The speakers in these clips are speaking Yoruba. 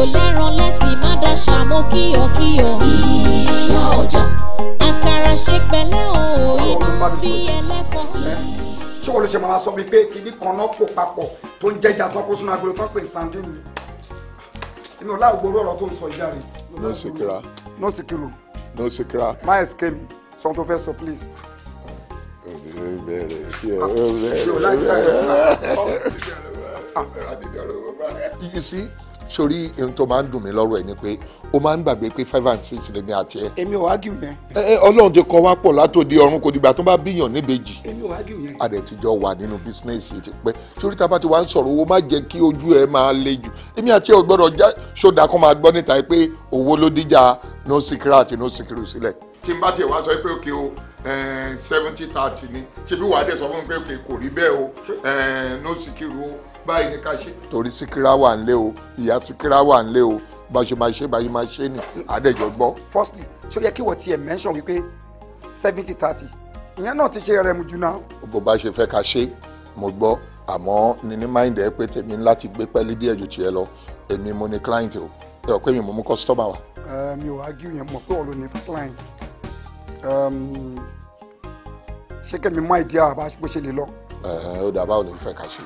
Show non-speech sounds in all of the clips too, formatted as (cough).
ò láràn láti má dáṣà mọ́ kíyọ̀kíyọ̀. ìyá ọjà. àkàrà ṣe pẹ̀lẹ́ o inú bí ẹlẹ́kọ̀ọ́. ṣé wọ́n ló ṣe máa sọ mi pé kan náà kò papọ̀ tó ń jẹ́jà tó kó sínú agolo tó pè sàndé mi èmi ò láàgbó tó ń sọ ìyá rẹ̀. no sikira. no sikiru. no sikira. má escape me sọ tó fẹ́ sọ please you see sórí ohun tó máa ń dùn mí lọ́rọ̀ ẹ̀ ni pé o máa ń gbàgbé pé five and six lèmi àti ẹ. èmi ò ágìw yẹn. ẹ ẹ ọlọ́run ti kọ́ wá pọ̀ látòdì ọ̀run kò dìgbà tó bá bíyàn níbejì. èmi ò ágìw yẹn. adẹ ti jọ wà nínú bísínẹ́sì ti pẹ́ sórí tá a bá ti wá ń sọ̀rọ̀ owó má jẹ́ kí ojú ẹ máa le jù èmi àti ẹ ò gbọ́dọ̀ já sódà kan máa gbọ́ níta pé owó ló díjà no secret àti no secret sílẹ̀. tí n bá tiẹ̀ wá sọ pé òkè o seventy thirty ni ṣebí wàá dẹ̀ sọ fún mi pé òkè kò rí bẹ́ẹ̀ o no secret o báyìí ní ká ṣe. torí síkírá wà ń lé o ìyá síkírá wà ń lé o bá ṣe máa ṣe bá ṣe máa ṣe ni àdéjọ gbọ́. firstly ṣó yẹ kí wọ́n tiẹ̀ mention wípé seventy thirty ìyẹn náà ti ṣe rẹ̀ mu jù náà. bó bá ṣe fẹ́ ká ṣe mo gbọ́ àmọ́ ní ní máìndì ẹ pé tèmi ń láti gbé pẹ́ẹ́lí díẹ̀ ju tiẹ̀ lọ èmi mo ní client o ẹ ò pé mi mo mú customer wa. Eh, mi ò argue yẹn mọ̀ pé òun ló ní client ehm, ṣé kẹ́mi má ìdí àbá bó ṣe lè lọ. ó dà báwo lè fẹ́ ká ṣe.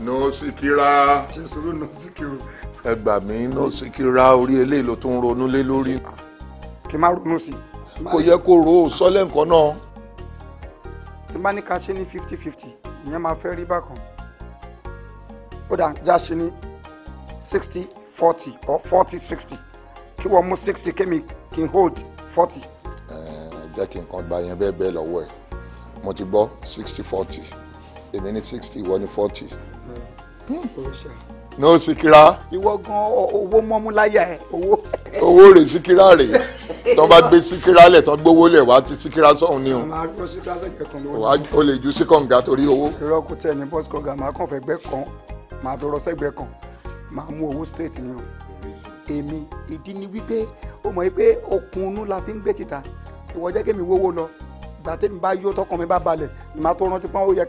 no sikira. jésù no sikiru. ẹ gbà mí no sikira orí eléyìí ló tún ronú lé lórí. kí n má ronú sí kò yẹ kó ro sọ́lẹ̀ nǹkan náà. tí n bá ní ká ṣe ní fifty fifty ìyẹn máa fẹ́ rí bákan. ó dà já ṣe ní sixty forty or forty sixty kí wọ́n mú sixty kémi kí n hold forty. ẹ jẹ́ kí n kan gba yẹn bẹ́ẹ̀ bẹ́ẹ̀ lọ́wọ́ ẹ̀ mo ti gbọ́ sixty forty èmi ní sixty ìwọ ní forty no Síkírà. ìwọ gan owó mọ́mú láyà ẹ owó. owó rè Síkírà rè tó bá gbé Síkírà lẹ̀ tó gbówó lẹ̀ wá ti Síkírà sọ̀hún ni o. o lè ju síkọ̀ǹgà torí owó. irọ́ kò tẹ̀ ní bọ́sì kọ̀ǹgà máa kàn fẹ́ gbẹ́ kan máa fi rọ́ṣẹ́gbẹ́ kan máa mú owó straight ni o. èmi ìdí ni wípé ó mọ̀ pé okùn inú la fi ń gbé títa ìwọ jẹ́ kémi wówó lọ gbàtẹ́mi bá yó tọkàn mi bá balẹ̀ ìmọ̀ àtọ́rọ́ ti pọ́n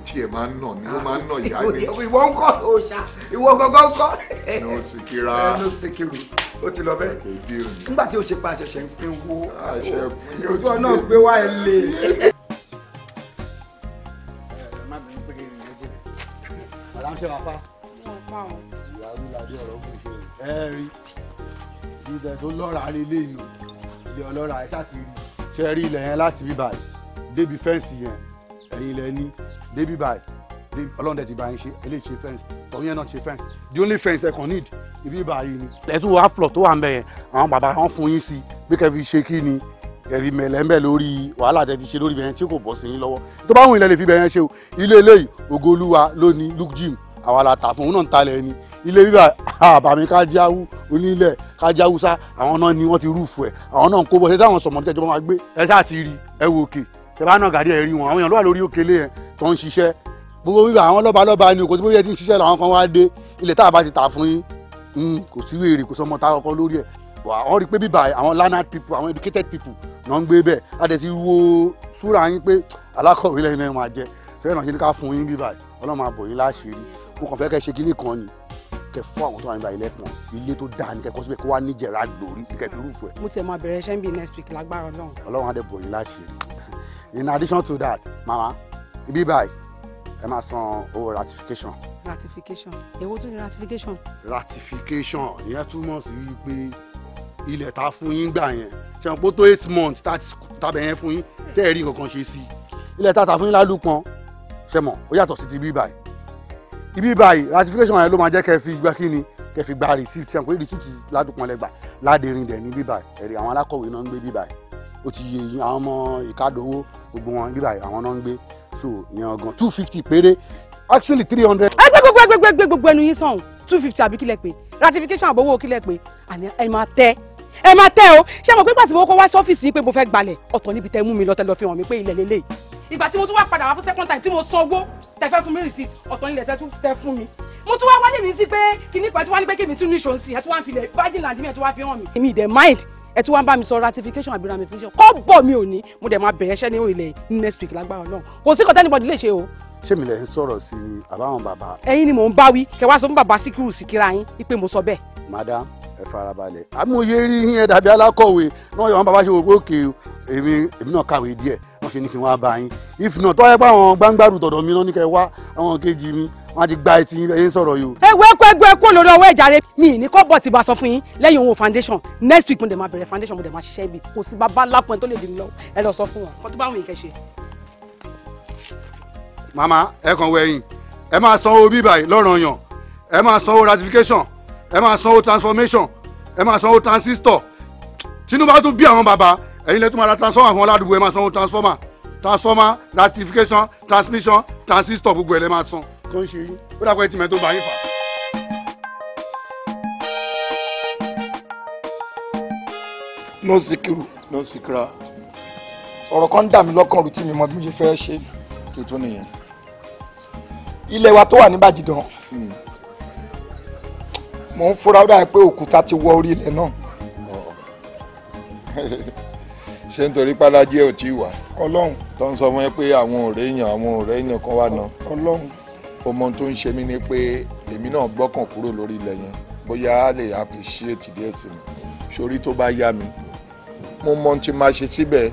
etí ẹ̀ máa ń nà ni ó máa ń nà ìyá mi. ìwọ ń kọ́ òòṣà ìwọ gangan ń kọ́. no sikira no sikiru ó ti lọ bẹ́ẹ̀. nígbà tí o ṣe pa àṣẹṣẹ ń pín owó ojú ọ̀nà gbé wá ẹ lè. aláǹṣẹ́ wa pa. ìyá mi làdí ọ̀rọ̀ kò ṣe é rí ibẹ̀ tó lọ́ra lélẹ́yìn ilé ọlọ́ra ẹ̀ ṣáà ti rí ṣe rí ilẹ̀ yẹn láti rí báyìí débi fẹ́ǹsì yẹn ẹ̀yin lẹ ní débi báyìí ọlọ́run dẹ̀ ti bá yín ṣe eléyìí ṣe fẹ́ǹsì tọ́yún yẹn náà ṣe fẹ́ǹsì the only fẹ́ǹsì ẹ̀ kàn need ibi báyìí ni. ẹ tún wá flọ tó wà ń bẹ yẹn àwọn bàbá wọn fún yín sí bí kẹ́ fi ṣe kí ni ẹ̀rí mẹ̀lẹ́ ń bẹ lórí wàhálà tẹ́ ti ṣe lórí bẹ̀yẹn tí kò bọ́ sí yín lọ́wọ́ tó bá wù ilẹ̀ lè fi bẹ̀yẹn ṣe o ilé eléyìí ogoluwa lónìí luke jim àwa la tà fún òun náà ń talẹ̀ ẹni ilé bíbà (laughs) àbàmì kájáwú onílẹ̀ kájáwúsá àwọn náà ni wọ́n ti rúùfù ẹ̀ àwọn náà ń kó bọ́ ṣe táwọn sọ̀mọ́ tẹ́jọ́ máa gbé ẹ ṣáà ti rí ẹ wò òkè tẹ̀bá náà gàdí ẹ̀ rí wọn àwọn èèyàn ló wà lórí òkèlè yẹn tó ń ṣiṣẹ́ gbogbo wíwà àwọn lọ́ba lọ́ba ni kò sí bóyá ẹ ti ń ṣiṣẹ́ làwọn kan wá dé ilẹ̀ tá a bá ti tà fún yín hmm, kò sí wèrè kò sọmọ tá a kọ́kọ́ lórí ẹ̀ àwọn rí i pé bíbà àwọn learned people àwọn educated people náà ń gbé bẹ́ẹ̀ a dẹ̀ ti wo súra yín pé alákọ̀wé lẹ́yìn náà máa jẹ fẹ́ẹ́ náà ṣe ní ká fún yín bíbà ọlọ́run àbò yín láṣìírí mo kàn fẹ́ kẹ́ ṣe kíní kan ni kẹ fún àwọn tó wà nígbà ilẹ̀kùn ilé tó dáa ní kẹkọ síbẹ̀ kó wà níjẹ̀rà lórí kẹfì rúfẹ́. mo tiẹ̀ máa bẹ̀rẹ̀ iṣẹ́ ń bí next week lágbára ọlọ́run. ọlọ́run á láṣìírí in addition to that mama ibi báyìí ẹ máa san owó ratification. ratification èwo tún ni ratification. ratification ìyẹn túmọ̀ sí wípé ilẹ̀ ta fún yín gbà yẹn ṣe àpò tó eight months tàbẹ̀ yẹn fún yín tẹ́ ẹ̀ rí nǹkan kan ṣe sí i ilẹ̀ ta ta fún yín lálùpọ̀n ṣe mọ̀ ó yàtọ̀ sí ti ibi báyìí ibi báyìí ratification yẹn ló máa jẹ́ kẹ́ fi gbá kí ni kẹ́ fi gba receipt ṣe àpò receipt ládùpọ̀n lẹ́gbà ládẹrin dẹ̀ ní bíbáyìí ẹ̀rí àwọn alákọ̀wé náà ń gbé bíbáyìí ó ti yẹ àwọn ọmọ ìkádọ́wó gbogbo wọn bíbá àwọn náà ń gbé so ìyẹn ọgàn two fifty péré actually three hundred. ẹ gbé gbogbo ẹgbẹ́ gbé gbogbo ẹnu yín sọ̀hún two fifty àbí kílẹ̀ pé ratification àbówó kílẹ̀ pé àní ẹ máa tẹ́ ẹ máa tẹ́ o ṣé mo pé pàtí mo kọ́ wá sọ́fíìsì yín pé mo fẹ́ gbalẹ̀ ọ̀tọ̀ níbi tẹ́ mú mi lọ tẹ́ lọ fi hàn mí pé ilẹ̀ lélẹ̀ ìgbà tí mo tún wá padà wá fún second time tí mo san owó tẹ́ fẹ́ fún mi receipt ọ̀tọ̀ nílẹ̀ tẹ́ tún tẹ́ fún mi mo tún wá wálé ní sí pé kíní pàtí wá ní pé kí mi tún ní ìṣòǹsì ẹ tún wá ń filẹ̀ virgin land mi ẹ tún wá fi hàn mi. èmi ìdẹ̀ mind ẹ ti wá ń bá mi sọ ratification àbí ramification kọ́ bọ̀ mi ò ní mo dẹ̀ máa bẹ̀rẹ̀ iṣẹ́ ní ilẹ̀ next week lágbára náà kò sí kọ́tẹ́ anybody lè ṣe o. ṣé mi lè ń sọ̀rọ̀ sí i àbáwọn bàbá. ẹ̀yin ni mò ń bá wí kẹ wá sọ fún bàbá síkírù síkírà yín wípé mo sọ bẹ́ẹ̀. madam ẹ farabalẹ̀ amóye rí yín ẹ dàbí alákọ̀wé náà yọ̀ wọn bàbá ṣe wò pé òkè èmi èmi náà kàwé díẹ̀ wọ́n ṣe ní kí wọ́n á bá yín if not tọ́ ẹ bá àwọn gbangbaru tọ̀dọ̀ mi náà ní kẹ́ wá àwọn kejì mi wọn ti gba etí eyín sọ̀rọ̀ yìí o. ẹ wẹ́ kó ẹgbẹ́ kó lórí ọwọ́ ẹ̀jà rẹ mi ní kọ́ bọ̀ tí bá sọ fún yín lẹ́yìn òun foundation next week mo dẹ̀ máa bẹ̀rẹ̀ foundation mo dẹ̀ máa ṣiṣẹ́ ibi kò sí bàbá lápọ̀ tó lè dì mí lọ ẹ lọ sọ fún wọn kó bá wọn yìí kẹ́ ẹ kàn wẹ̀yìn ẹ máa sanwó bíbáyìí lọ́rọ̀ yàn ẹ máa sanwó ratification ẹ máa sanwó transformation ẹ máa sanwó transistor tinubu á tún bí àwọn bàbá ẹ̀yin lẹ́tọ́ máa ra transformer fún ọládùúgbò ẹ máa sanwó transformer transformer ratification transmission transistor gbogbo ẹ̀ lẹ́ máa san tó ń ṣe yín ó dàpọ̀ ẹtì mẹ́tò bá yín fà. nọ́ọ̀sìkìrù nọ́ọ̀sìkìrà ọ̀rọ̀ kan ń dà mí lọ́kàn rú tí mi mọ bí mo ṣe fẹ́ ṣe. tuntun nìyẹn. ilé wa tó wà ní Bàdìdàn hmm. mò ń fura ó dà òkúta ti wọ orí ilẹ̀ náà (laughs) ṣé nítorí pálájẹ́ ò tí wà. ọlọ́run. tó ń sọ fún ẹ pé àwọn ọ̀rẹ́ èèyàn àwọn ọ̀rẹ́ èèyàn kan wà náà. ọlọ́run ọmọ tó ń ṣe mí ni pé èmi náà gbọ́kàn kúrò lórí ilẹ̀ yẹn bóyá a lè appreciate díẹ̀ sí mi sórí tó bá yá mi mo mọ tí máa ṣe síbẹ̀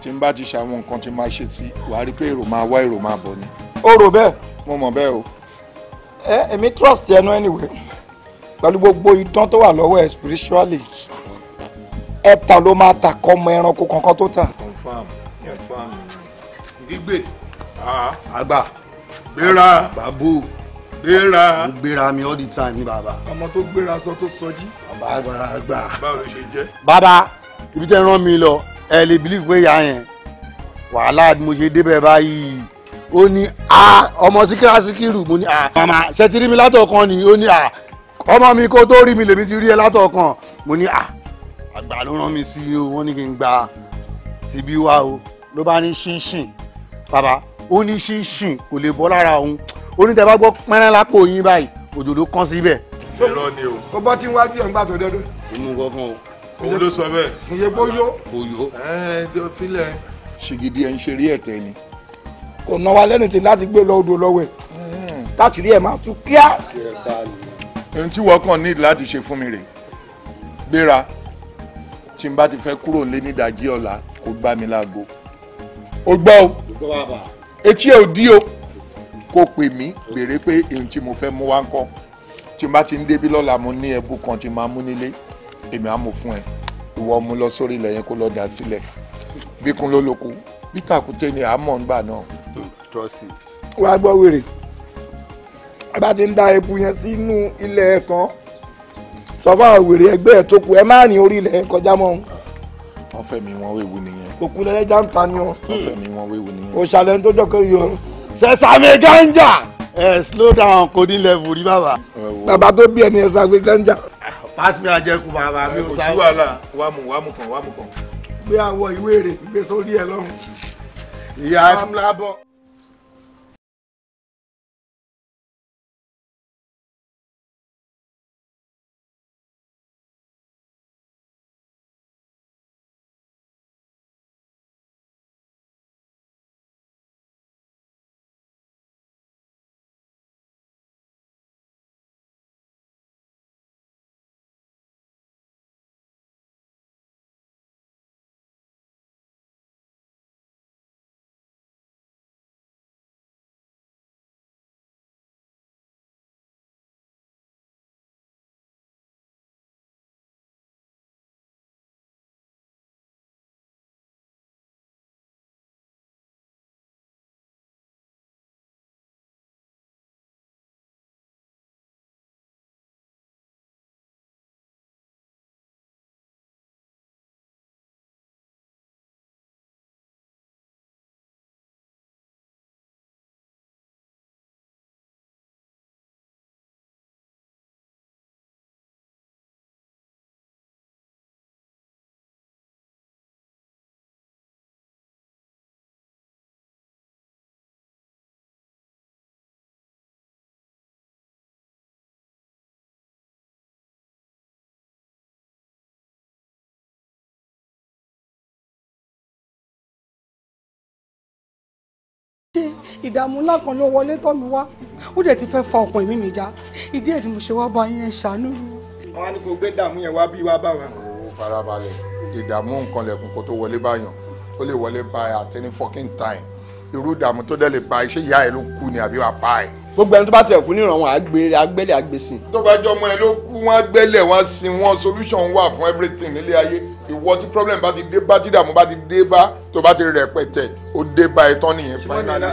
tí n bá ti ṣàwọn nǹkan tí máa ṣe sí wàá rí pé èrò máa wá èrò máa bọ̀ ni. ó rò bẹ́ẹ̀. mo mọ̀ bẹ́ẹ̀ o. ẹ èmi trust ẹnu anyway pẹ̀lú gbogbo idán tó wà lọ́wọ́ ẹ spiritually ẹ̀ta ló máa ta kọ́ ọmọ ẹranko kankan tó tà. confam confam gbígbé ah, àgbà. Ah, gbéra babu gbéra mo gbéra mi all the time ni baba. ọmọ tó gbéra sọ tó sọjí. bàbá agbára gbà. báwo ló ṣe jẹ. bàbá ibi tẹ́ ń rán mi lọ ẹ lè believe pé ìyá yẹn wàhálà bí mo ṣe débẹ̀ báyìí ó ní a ọmọ síkírà síkírù mo ní a. màmá ṣe ti rí mi látọ̀kan ni ó ní a ọmọ mi kó tó rí mi lèmi ti rí ẹ látọ̀kan mo ní a àgbà ló rán mi sí o wọ́n ní kí n gba tìbí wa o ló bá ní ṣínṣìn bàbá ó ní ṣinṣin kò lè bọ́ lára òun ó ní tẹ́fà gbọ́ pẹ́rẹ́ lápò yín báyìí òjò ló kán síbẹ̀. irọ́ ni o. ó bọ́ tí ń wájú ẹ̀ ń gbà tó dẹ́dọ́. ìmú kankan o. òun ló sọ bẹ́ẹ̀. ìyẹn bóyó. bóyó. ẹ ẹ filẹ. ṣìgìdì ẹ̀ ń ṣe rí ni. kò ná wa lẹ́nu tí láti gbé lọ odò lọ́wọ́ ẹ̀. táàtì rí ẹ̀ máa tú kíá. ohun tí wọ́n kàn ní láti ṣe fún mi rè gbéra tí n bá ti fẹ́ kúrò lé nídàájí ọ̀la kó gbá mi láago. ó gbọ́ o. ó gbọ́ bàbá etí ẹ ò dí o kó pè mí béèrè pé ohun tí mo fẹ́ mú wá ń kọ́ tí n bá ti ń débí lọ́la mo ní ẹbú kan tí máa mú nílé èmi á mú fún ẹ ìwọ mú lọ sórí ilẹ̀ yẹn kó lọ dà sílẹ̀ bíkun ló lóko peter kúté ni àmọ́ ń gbà náà. trọ́sì. wàá gbọ́ wèrè bá ti ń da epo yẹn sínú ilẹ̀ ẹ̀ tán sọ fún àwọn wèrè ẹgbẹ́ ẹ̀ tó kù ẹ má rìn orí ilẹ̀ kọjá mọ́ ọ́n wọ́n fẹ́ wéwu nìyẹn. òkú lẹ́lẹ́jà ń ta ni o. wọ́n fẹ́ mi wéwu nìyẹn. òṣàlẹ̀ tó jọ kiri o. sẹ̀sàmì gánjà. ẹ slow down kò ní level rí bàbá. bàbá tó bí ẹni ẹ̀sàmì gánjà. pass àjẹkù bàbá mi ò sáwọ́. kò sí wàhálà wàmù wàmù kan wàmù kan. gbé àwọ̀ ìwé rẹ̀ gbé sórí ẹ̀ lọ́rùn. ìyá ẹ̀ fúnra bọ̀. ṣe ìdààmú ńlá kan ló wọlé tọ́ mi wá ó dẹ̀ ti fẹ́ fa ọkàn mi mi já ìdí ẹ̀ ni mo ṣe wá bá yín ẹ̀ ṣàánú wọn á ní kó gbé dààmú yẹn wá bí wá bá wa. ó farabalẹ̀ ìdààmú nǹkan lẹ̀kùn kó tó wọlé báyàn ó lè wọlé bá ẹ at any fucking time irú ìdààmú tó dẹ̀ lè bá iṣẹ́ ìyá ẹ ló kú ni àbí wàá pa ẹ. gbogbo ẹni tó bá tiẹ̀ kú ní ìrànwọ́ àgbélé àgbélé tó bá jọmọ ẹ ló kú wọn àgbélé wọn sin wọn solution wà fún everything nílé ayé ìwọ tí problem bá ti dé bá tí dààmú bá ti dé bá tó bá ti rẹpẹtẹ ó dé bá ẹ tán nìyẹn finally.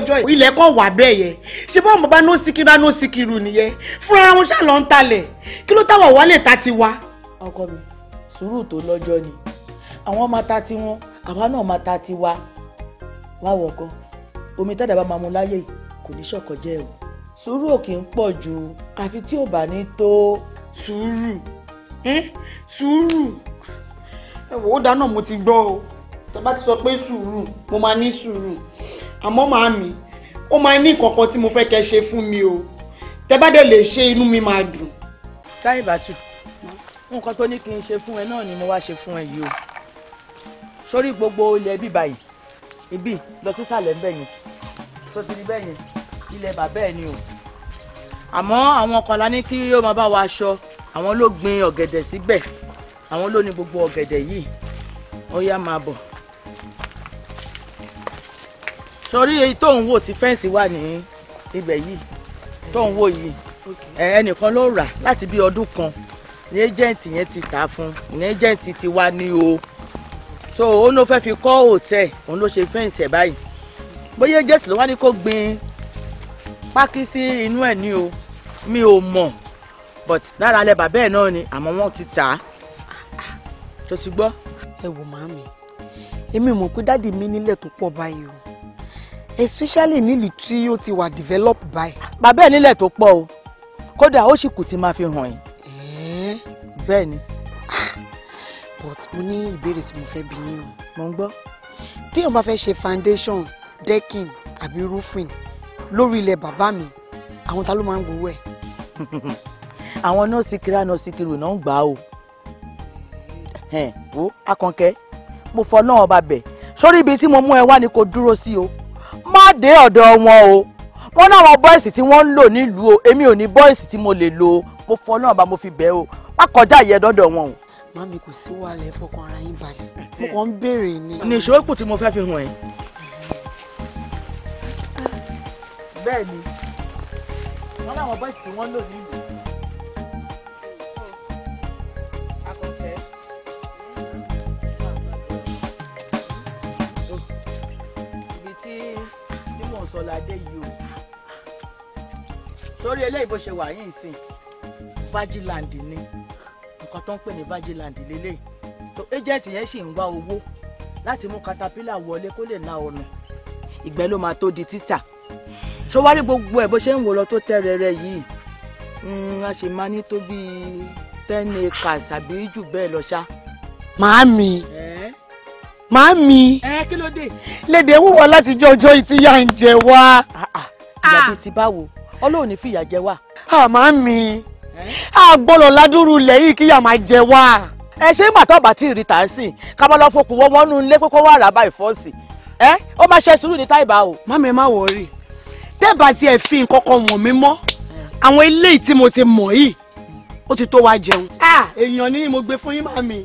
ẹjọ́ ilẹ̀ kọ̀ wà bẹ́ẹ̀ yẹ ṣé bọ́n bàbá ní ó síkírú á ní ó síkírú nìyẹn fúnra wọn ṣáà lọ ń talẹ̀ kí ló táwọn wọlé ta ti wá. ọkọ mi sùúrù tó lọ́jọ́ ni àwọn máa ta ti wọn àwa náà máa ta ti wa wáwọ ọkọ omi tẹ́lẹ̀ bá máa mu láyè kò ní ṣọ̀kọ̀ jẹ́ o sùúrù ò kì í pọ̀ ju àfi tí ò bá ní tó. sùúrù sùúrù ẹ wò ó dáná mo ti gbọ́ o tẹ bá ti sọ pé sùúrù mo máa ní sùúrù àmọ́ màámi ó máa ní ìkọ̀kọ̀ tí mo fẹ́ kẹ́ ṣe fún mi o tẹ bá dẹ̀ lè ṣe inú mi máa dùn. táyì bàtù nǹkan tó ní kí n ṣe fún ẹ náà ni mo wá ṣe fún ẹ yìí o sórí gbogbo ilẹ̀ bíi báyìí ibi lọ sísàlẹ̀ bẹ́ẹ̀ yẹn tó ti rí bẹ́ẹ̀ yẹn ilẹ̀ bàbá ẹ̀ ni o àmọ́ àwọn kan la ní kí ó máa bá wa aṣọ àwọn ló gbin ọ̀gẹ̀dẹ̀ síbẹ̀ àwọn ló ní gbogbo ọ̀gẹ̀dẹ̀ yìí ó yá máa bọ̀ sórí èyí tó ń wò tí fẹ́ǹsì wà ní ibẹ̀ yìí tó ń wò yìí ẹnìkan ló rà láti bí ọdún kan ní ẹ́jẹ̀ǹtì yẹn ti tà fún ní ẹ́jẹ̀ǹtì ti wá ní o so òun ló fẹ́ fi kọ́ òtẹ́ òun ló ṣe fẹ́ǹsì ẹ̀ báyìí bóyá ẹ́jẹ̀ǹtì ló wá ní kó gbin pákí sí inú ẹ̀ ní o mi ò mọ̀ but lára alẹ́ bàbá ẹ̀ náà ni àmọ́ wọ́n ti tà á tó ti gbọ́. ẹ wò màmí èmi mọ̀ pé dáàdi mi nílẹ̀ tó pọ̀ báyìí o especially nílùú tí ó ti wà develop by. bàbá ẹ̀ nílẹ̀ tó pọ̀ o kódà ó sì kù tí máa fi hàn yín. bẹ́ẹ̀ ni. Ah, but mo ní ìbéèrè tí mo fẹ́ bi yín o. mo ń gbọ́. téèyàn bá fẹ́ ṣe foundation decking àbí roofing lórí ilẹ̀ bàbá mi àwọn ta ló máa ń gbowó ẹ̀. (laughs) àwọn nọ́ọ̀sì kíra nọ́ọ̀sì kiri náà ń gbà o. wo akànkẹ́ mo fọ náà ọba bẹ̀ sórí ibi tí mo mú ẹ wá ni kò dúró sí o má dé ọ̀dọ̀ wọn o wọn náà wọn bọ́ìsì tí wọ́n ń lò nílùú o èmi ò ní bọ́ìsì tí mo lè lò mo fọ náà bá mo fi bẹ́ẹ̀ o má kọjá ìyẹn dọ́dọ̀ wọn o. mami kò sí wàhálà ẹ fọkàn ara yín balẹ̀ mo kàn ń béèrè ni. ní ìṣòro ipò tí mo fẹ́ fi hàn ẹ́. bẹ́ẹ̀ ni wọn náà wọn bọ́ìsì tí wọ́n lò nílùú sọládé yìí o torí eléyìí bó ṣe wà yìí nsìn vagiland ni nǹkan tó ń pè ní vagiland lélẹ̀ so agent yẹn sì ń wá owó láti mú caterpillar wọlé kó lè na ọ̀nà ìgbẹ́ ló máa tó di títà ṣọwárí gbogbo ẹ̀ bó ṣe ń wò lọ tó tẹ́ rẹ́rẹ́ yìí hmm, a ṣe máa ní tó bíi ten acres àbí jù bẹ́ẹ̀ lọ ṣá. màámi. Eh màámi. ẹ kí ló dé. lédè wúwo láti jọ ọjọ́ ìtìyà ń jẹ wá. Ah, ah. Ah. ìyá bíi ti báwo ọlọ́run ní fìyà jẹ wá. màámi àgbọ̀lọ̀ ládùrú ilẹ̀ yìí kíyà máa jẹ wá. ẹ ṣé màtọ́ bá ti rí tàǹsì kábọ́lá fokùn wọ́n wọ́n nú ilé pé kó wà rábà ìfọ́sì. ẹ ó máa ṣe sùúrù ní táìbà o. màmí ẹ má wọrí tẹ́ẹ̀bà tí ẹ fi nǹkan kan wọ̀n mí mọ́ àwọn eléyìí tí mo ti mọ̀ yìí ó ti tó wá jẹun. èèyàn ni mo gbé fún yín màmí.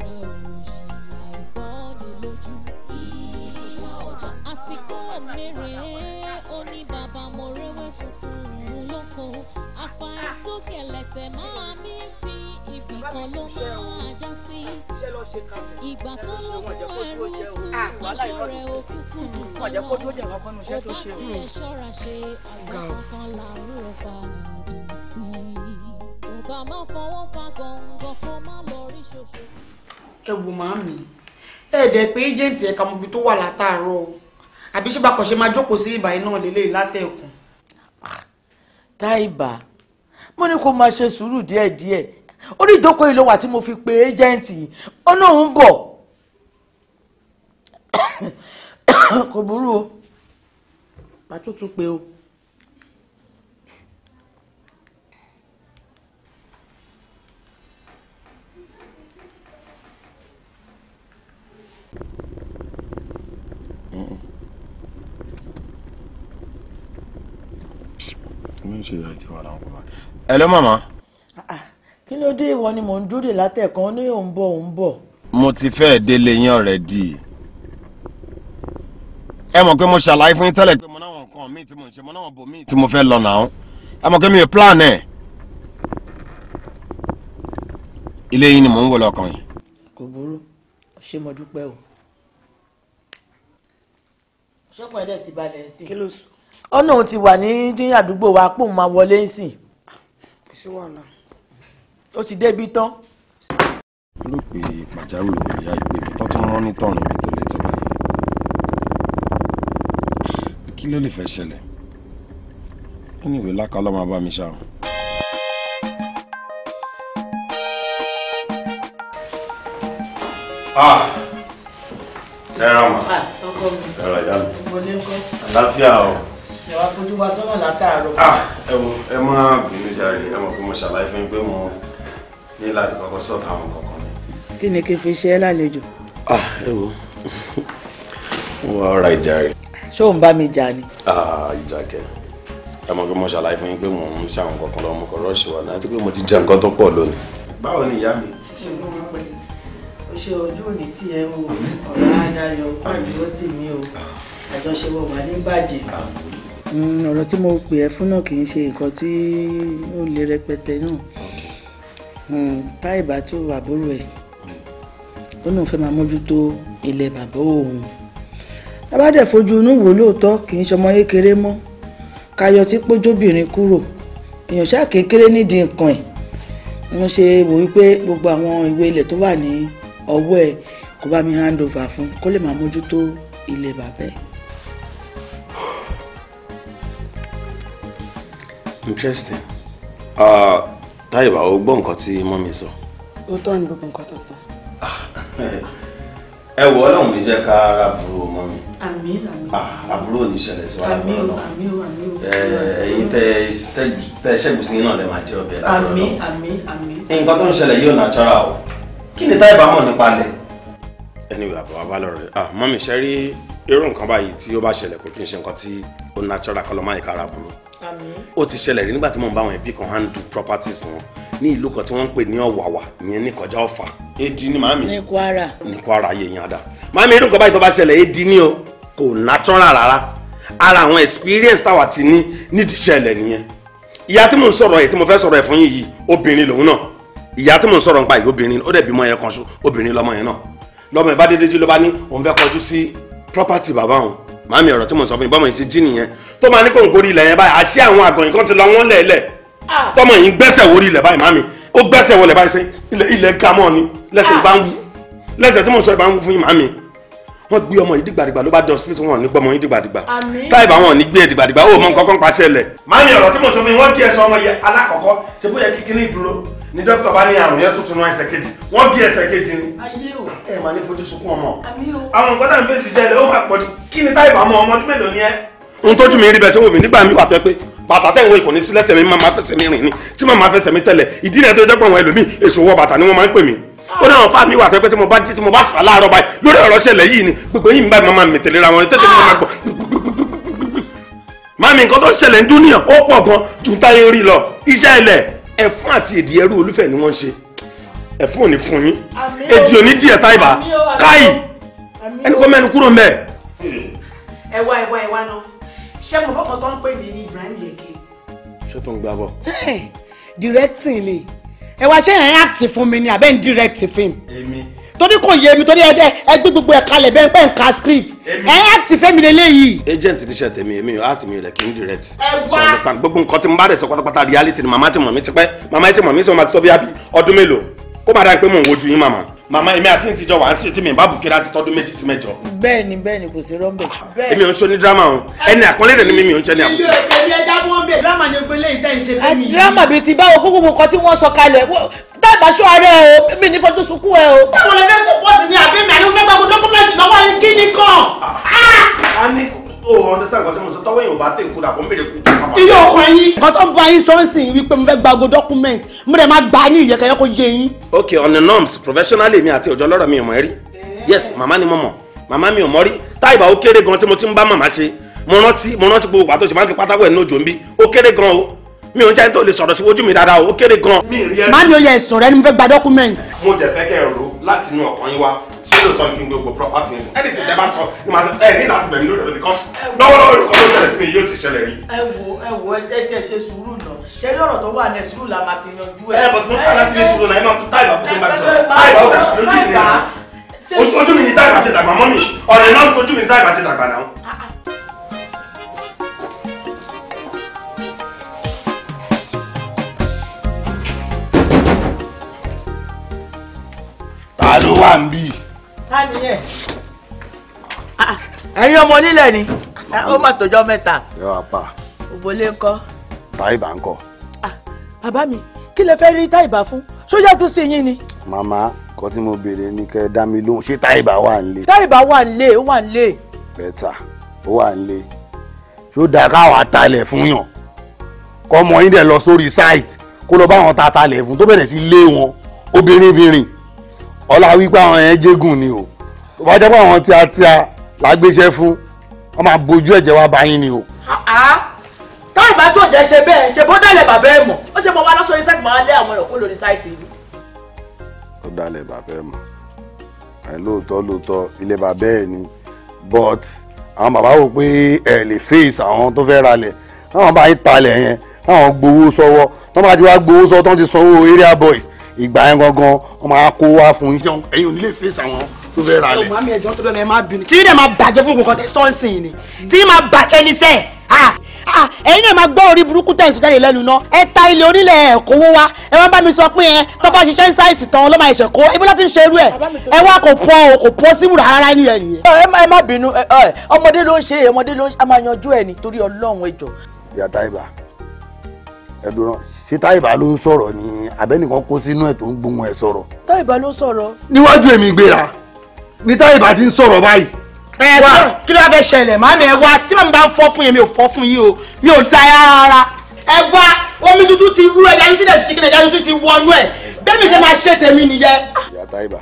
mèrè ó ní bàbá mo rẹwẹ́ funfun lóko afa ètò kẹlẹ̀tẹ̀ máa mi fi ibì kan ló máa já sí ìgbà tó ah, ló kó ẹrú kú aṣọ rẹ̀ òkùnkùn nìkan náà ó bá tiẹ̀ ṣọ́ra ṣe àwọn kankan làwọn ò fa ò bá má fọwọ́ fa gọ̀ǹgọ̀ kó má lọ rí ṣoṣo. ẹ wò màmí ẹ dẹ pé ẹjẹǹtì ẹka mọbi tó wà látàárọ̀ àbí ṣé bá kàn ṣe máa jókòó sí ìbàyí náà lélẹ̀ látẹ̀kùn. Ah, táìbà mo ní kó máa ṣe sùúrù díẹ̀díẹ̀ orí ìdókòó yìí ló wà tí mo fi pe éjẹ́ǹtì yìí ọ̀nà òun bọ̀ (coughs) kò burú o màá tún tún pe o. ń ṣe ìrètí wa làwọn bàbá. ẹ ló màmá. Ah, ah. kí ló dé ìwọ ni mò ń dúró látẹ̀kan ní òun bọ̀ òun bọ̀. mo ti fẹ́ délé yín already. ẹ mọ̀ pé mo ṣàlàyé fún yín tẹ́lẹ̀ pé mo náwọn nǹkan míì tí mo ń ṣe mo náwọn bò míì tí mo fẹ́ lọ nàá. ẹ mọ̀ pé mi ò plan ẹ̀. ilé yín ni mò ń wò lọ́kàn yìí. kò burú ṣé mo dúpẹ́ o. ṣé pẹ̀lú ẹ̀ ti balẹ̀ sí i. kí ló sùn ọ̀nà òun ti wà ní dín àdúgbò wa pò máa wọlé nsìn. kò sí wàhálà. ó ti débi tán. irú pé pàjáwìrì wò ní àìpé mi tó tún rán ní tọ̀run mi tó lè tó báyìí. kí ló lè fẹ́ ṣẹlẹ̀ kí ni ìwé lákàá ọlọ́mọ bá mi ṣáà. Ah, ẹ ra ma. Ah, ẹ ra ìyá mi. Àlàáfíà o ẹ wá fojú wa sọ́nà látàárọ̀. Ah, ẹ wo ẹ má bínú jàre ẹ mọ̀ fún mo ṣàlàyé fún mi pé mo ní láti kọ́kọ́ sọ́ọ̀tà àwọn kọ̀ọ̀kan ni. kí ni kí n fi ṣe é lálejò. Ah, ẹ wo (laughs) mo wá ọ̀rá ìjà rẹ̀. ṣé òun bá mi jà ni. Ah, ìjà kẹ ẹ mọ̀ pé mo ṣàlàyé fún yín pé mo ń ṣe àwọn kọ̀ọ̀kan lọ́wọ́ mo kọ̀ rọ́ọ̀ṣì wa náà àti pé mo ti jẹ nǹkan tó pọ̀ lónìí. báwo ni ìyá mi. ṣé mo máa pẹ́ ṣe ojú òní tí ẹ ń wò ọ̀rọ̀ adáyọ̀ pàdé ó tì mí o àjọṣe wọn ní bàjẹ́. Mm, ọ̀rọ̀ tí mo pè ẹ́ fún náà kì í ṣe nǹkan tí ó le rẹpẹtẹ náà mm, táì bá tó àbúrò ẹ̀ ó náà fẹ́ máa mójútó ilẹ̀ bàbá òun tábàdẹ̀ fojú inú wò lóòótọ́ kì í ṣọmọ kékeré mọ́ kayọ̀ tí pójóbìnrin kúrò èèyàn ṣáà kékeré nídìí nǹkan ẹ̀ mo ṣe wò wípé gbogbo àwọn ìwé ilẹ̀ tó wà ní ọwọ́ ẹ̀ kó bá mi hand over fún kó lè máa mójútó ilẹ̀ bàbá ẹ̀. interesting ah, táyìbá o gbọ́ nǹkan tí mọ́mí sọ. òótọ́ ni gbogbo nǹkan tó sọ. ẹ wọ ọlọ́run mi jẹ́ ká àbúrò mọ́mí. àmín àmín. Ah, àbúrò ní ìṣẹ̀lẹ̀ sí wa lábẹ́ ọlọ́run. àmín o àmín o. ẹ̀yin tẹ ṣẹ́gun sí náà lè máa jẹ́ ọbẹ̀ lábẹ́ ọlọ́run. àmín àmín àmín. nǹkan tó ń ṣẹlẹ̀ yóò natural o kí ni táyìbá mọ̀ nípa lẹ̀. anyway àbúrò wa lọ rẹ ah, mọ́mí ṣe rí irú nǹkan báyìí tí ó bá ṣẹlẹ̀ kò kí n ṣe nǹkan tí ó natural kọ́ lọ́ máa yẹ kára àbúrò ó ti ṣẹlẹ̀ rí nígbà tí mò ń bá àwọn ẹbí kan handle properties wọn ní ìlú kan tí wọ́n ń pè ní ọ̀wàwà ìyẹn ní kọjá ọ̀fà édi ni màmí ní kwara ní kwara yẹ̀yìn àdá màmí irú nǹkan báyìí tó bá ṣẹlẹ̀ édi ni o kò natural rárá ara àwọn experience táwa ti ní nídìí ṣẹlẹ̀ nìyẹn ìyá tí mò ń sọ̀rọ̀ ẹ̀ tí mo fẹ́ sọ̀rọ̀ ẹ̀ fún yìí obìnrin lòun náà ìyá tí mò ń sọ̀rọ̀ nípa yìí obìnrin ó dẹ̀ bímọ yẹn kan ṣo obìnrin lọmọ yẹn náà lọmọ ẹ̀ bá dédé jí ló bá ní òun fẹ́ kọjú sí property bàbá òun màámi ọ̀rọ̀ tí mo sọ fún yín bọ́mọ yìí ṣe jí nìyẹn tó máa ní kó n kórì ilẹ̀ yẹn báyìí àṣé àwọn àgọ̀yìn kan ti lọ wọ́n lẹ̀ẹ́lẹ̀ ah. tọmọ yìí ń gbẹ́sẹ̀ wórí ilẹ̀ báyìí màámi ó gbẹ́sẹ̀ wọlé báyìí ṣe ilẹ̀ ga mọ́ ni lẹ́sẹ̀ ah. ìbá ń wú lẹ́sẹ̀ tí mo sọ ìbá ń wú fún yín màámi wọ́n gbé ọmọ yìí dìgbàdìgbà ló bá dé hospital wọn ò e mo sọ fún yín wọ́n di ẹ̀sọ́ ọmọ yẹn alákọ̀ọ́kọ́ ṣe ni dókítà bá ní àrùn yẹn tuntun náà ẹsẹ̀ kejì wọ́n gé ẹsẹ̀ kejì ni. ayé o ẹ máa ní fojú sunkún ọmọ. àmì o àwọn nǹkan tá à ń fèsì ṣẹlẹ̀ ó máa pọ̀jù kí ni táyì bá mọ ọmọ ọdún mélòó ni ẹ. ohun tójú mi rí bẹ́ẹ̀ sẹ́wọ́n mi nígbà mi wà tẹ́ pé bàtà tẹ̀ ń ìkànnì sílẹ̀ tẹ̀mí máa fẹsẹ̀ mi rìn ni tí máa fẹsẹ̀ mi tẹ̀lẹ̀ ìdí rẹ̀ tó jẹ́ pé àwọn ẹlòmíì èso wọ bàtà ni wọ́n máa ń pè mí ó ní àwọn fáà mi wà tẹ́ pé tí mo bá jí tí mo bá sà láàárọ̀ báyìí lórí ọ̀rọ̀ ṣẹlẹ̀ yìí ni gbogbo yìí ń bá ìmọ̀ máa mètèlé ra wọn tètè máa gbọ́ mami nǹkan tó ń ṣẹlẹ̀ ń dún níyàn ó pọ̀ gan ju táyé rí lọ iṣẹ́ ilẹ̀ ẹ̀fún àti èdè ẹrú olúfẹ̀ ni wọ́n ń ṣe ẹ̀fún òní fún yín èdè òní díẹ̀ táìbà káyì ẹni kọ́ mẹ́nu kúrò mẹ́ẹ̀. ẹ̀wá ẹ̀wá ẹ̀wá náà ṣé mo bọ́kàn tó ń pè ní Ibrahim Yege. ṣé tó ń gbà bọ̀. directing ni ẹ̀wá ṣé ẹ̀ ń act fún mi ni àbẹ́ ń direct film. èmi torí kò yé mi torí ẹgbẹ́ gbogbo ẹ̀ka lẹ̀ bẹ́ẹ̀ pẹ́ ń script ẹ act fẹ́mi lélẹ́yìí. agent níṣẹ́ tèmi èmi ò act mi ò kí n direct. ẹ wá so understand gbogbo nǹkan tí mo bá rẹ̀ sọ pátápátá reality ni màmá ti mọ̀ mí tipẹ́ màmá ti mọ̀ mí sọ ma tó bí abí ọdún mélòó kó má dáa pé mò ń wojú yín màmá Mama, èmi àti ìtìjọ wà á sì tí mi bá bùkẹ́rẹ́ àti tọ́dún méjì sí mẹ́jọ. bẹ́ẹ̀ni bẹ́ẹ̀ni kò sí rọmbẹ. Ah, èmi ò ń ṣoní dírámà o ẹni àpọ́nlé rẹ̀ ni mi ò ń ṣe ní àpò. ilé òkè ni ẹja wọn bẹ dírámà ni ogun eléyìí tẹ̀ ń ṣe fún mi. dírámà bíi ti báwo kúkú mu kan tí wọ́n sọ kalẹ̀ tábà sọ ara ẹ o mi ní fojú sunkún ẹ o. táwọn ọlọ́dẹ sọ pọ́ọ̀sì ni àbẹ́mi àlọ́ fẹ́ gbàgbọ́ dọ́kúmẹ́ntì lọ́wọ́ yín kí ni kàn o ọkọ yín. nǹkan tó ń bọ ayín sọ́nsìn wípé mo fẹ́ gba go document mo dẹ̀ máa gbà á ní ìyẹ́kẹ́yẹ́ kó yé yín. ok on the norms professionally mi àti ọjọ́ lọ́rọ̀ mi ò mọ̀ ẹ́ rí yes màmá ni mo mọ̀ màmá mi ò mọ̀ rí táìbà ó kéré gan tí mo ti ń bá màmá ṣe mo rántí mo rántí gbogbo pàtó máa ń fi pátákó ẹ̀ ní òjò ń bí ó kéré gan o mi ò ń sẹ́ni tó lè sọ̀rọ̀ sí ojú mi dáadáa ó kéré gan. má ní oyè ìsọ̀rọ̀ ẹni mo fẹ́ gba dọ́kúmẹ̀ntì. mo dẹ̀ fẹ́ kẹ́ ẹ ro láti inú ọkàn yín wá ṣé lóòótọ́ kí n gbogbo property yẹn ẹni tí ẹ sọ ẹ ní láti bẹ̀rẹ̀ lórí rẹ̀ because lọ́wọ́lọ́wọ́ ló kọ́ ṣẹlẹ̀ sí mi yóò ti ṣẹlẹ̀ rí. ẹ wo ẹ wo ẹ ti ẹ ṣe sùúrù náà ṣe ní tó wà ní sùúrù la máa fi yanjú ẹ. ẹ bọ̀ tí mo fẹ́ láti sùúrù náà ẹ náà tójú mi wà ń bí. Ah, ah. ẹ̀yin ọmọ onílẹ̀ ni ó mà tọjọ́ mẹ́ta. yọ apá. òbólé ńkọ́. táìbà ńkọ́. Ah, bàbá mi kí lẹ fẹ́ rí táìbà fún sójà tó sí yín ni. màmá kọ́ tí mo béèrè ni kẹ́ ẹ dá mi lóhùn ṣé táìbà wà ń lé. táìbà wà ń lé ó wà ń lé. bẹ́tà ó wà ń lé ṣó dáa káwọn atalẹ̀ fún yàn kọ́ ọmọ yín dẹ̀ lọ sórí site kó lọ bá wọn ta atalẹ̀ fún tó bẹ̀rẹ̀ sí lé wọn obìnrin bìnrin ọlá wípé àwọn yẹn jégùn ni o tó bá jẹ́ pé àwọn tí a tí a lágbéṣẹ́ fún wọ́n máa bójú ẹ̀jẹ̀ wá báyìí ni o. táwọn ìbá tó jẹ́ ṣe bẹ́ẹ̀ ṣe bó dálẹ̀ bàbá ẹ̀ mọ̀ ó ṣe mọ wá lọ́sọ̀rọ̀ iṣẹ́ ìgbọ̀n alẹ́ àwọn ẹ̀kọ́ lórí sáìtì ìlú. ó dálẹ̀ bàbá ẹ̀ mọ̀ ẹ̀ lóòótọ́ lóòótọ́ ilé bàbá ẹ̀ ni but àwọn bàbá wò pé ẹ̀ lè face àwọn tó fẹ́ ralẹ̀ táwọn bá yín talẹ̀ yẹn táwọn gbowó sọ́wọ́ tó bá ti wá gbowó sọ́wọ́ tó ti sanwó area boys ìgbà yẹn gangan wọn máa kó wá fún yín. ẹ̀yin ò ní lè fèsì àwọn tó fẹ́ ra lẹ̀. ọmọ mi ẹ̀jọ́ tó bẹ̀rẹ̀ máa bínú tí dẹ̀ máa bàjẹ́ fún nǹkan tẹ sọ́ọ̀sìn ni tí máa bàjẹ́ ní sẹ́ẹ̀ ẹ̀yin náà máa gbọ́ orí burúkú tẹ̀ ń sùn jáde lẹ́nu náà ẹ ta ilé onílẹ̀ ẹ̀kọ́wó wa ẹ wá bá mi sọ pé ẹ tó bá ṣiṣẹ́ ń sáìtì tán ló máa ṣẹ̀ kó ibi láti ń ṣe irú ẹ̀ ẹ wá kò pọ̀ o kò pọ̀ síbù rárá ní ẹ̀ nìyẹn. ẹ má bínú ọmọdé ló ń ṣe ọmọdé ló ń ṣe a máa yanjú ẹ̀ nítorí Ọlọ́run ẹjọ́. ìyá táyìbá ẹdùnrán ṣé táyìbá ló ń sọ̀rọ̀ ni abẹ́nìkan kó sínú ẹ̀ tó ń gbóhùn ẹ̀ sọ̀rọ̀. táyìbá ló sọ̀rọ̀. níwájú èmi gbéra ni táyìbá ti ń sọ̀rọ̀ báyìí. ẹ wá kí ló fẹ́ ṣẹlẹ̀ màámi ẹ wá tí màmí bá ń fọ́ fún yẹn mi ò fọ́ fún yín o mi ò la rárá. ẹ wá omi tuntun ti wú ẹja tuntun ti ṣìkìlẹ̀ ẹja tuntun ti wọnú ẹ bẹ́ẹ̀ mi ṣe máa ṣe tèmi nìyẹn. ìyá táyìbá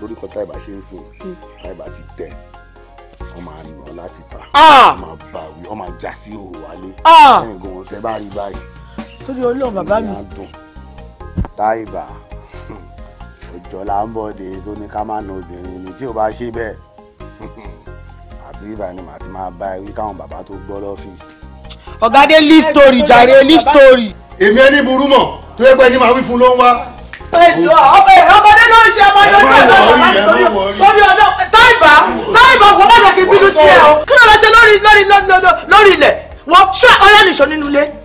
lórí kan táyìbá ṣe ń sìn táyìbá ti tẹ̀ wọ́n máa nà láti ta ah. wọ́n máa bá wí wọ́n máa já òwò wálé lẹ́yìn ah. gan-an tẹ́ bá rí báyìí torí Ọlọ́run bàbá mi. táìbà òjò là ń bọ̀ de tó ní ká má na obìnrin ni tí o bá ṣe bẹ́ẹ̀ àti bíbá ni màá ti máa bá ewé káwọn bàbá tó gbọ́ lọ́fíìsì. ọ̀gá dé leave story jàre leave story. èmi ẹni burú mọ̀ tó yẹ pé ẹni máa wí fún ló ń wá. ọmọdé ló ń ṣe ọmọdé ló ń ṣe ọmọdé lórí ọdọ táìbà táìbà kò má jẹ́ kí n bínú sí ẹ o kí ló lọ ṣe lórí lórí lórí ilẹ̀ wọ́n ṣé ọlẹ́nìṣọ́ nínú ilé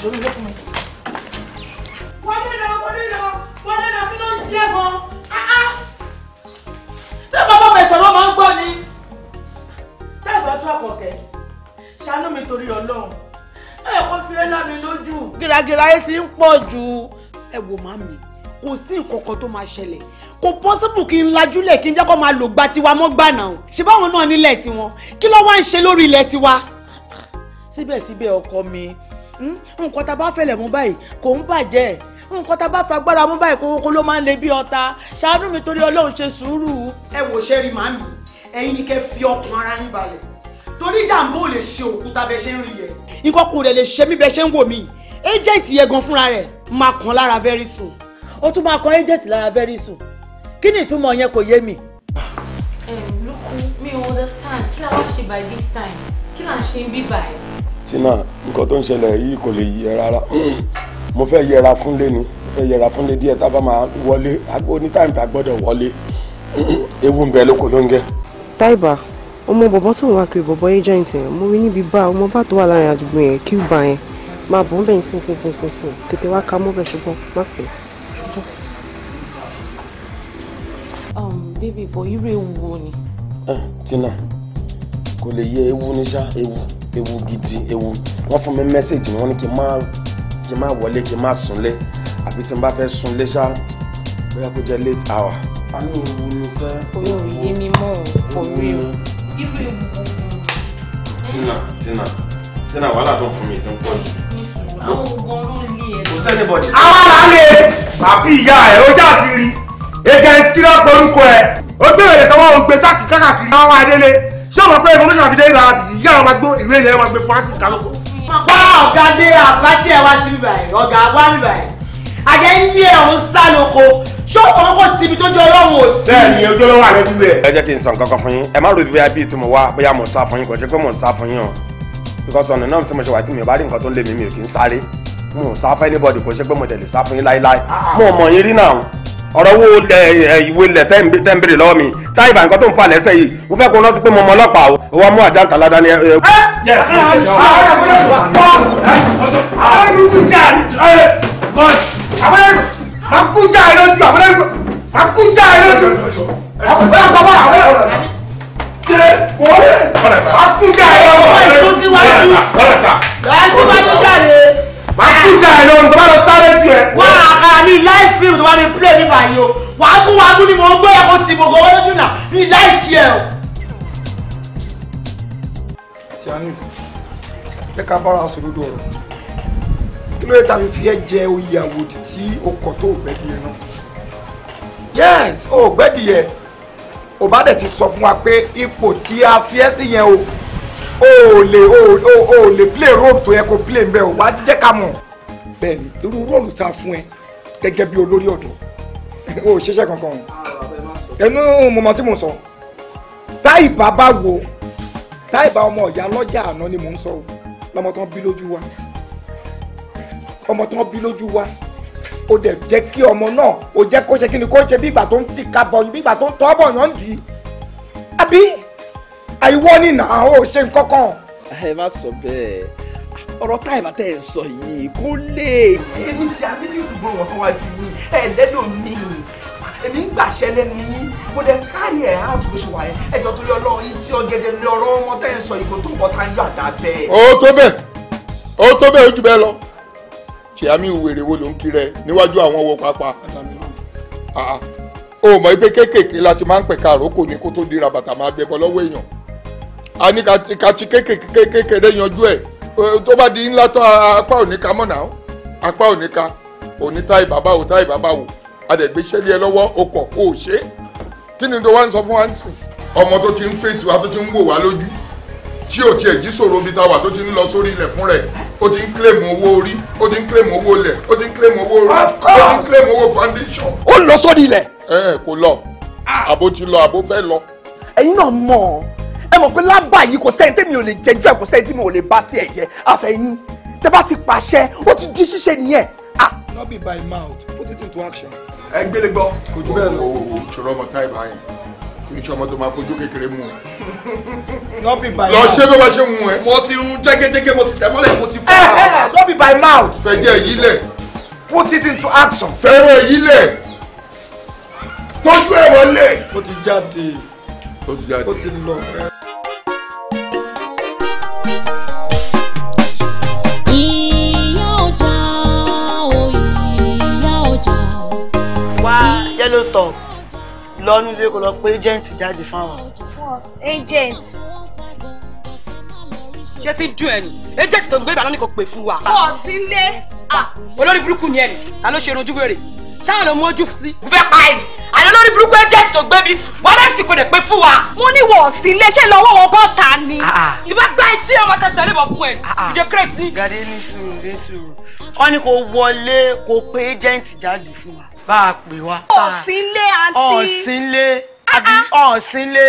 ìṣòro ilé fún mi. wọlé lọ wọlé lọ wọlé lọ kí ló ń ṣe é gan ah, ah. tẹ́ bá bọ́ mẹ́sàn-án ló máa ń gbọ́ ni tẹ́ bá tó àkọ́kẹ́ ṣàánú mi torí ọlọ́run ẹ kò fi ẹ́ lámi lójú. gíragíra ayé ti ń pọ̀ jù ẹ wò má mi kò sí nǹkan kan tó máa ṣẹlẹ̀ kò pọ́sibù kí n lajúlẹ̀ kí n jẹ́ kó máa lò gba tiwa mọ́ gbà náà ṣe báwọn náà nílẹ̀ tiwọn kí ló wá ń ṣe lórí ilẹ̀ tiwa. síbẹ̀síbẹ̀ ọkọ mi Hmm? nǹkan tá a bá fẹlẹ̀ mú báyìí kò ń bàjẹ́ nǹkan tá a bá fagbára mú báyìí kókó ló máa ń le bí ọta ṣàánú mi torí ọlọ́run ṣe sùúrù. ẹ wò ṣe rí màmí ẹ̀yin ni kẹ́ fi ọkàn ara yín balẹ̀ torí jàǹbó ò lè ṣe òkúta bẹ ṣe ń rí yẹ. nǹkan kò rẹ̀ lè ṣe mí bẹ ṣe ń wò mí ẹjẹ̀ǹtì yẹn gan fúnra rẹ̀ máa kàn lára very soon. ó tún máa kàn ẹjẹ̀ǹtì lára very soon kí ni ìtumọ̀ yẹn kò yé mi. ẹ lókun mi ò understand kí la wá ṣe by this time kí la ṣe ń bí báyìí. Tina nǹkan tó ń ṣẹlẹ̀ yìí kò lè yẹ rárá (clears throat) mo fẹ́ yẹra fúnlé ni mo fẹ́ yẹra fúnlé díẹ̀ tá a bá máa wọlé oní tá a gbọ́dọ̀ wọlé (clears throat) ewu ń bẹ lóko ló ń gẹ. táìbà ọmọ bọ̀bọ̀ tó ń wá kiri bọ̀bọ̀ agent yẹn mo rí níbi bá ọmọ bá tó wà láàrin àdúgbò yẹn kí ó bá yẹn máa bọ̀ ń bẹ̀ ń sìn sìn sìn sìn sìn tètè wá ka mọ́bẹ̀ ṣùgbọ́n má pè ṣùgbọ́n. Um, bébì bọ̀ irú ewu wo ni. ẹ eh, Tina kò lè yẹ ewu ní sá ewu ewu gidi ewu wọ́n fún mi mẹ́sẹ̀gì wọ́n ní kí n má kí n má wọlé kí n má súnlé àbí tí n bá fẹ́ súnlé ṣá bóyá kó jẹ́ late hour. a ní ewu ni sẹ́. oyè yé mi mọ́ ò for real. tina tina tina wàhálà tó ń fún mi ti ń pọ̀ jù. kò sẹ́ni bọ̀dì. àwọn àlè àbí ìyá ẹ̀ ó ṣáà ti rí ètò ìsirọ́ pé ẹ̀ ó gbèrè sọ́wọ́ òun gbé sáàkì àwọn adélé ṣé o mọ̀ pé information àfi dé ìlà ìyá àwọn agbó ìwé ilẹ̀ wọn gbé Francis kálukú. wá ọ̀gá dé àbá tí ẹ wá sí bíbáyìí ọ̀gá wá bíbáyìí àjẹ́ ń lé ọ̀hún sá lóko ṣó ọmọ kò síbi tó jọ ọlọ́run ò sí. bẹ́ẹ̀ni ojú ọlọ́run àrẹ ti bẹ. ẹ jẹ́ kí n sọ nǹkan kan fún yín ẹ má rò bíi bíi tí mo wá bóyá mo sá fún yín kò ṣe pé mo ń sá fún yín o because ọ̀nà náà tí mo ṣe wà tí mi ò bá rí nǹkan tó ń lé mi mi ò kí ń sáré mo sá fún anybody kò ṣe pé mo tẹ̀lé sá fún yín láíláí ah, ah. mo mọ̀ yín rí náà ọ̀rọ̀ wo ìwé ilẹ̀ tẹ́ ń béèrè lọ́wọ́ mi táyì bá nǹkan tó ń fa lẹ́sẹ̀ yìí mo fẹ́ kó o rántí pé mo mọ ọlọ́pàá o ò wá mú àjà ntàlá dání. Akuja ẹ lójú àbúrò akuja ẹ lójú àbúrò àbúrò àbúrò akuja ẹ lójú. Ọ̀rẹ́ sá ọ̀rẹ́ sá ọ̀rẹ́ sá. Lọ́ọ́ síwájú jáde wà á kú jà ẹ̀rọ tó bá lọ sáré jù ẹ. wà á kà ní live film tó bá mi play ní báyìí o wà á kú wà á kú ni mò ń gbé ẹ̀kọ́ tì gbogbo owó lójú náà ní láìkí ẹ o. tiani ẹ ká bára sọ̀rọ̀ dọ̀rọ̀ kí ló yẹ tàbí fi ẹ jẹ oyè àwòdì tí o kọ̀ tó gbẹ́dìyẹ náà yes o gbẹ́dìyẹ ò bá dẹ̀ ti sọ fún wa pé ipò tí a fi ẹ́ sí yẹn o o le lè o ò le play role tó yẹ kó play ń bẹ o wá jẹ́ ká mọ̀ bẹ́ẹ̀ ni irú role tá a fún ẹ gẹ́gẹ́ bí olórí ọ̀dọ́ (laughs) o ò ṣiṣẹ́ kankan ẹnu mo mọ tí mo sọ táì bàbá wo táì bá ọmọ ìyá lọ́jà àná ni mò ń sọ o lọ́mọ tán bí lójú wa ọmọ tán bí lójú wa o dẹ̀ jẹ́ kí ọmọ náà o jẹ́ kó ṣe kí ni kó ṣe bí ìgbà tó ń ti ka bọ̀ bí ìgbà tó ń tọ́ bọ̀ yàn dì í àbí àìwọ́ nìna ò ṣe nǹkan kan. ẹ má sọ bẹ́ẹ̀ ọ̀rọ̀ táìmà tẹ́ ẹ sọ yìí kó lè. èmi tí a mílíọ̀nù gbogbo wọn kan wá ju yín ẹ lẹ́nu mi èmi ń gbàṣẹ lẹ́nu yín mo dẹ̀ kárí ẹ̀ áàtù bó ṣe wà yẹn ẹjọ́ torí ọlọ́run yìí tí ọ̀gẹ̀dẹ̀ lé ọ̀rọ̀ ọmọ tẹ́ ẹ sọ yìí kò tó bọ́ tá a yọ àdá bẹ́ẹ̀. ó tó bẹ́ẹ̀ ó tó bẹ́ẹ̀ ó jù bẹ́ẹ̀ lọ ṣèyàmí wèrè wo ló ń kiri ẹ níwájú àwọn owó pápá o mọ̀ pé kéékèèké láti máa ń pẹ̀ka àrókò ní kó tó dira bàtà máa gbẹbọ lọ́wọ́ èèyàn a ní ká yanjú ẹ̀ tó bá di ńlá tán apá òní ka apá òní òní táì bàbá wò táì bàbá wò adẹ̀gbẹ́sẹ̀ lé lọ́wọ́ okọ̀ o ò ṣe kí ni tó wá ń sọ fún wa ń sìn ọmọ tó ti ń fèsì wa tó ti ń wò wá lójú tí ò tiẹ̀ jí sòro bíi tàwa tó ti ń lọ sórí ilẹ̀ fún rẹ̀ ó ti ń kílèmù owó orí ó ti ń kílèmù owó ilẹ̀ ó ti ń kílèmù owó orí ó ti ń kílèmù owó foundation. ó lọ sórí ilẹ̀. ẹ ẹ kò lọ ah! àbó ti lọ àbó fẹ́ lọ. ẹ̀yin náà mọ̀ mọ̀ pé lábàá yìí kò sẹ́yìn tèmi ò lè jẹjú ẹ̀ kò sẹ́yìn tí ò lè bá tiẹ̀ jẹ àfẹ̀yìn tẹ bá ti pàṣẹ ó ti di ṣíṣe nìyẹn. no be by mouth put it into action. ẹ gbélé gbọ́. kò bẹ́ẹ̀ lọ. owó ṣòro ọmọ táì báyìí kì í ṣe ọmọ tó máa fojú kékeré mú un. (laughs) no be by mouth. lọ ṣe bí wọ́n ṣe mú ẹ. mo ti hun jẹ́gẹ́jẹ́gẹ́ mo ti tẹ̀ mọ́lẹ̀ mo ti fọ́. ẹ ẹ no be by mouth. fẹ̀jẹ̀ yìí lẹ̀. put it into action. fẹ́rẹ̀ yìí lẹ̀. tójú ẹ̀ wọlé. ó ti jáde. ó ti jáde. ó ti lọ. ló lọ nílé kó lọ pé agent jáde fáwọn. agent ṣé ti dùn ẹ ni agent tó ń gbé ìbàdàn ni kò pè fún wa. pọ̀ sílé. Ah, olórí burúkú ni ẹ ní ta ló ṣe irun ojú wèrè ṣáà ló mójú sí. mo fẹ́ pa ẹ̀ ní àná lórí burúkú agent tó gbé mi wọ́n bẹ́ẹ̀ sì kò lè pè fún wa. mo ní wọ̀ sí ṣé lọ́wọ́ wọn bọ́ ta ni. Ah, ah. tí bá gba etí ọmọ kẹsàn lè bọ̀ fún ẹ ìjọ grace ní. gàdé ní sùúrù ní sùúrù wọn ni kò wọlé kò pé agent jáde fún wa bá a pè wá. ọ̀sìnlé àǹtí ọ̀sìnlé ah, àbí ah. ọ̀sìnlé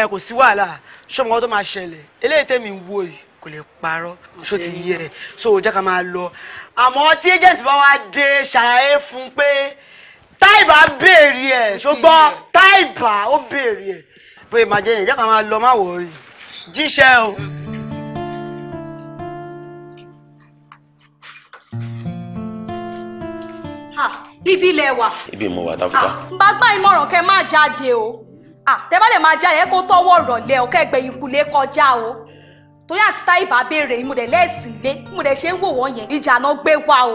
ẹ kò sí wàhálà ṣọ́mọ́ tó máa ṣẹlẹ̀ eléyìí tẹ̀mí wo yìí kò lè parọ́ ṣó ti yẹ ẹ̀ so jẹ́ ká máa lọ àmọ́ tí agent bá wá dé ṣàlàyé fún un pé táìbà béèrè ẹ̀ ṣùgbọ́n táìbà ó béèrè ẹ̀ bóyá máa jẹ́ yẹn jẹ́ ká máa lọ má wọ̀ọ́rì jíṣẹ́ o. Ha bíbí lẹ wà. ibi mo wà táfíkà. Ah, bàgbà ìmọ̀ràn kẹ máa jáde o ah, tẹ́bálẹ̀ máa jáde kó tọ́wọ́ rọ̀lẹ́ o kẹ́gbẹ̀yìn kulé kọjá o torí àti táyì bá béèrè ìmúdẹ̀ lẹ́ẹ̀sì lé ìmúdẹ̀ ṣe ń wò wọ́n yẹn ìjà náà gbé wá o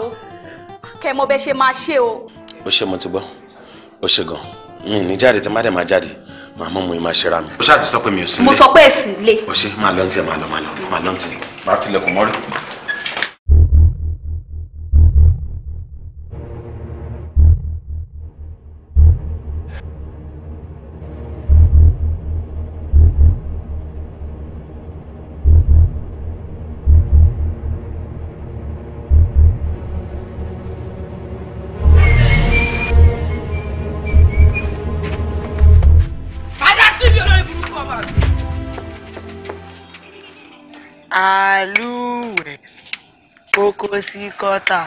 kẹ́ mọ bẹ́ ṣe máa ṣe o. ó ṣe mo ti gbọ́ o. ṣe gan mi ní jáde tí má dẹ̀ máa jáde màá mọ̀ mo ì máa ṣera mi. ó ṣáà ti sọ pé mi ò sí ilé. mo sọ pé ẹ̀sìn ilé. ó ṣe máa lọ́ntì máa lọ sí gọ́tà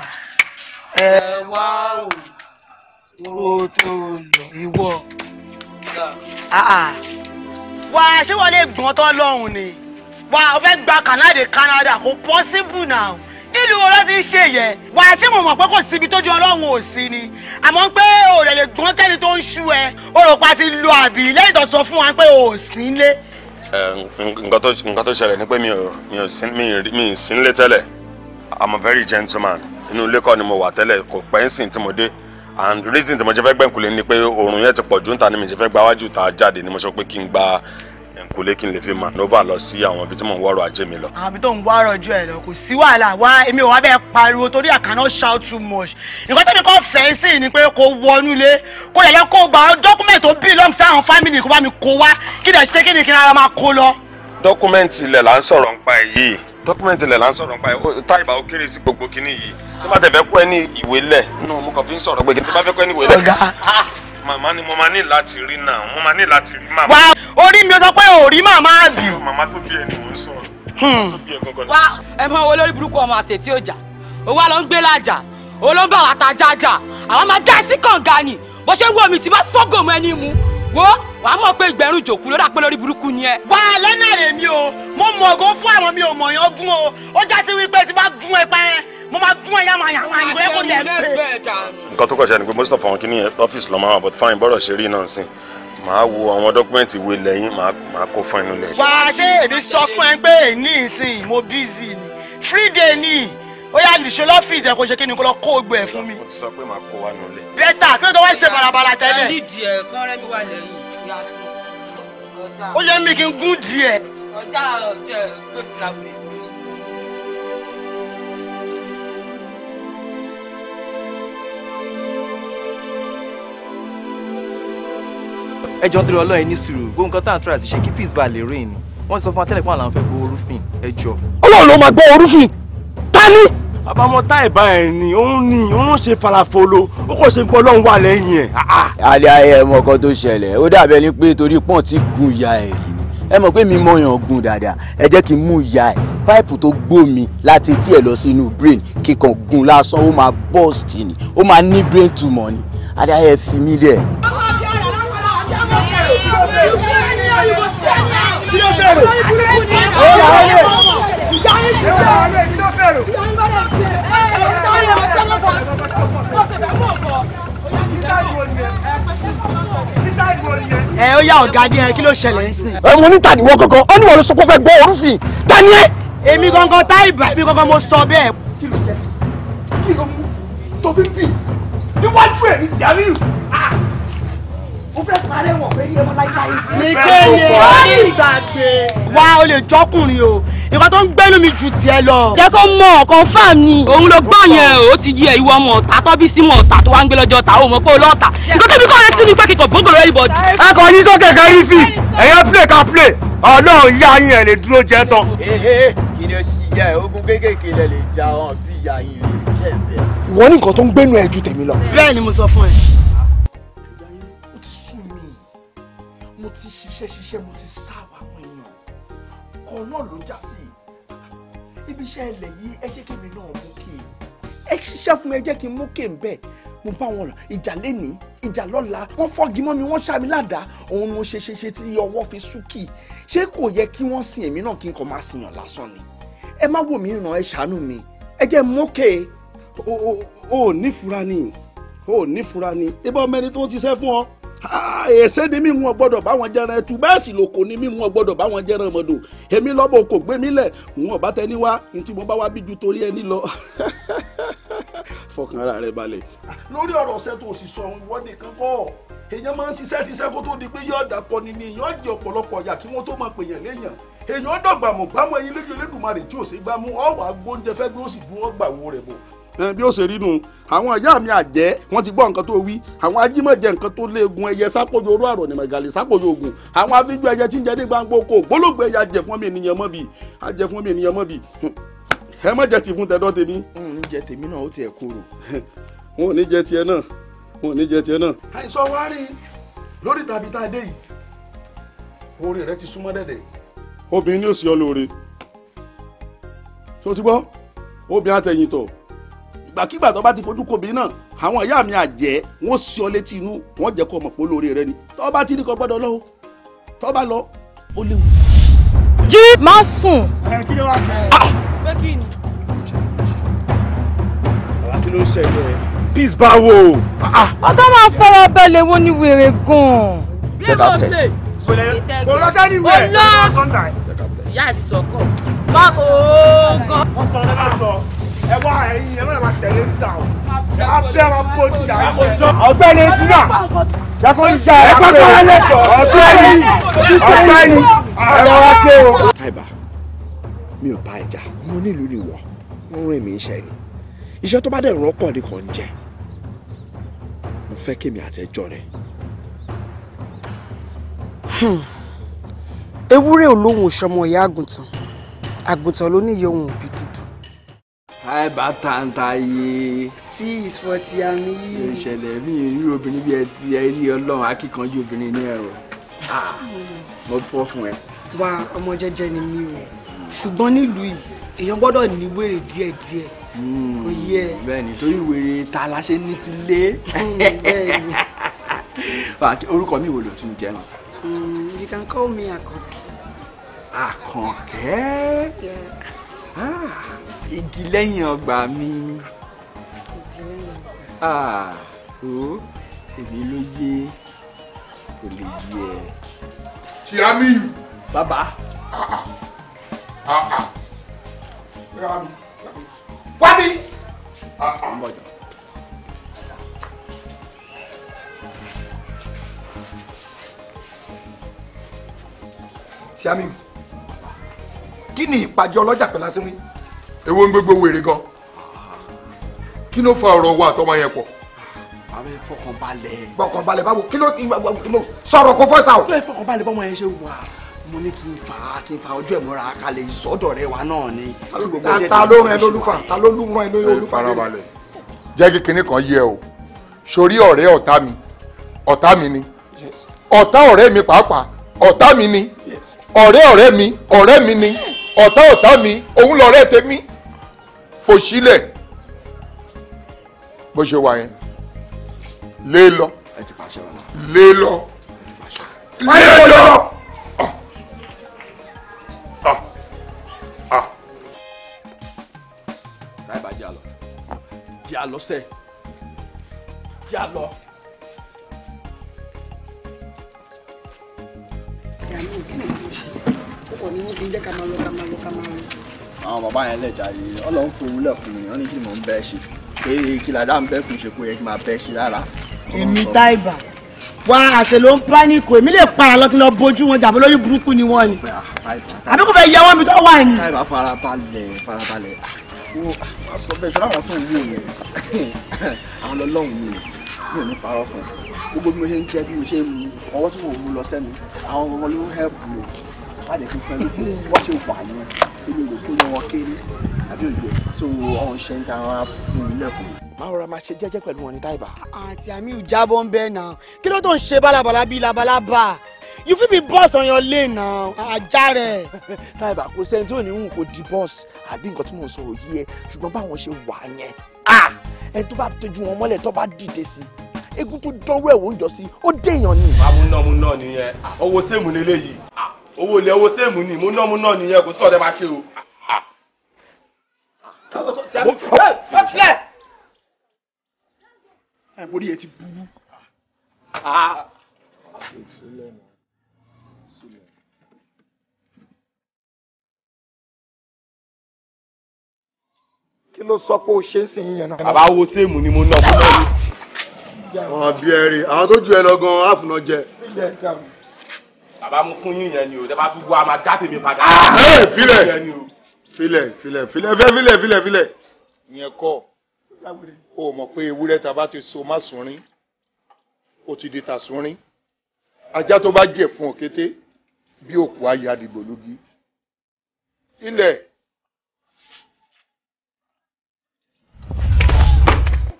ẹ wá òwò tó lọ ìwọ. Ah, ah. wà á ṣé wọlé gbọ́n tó lọ́hùn ni wà á fẹ́ gba Canada Canada kò possible now nílùú ọlọ́ ti ń ṣe yẹ wà á ṣe mọ̀ mọ̀ pé kò síbi tójú ọlọ́run ò sí ni àmọ́ pé òòrè gbọ́n kẹ́ni tó ń ṣú ẹ òròpá ti lo àbí lẹ́yìn tó sọ fún wa pé ò sí nílé. nǹkan tó ṣẹlẹ̀ ni pé mi ò sí tẹ́lẹ̀ i'm a very gentleman inú ilé kọ́ ni mo wà tẹ́lẹ̀ kò pẹ́ ń sìn tí mo dé and reason tí mo jẹ́ fẹ́ gbẹ̀ǹkùlé ni pé oòrùn yẹn ti pọ̀ jù ń ta ni mi jẹ́ fẹ́ gba wájú ta jáde ni mo sọ pé kí n gba ẹ̀ǹkùlé kí n lè fi manova lọ sí àwọn ibi tí mò ń wọ́rọ̀ ajé mi lọ. àbí tó ń wọ́rọ̀ ojú ẹ̀ lọ kò sí wàhálà wá èmi ò wá bẹ́ẹ̀ pariwo torí I cannot shout too much. nǹkan tẹ́mi kọ́ fẹ́ sí ni pé kò wọnú ilé kò lẹ́lẹ́ kó gba dọ́kúmẹ̀tì tó belong sí àwọn family kó bá mi kó wá kí dọ́kúmẹ́ǹtì ilẹ̀ là ń sọ̀rọ̀ nípa ẹ̀ yìí dọ́kúmẹ́ǹtì ilẹ̀ là ń sọ̀rọ̀ nípa ẹ̀ táìbà ó kéré sí gbogbo kinní yìí tí bá tẹ̀ fẹ́ ẹ ní ìwé lẹ̀ nù mo kàn fi ń sọ̀rọ̀ pé kí n bá fẹ́ kọ́ ẹ ní ìwé lẹ̀. màmá ni mo máa ní láti rí náà mo máa ní láti rí màmá. wá orí mi ò sọ pé ò rí màmá àbí. màmá tó bí ẹni mò ń sọ̀rọ̀. Hmm. wá ẹ mọ olórí burúkú ọmọ àṣẹ tí ó jà ń gbé lájà olóńgbà àtàjà jà àwọn máa dá sí kànga ni bó ṣe ń wọ omi tí bá fọ́gòmù ẹni mu wo wàá mọ̀ pé ìgbẹ́rún jòkú ló dàpẹ́ lórí burúkú ni ẹ. wà á lẹ́nà rè mí o mo mọ̀ ògùn fún àwọn mi ò mọ̀ yàn gún o ó já sí wípé tí bá gún ẹ pa mo máa gún ẹ máa yàn máa yàn ẹ kó lẹ nǹkan tó kọ̀ ṣe ni pé most of àwọn kìnìyàn ọ́fíìsì lọ́mọ àwọn but fine bọ́rọ̀ ṣe rí náà sí màá wo àwọn dọ́kúmẹ́ǹtì wo lẹ́yìn màá kó fún inú lẹ̀. wàá ṣe èmi sọ fún ẹ pé èyí ní ìsìn mo busy ni free day ni nìṣó lọ́fíìsì ẹ̀ kò ṣe kí ni kó lọ kó gbẹ fún mi. mo ti sọ pé màá kó wa nulẹ̀. bẹ́tà kí ló tó wá ṣe bàràbàrà tẹ́lẹ̀. àníìdì ẹ̀ kán rẹ́ mi wà lẹ́nu ìjọba ó yẹ mi kí n gún díẹ̀. ọjà ọjọ́ tó ti ra wọlé sórí. ẹjọ́ torí ọlọ́ọ̀ ẹni sùúrù gbogbo nǹkan tá à ń tura àti ṣe kí peace bá lè rìn ni wọ́n sọ fún wa tẹ́lẹ̀ pé àwọn làwọn fẹ́ gbọ́ orúfin ẹjọ́. ọlọ́run ló máa gbọ́ orúfin ta ni àbámọ́tá ẹ̀bá ẹ̀ ni òun ni òun ṣe falafolo ó kò ṣe pọ́ lọ́hùn wà lẹ́yìn ẹ̀. alẹ́ ah, ah. ayé ẹ̀mọ́ kan tó ṣẹlẹ̀ ó dàbí ẹni pé torí pọ́n ti gun ìyá ẹ̀ rí ni ẹ mọ̀ pé mi mọ̀yàn gun dáadáa ẹ jẹ́ kí n mú ìyá ẹ̀ páìpù tó gbómi láti etí ẹ̀ lọ sínú brain kíkan gun lásán ó máa burst ni ó máa ní brain tumor ni alẹ́ ayé fi mí lẹ̀. kí ló bẹ̀rẹ̀? bẹ̀rù. ẹ ó yá ọ̀gá díẹ̀ kí ló ṣẹlẹ̀ ń sìn. ẹ mo ní tàdíwọ́ kankan ó ní wọn ló sọ pé fẹ́ gbọ́ orúfin tani ẹ. èmi gangan Táìbà èmi gangan mo sọ bẹ́ẹ̀. kí ló jẹ kí ló mú tó fi bì níwájú ẹ̀ ní tìárì ó fẹ́ parẹ́ wọ̀ pé yé wọn láyé. mi kéye ní ìgbàgbé. wá o lè jọkùnrin o nǹkan tó ń gbẹ́nu mi ju tiẹ̀ lọ. jẹ́ kó mọ̀ confirm ni. òun ló gbọ́ yẹn o ó ti yí ẹ̀ ìwọ ọmọ ọ̀tá tọ́bí sí mọ̀ ọ̀tá tó wá ń gbé lọ́jọ́ ọ̀tá o mọ̀ pé o lọ́ọ̀tà. nǹkan tẹ́bí kọ́ retí ni pé kíkọ̀ bógolo everybody. ẹ kàn yín sókè kárí fi ẹ̀yẹ play ká play ọlọ́run yá yín ẹ̀ lè dúró jẹ́ tán. kí ni ó sì yá ẹ ogun kéékèèké lẹ lè ja mo ti ṣiṣẹ́ ṣiṣẹ́ mo ti sáàwọ̀ àwọn èèyàn kan náà ló já sí ibi iṣẹ́ ilẹ̀ yìí ẹ jẹ́ kí mi náà mú kí n ẹ ṣiṣẹ́ fún mi ẹ jẹ́ kí n mú kí n bẹ́ẹ̀ mo bá wọn lọ ìjà lẹ́nìí ìjà lọ́la wọ́n fọ́gi mọ́ mi wọ́n ṣá mi ládàá òun ni mo ṣe ṣe ṣe tí ọwọ́ fi súkì ṣé kò yẹ kí wọ́n sin èmi náà kí n kàn máa sìyàn lásán ni ẹ má wò mí ràn ẹ ṣàánú mi ẹ jẹ́ mókè o ò nífura ni o ò nífura ni ibà ọmọ ẹni tó ń ṣiṣẹ́ fún ọ Ah, èsè ni mí wọn gbọ́dọ̀ bá wọn jẹran ẹtù bẹ́ẹ̀ sì lòkò ni mí wọn gbọ́dọ̀ bá wọn jẹran ọmọdò èmi lọ́bọ̀ kò gbé mi lẹ̀ wọn bá tẹni wá ní tí mo bá wá bí ju torí ẹni lọ (laughs) fọkàn ara rẹ balẹ̀. lórí ọ̀rọ̀ ọ̀sẹ̀ tó sì sọ ohun ìwọ́de kan kọ́ èèyàn máa ń ṣiṣẹ́ ṣiṣẹ́ kó tó di pé yóò dàpọ̀ ni ni èèyàn jẹ ọ̀pọ̀lọpọ̀ ọ̀yà kí wọ́n tó máa pèèyàn léèyàn èèyàn dọ̀gbàmù gbámú ẹyin lójú Elédùmarè tí ò sí gbámú ọ̀wà gbóúnjẹ fẹ́ gbé ó sì dúró gbàwó rẹ̀ bọ̀ Eh, bí ó ṣe rí nu àwọn ìyá mi àjẹ́ wọ́n ti gbọ́ nǹkan tó wí àwọn ajímọ̀jẹ nǹkan tó léegun ẹyẹ sápòjò oró àrọ̀ nìmọ̀gàlè sápòjò ogun àwọn afíjú ẹyẹ tí ń jẹ ní gbàngbò kò gbólógbò ẹyẹ ajẹ mi ènìyàn mọ́ bi ajẹ fún mi ènìyàn mọ́ bi ẹ mọ̀ jẹ ti fún tẹ̀dọ́ tèmi. n ò ní jẹ tèmi náà ó tiẹ̀ kúrò. (laughs) n ò ní jẹ tiẹ̀ náà n ò ní jẹ tiẹ̀ náà. àìsàn wa rí lórí tàbí tá a dé yìí oore rẹ ti súnmọ́ ìgbàkigbà tó bá ti fojú kobi náà àwọn ìyá mi àjẹ́ wọ́n sí ọ létí inú wọ́n jẹ́ kó mọ̀ pé olóore rẹ ni tó bá ti rí kọ gbọ́dọ̀ lọ́wọ́ tó bá lọ ó léwu. jí má sùn. kí ló wá sí ẹ. Ah! pé kí ni. àwa kí ló ń ṣẹlẹ̀ peace báwo. Ah, ah. ọ̀dọ́ máa fọwọ́ bẹ́ẹ̀ lè wọ́n ní wèrè gan-an. bẹ́ẹ̀ bọ́ ṣe kò lọ sẹ́ni wẹ̀ sọ́ńdà. ìyá àti sọ̀kọ̀. má ooo oh, gan. wọ́n sọ ọ́ lẹ́nu ẹ wá ẹyin ẹ má lè máa tẹ̀lé ń ta o abẹ́ máa bó ti dà á kọjọ́. ọ̀gbẹ́ni tina yàtọ̀ ń ja ẹ pẹ́ pẹ́ lẹ́jọ́ ọ̀gbẹ́ni ọ̀gbẹ́ni ẹ̀rọ wá sí o. àìbá mi ò bá ẹja mo nílùú ni wọ ń rìn mí iṣẹ́ ni iṣẹ́ tó bá dẹ̀ rán kọ́ ni kò ń jẹ́ mo fẹ́ kémi àtẹjọ́ rẹ̀ hmm. ewúrẹ́ olóhùn òṣọmọ ìyá àgùntàn àgùntàn ló níyẹ ohun òbí àì bá tàǹtà yé. tí ìsọtí àmì yìí. ìṣẹ̀lẹ̀ mi irú obìnrin bíi ẹ ti ẹ rí ọlọ́run akíkanjú obìnrin ní ẹ̀rọ mo fọ́ fún ẹ. wa ọmọ jẹjẹ ni mi o ṣùgbọ́n nílùú yìí èèyàn gbọ́dọ̀ ní wèrè díẹ̀díẹ̀ hmm, kò yẹ. bẹ́ẹ̀ni torí wèrè ta la ṣe ní ti lé. Hmm, bẹ́ẹ̀ni. (laughs) orúkọ mi wo ló tún jẹ́ nù. Hmm, you can call me Àkànkẹ́. Àkànkẹ́. yeah. ah igi lẹ́yìn ọgbà mi ó ah, èmi ló yé kò lè yé ẹ. tí a mi yù. bàbá. Ah, ah. wá mi. ọmọdé. a mi kí ni ìpàjọ ọlọ́jà pẹ̀lú asínwín èwo ń gbégbó wèrè gan kí ló fa ọ̀rọ̀ wa àtọmọ yẹn pọ̀. àwọn ẹ fọkànbalẹ̀. fọkànbalẹ̀ báwo kí ló sọ̀rọ̀ kó fọ́ sàwọ̀. lóye fọkànbalẹ̀ bọ́mọ yẹn ṣe wà mo ní kí n fà á kí n fà ojú ẹ̀ múra kalẹ̀ ìsọ̀dọ̀ rẹ wa náà ni. ta ló rán ẹ lólúfà ta ló rán ẹ lólúfà. farabalẹ̀ jẹ́ kí kinní kan yé o sórí ọ̀rẹ́ ọ̀tá mi ọ̀tá mi ni ọ̀tá ọ̀rẹ́ mi pàápàá ọ̀tá mi ni ọ̀rẹ́ ọ̀rẹ́ mi ọ̀rẹ́ mi ni ọ̀tá ọ̀tá mi òun lọ̀rẹ́ tèmi fòṣílẹ̀ bó ṣe wà yẹn lé lọ lé lọ lé lọ. láìbá ah. ah. ah. jà lọ jà lọ sẹ jà lọ. ti àná kí ni mo ṣe àwọn bàbá yẹn lẹ̀ jàre ọlọ́run fún un lẹ̀ fún mi wọ́n ní kí mò ń bẹ́ẹ̀ ṣe pé kí ládà ń bẹ́ẹ̀ kùn ṣe kó yẹ kí máa bẹ́ẹ̀ ṣe rárá. èmi táìbà wa àṣẹ ló ń pánìkò èmi lè para lọ́kí lọ bójú wọn jàbọ́ lórí burúkú ni wọ́n ni ah, àbí kò fẹ́ yẹ wọ́n mi tó wà ní. táìbà farabalẹ̀ farabalẹ̀ wọ́n sọ bẹ́ẹ̀ ṣọ́ra àwọn tó ń wú yẹn (laughs) àwọn lọ́lọ́run mi mi ò ní parọ́ fún un gbogbo bí mo ṣe ń jẹ bí mo ṣe ń mu ọwọ́ tí mo mú lọ sẹ́nu àwọn ọmọ ló ń hẹ́pù mi àdẹ̀kùn pẹ̀lú bí wọ́n ṣe wà ní ilé ìlú kí wọ́n kéré àbí òye tó ọ̀hún ṣe ń ta ara fún mi lẹ́fún máa rọra máa ṣe jẹ́jẹ́ pẹ̀lú wọn ní táìbà. àti àmì ìjábọ̀ ń bẹ́ẹ̀ náà kí ló tó ń ṣe bálabàlà bíi labalábà you fit be boss on your lane now ajá rẹ. (laughs) táìbà kò sẹ́ni tí ò ní hùn kò di boss àbí nǹkan tí mò ń sọ òye ẹ ṣùgbọ́n báwọn ṣe wà yẹn ẹ tó bá tọ́jú wọn mọ́lẹ̀ tó bá dìde sí i egun tó dánwó ẹ̀wọ̀n jọ sí ó dé èèyàn ni. àmúnámúná nìyẹn owó sẹ́mu lélẹ́yìí owó ilẹ̀ owó sẹ́ẹ̀mù ni mo náà mo náà nìyẹn kò sí ọ̀dẹ máa ṣe o. ẹ borí ẹ ti burú. Ah. kí ló sọ pé o ṣe é sìn yẹn náà. bàbá wo ni mo náà mo náà ni. àwọn àwọn tó ju ẹ lọ gan-an àfùnà jẹ bàbá mú fún yín yẹn ni o tẹ́ bá tún gbọ́ a máa dá tèmi padà. Ah, filẹ̀ filẹ̀ filẹ̀ filẹ̀ fẹ́ filẹ̀ filẹ̀ filẹ̀. ìyẹn kọ́ o mọ̀ pé ewúrẹ́ ta bá ti so má sunrin o ti di ta sunrin ajá tó bá jẹ̀ fún òkété bí òkú ayé adìgbò lógi ilẹ̀.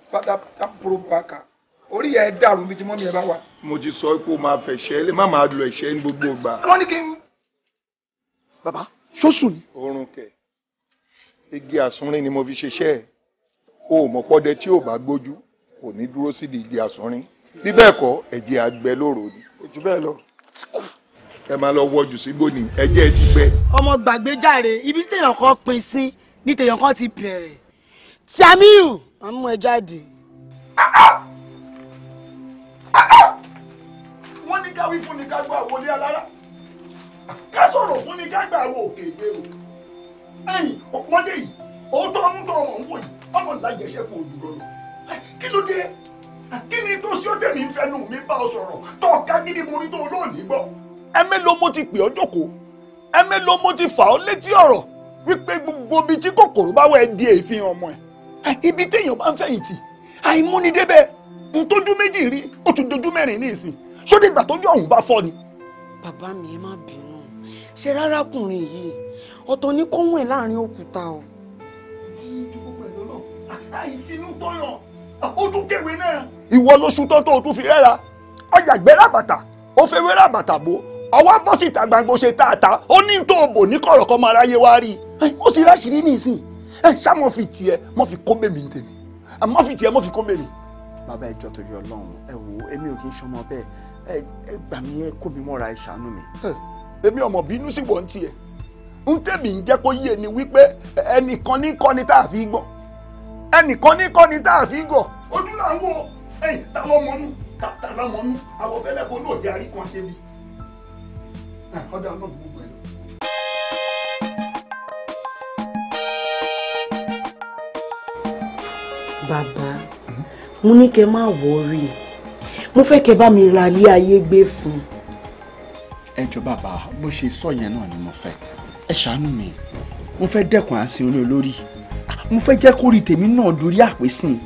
Father, that broke back up orí ẹ dàrú mi tí mọ́mí ẹ bá wà. mo ti sọ pé o máa fẹ̀ṣẹ̀ lé má máa lo ẹ̀ṣẹ̀ ní gbogbo ìgbà. wọ́n ní kí n. bàbá ṣóṣù ni. oorun kẹ igi àsúnrin ni mo fi ṣiṣẹ́ ẹ̀ o mọ̀ pọ́dẹ tí ò bá gbójú kò ní dúró sídìí igi àsúnrin bí bẹ́ẹ̀ kọ́ ẹ̀jẹ̀ àgbẹ̀ lóru ni ojú bẹ́ẹ̀ lọ ẹ máa lọ wọjú sí gbòòní ẹ̀jẹ̀ ẹ ti gbẹ. ọmọ gbàgbé jàre ibi tí èèyàn kan pin sí ní tèèyàn kan ti bẹ̀rẹ̀ Jamiu àmú ẹ jáde. ká wí fún ni ká gbọ́ àwòlé alára ká sọ̀rọ̀ fún ni ká gbà wò kéde o ẹ̀yìn ọ̀pọ̀dé yìí òótọ́ ọdún tó ọmọ ń wò yìí ọmọ ìlàjẹsẹ̀ kò dúró lọ kí ló dé kí ni tó sí ó tẹ̀mí ń fẹnu mi bá ọ sọ̀rọ̀ tó ká gidi mo ní tó lónìí gbọ́. ẹ mélòó mo ti pè ọ́ jókòó ẹ mélòó mo ti fà ọ́ létí ọ̀rọ̀ wípé gbogbo ibi tí kòkòrò bá wẹ̀ di èéfín ọmọ ẹ̀ ibi téèyàn bá ń fẹ̀yìntì àìmúnidébẹ̀ ntójú méjì rí ó tún dojú mẹ́rin ní ìsìn sódì ìgbà tójú ọ̀hún bá fọ́ ni. bàbá mi ẹ má bínú ṣe rárá kùnrin yìí ọ̀tọ̀ ní kóhùn ẹ̀ láàrin òkúta o. àìfinú tọyọ ó tún kéwé náà. ìwọ ló ṣutọ́ tó o tún fi rẹ́ra ọjà gbẹ́rẹ́ àbàtà ó fẹ́ wẹ́rẹ́ àbàtà bò ọwọ́ bọ́sìtà gbàgbó ṣe tààtà ó ní tó o bò ní kọ̀rọ̀ kọ́ máa ráyé wá rí i ó sì ráṣìírí nísìnyí ṣá mo fi tiẹ̀ mo fi kó bèmí tèmi mo fi tiẹ̀ mo fi kó bèmí bàbá ẹjọ́ torí ọlọ́run ẹ wò èmi ò kí ń ṣọmọ bẹ́ẹ̀ ẹ ẹ gbà mí ẹ kó mi mọ́ra ẹ mi. èmi ọmọ bínú sí wọn tiẹ̀ ń ń jẹ́ kó yé ni wípé ẹnìkan ní kọ́ni tá a fi gbọ́ ẹnìkan ní kọ́ni tá a fi gbọ́. ojú là ń wo ẹyìn táwọn ọmọ nù táwọn ọmọ nù àwọn fẹlẹ kó ní òde àríkan ṣe bí ọjà náà gbogbo. Bàbá mo ní kẹ́ má wọrí mo fẹ́ kẹ́ bá mi ra ilé ayé gbé fún. ẹ jọ bàbá bó ṣe sọ yẹn náà ni mo fẹ́ ẹ ṣàánú mi mo fẹ́ dẹ́kun àsìn olólórí mo fẹ́ jẹ́ kórìí tèmi náà dorí àpèsìn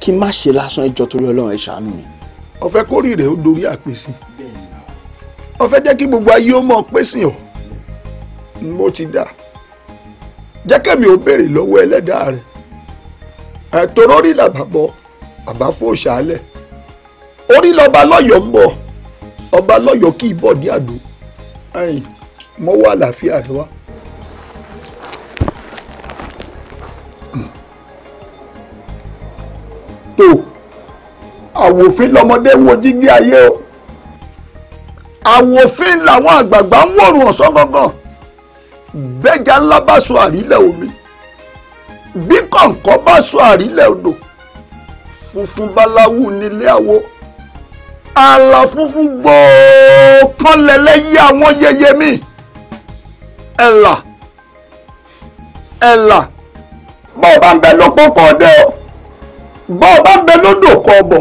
kí n má ṣe lásán ẹjọ́ torí Ọlọ́run ẹ ṣàánú mi. ọfẹ kórìí rẹ ó dorí àpèsìn ọfẹ jẹ́ kí gbogbo ayé ó mọ̀ pèsìn ọ mo ti dà jẹ́ kẹ́mi ò béèrè lọ́wọ́ ẹlẹ́dàá rẹ̀ ẹ̀tọ́ rọ́rí làbàbọ̀ àbá fòṣàlẹ̀ orí lọ́ba lọ́yọ̀ọ́ ń bọ̀ ọba lọ́yọ̀ọ́ kì í bọ̀ ní àdó ẹ̀yìn mọ́wọ́ àlàáfíà rẹ wá. tó àwòfín lọmọdé wo jígí ayé o àwòfín làwọn àgbààgbà ń wọ̀rùn ọ̀sán gangan bẹ́jà ńlá bá sọ àrílẹ̀ omi bí kọ̀ǹkọ̀ bá sọ àrílẹ̀ odò funfun báláwù nílé àwo àlà funfun gbòòkan lẹ́lẹ́yẹ àwọn yẹyẹ mi ẹ̀là ẹ̀là bọ́ ọ bá ń bẹ lóko kọ́ ọdẹ o bọ́ ọ bá ń bẹ lódò kọ́ ọbọ̀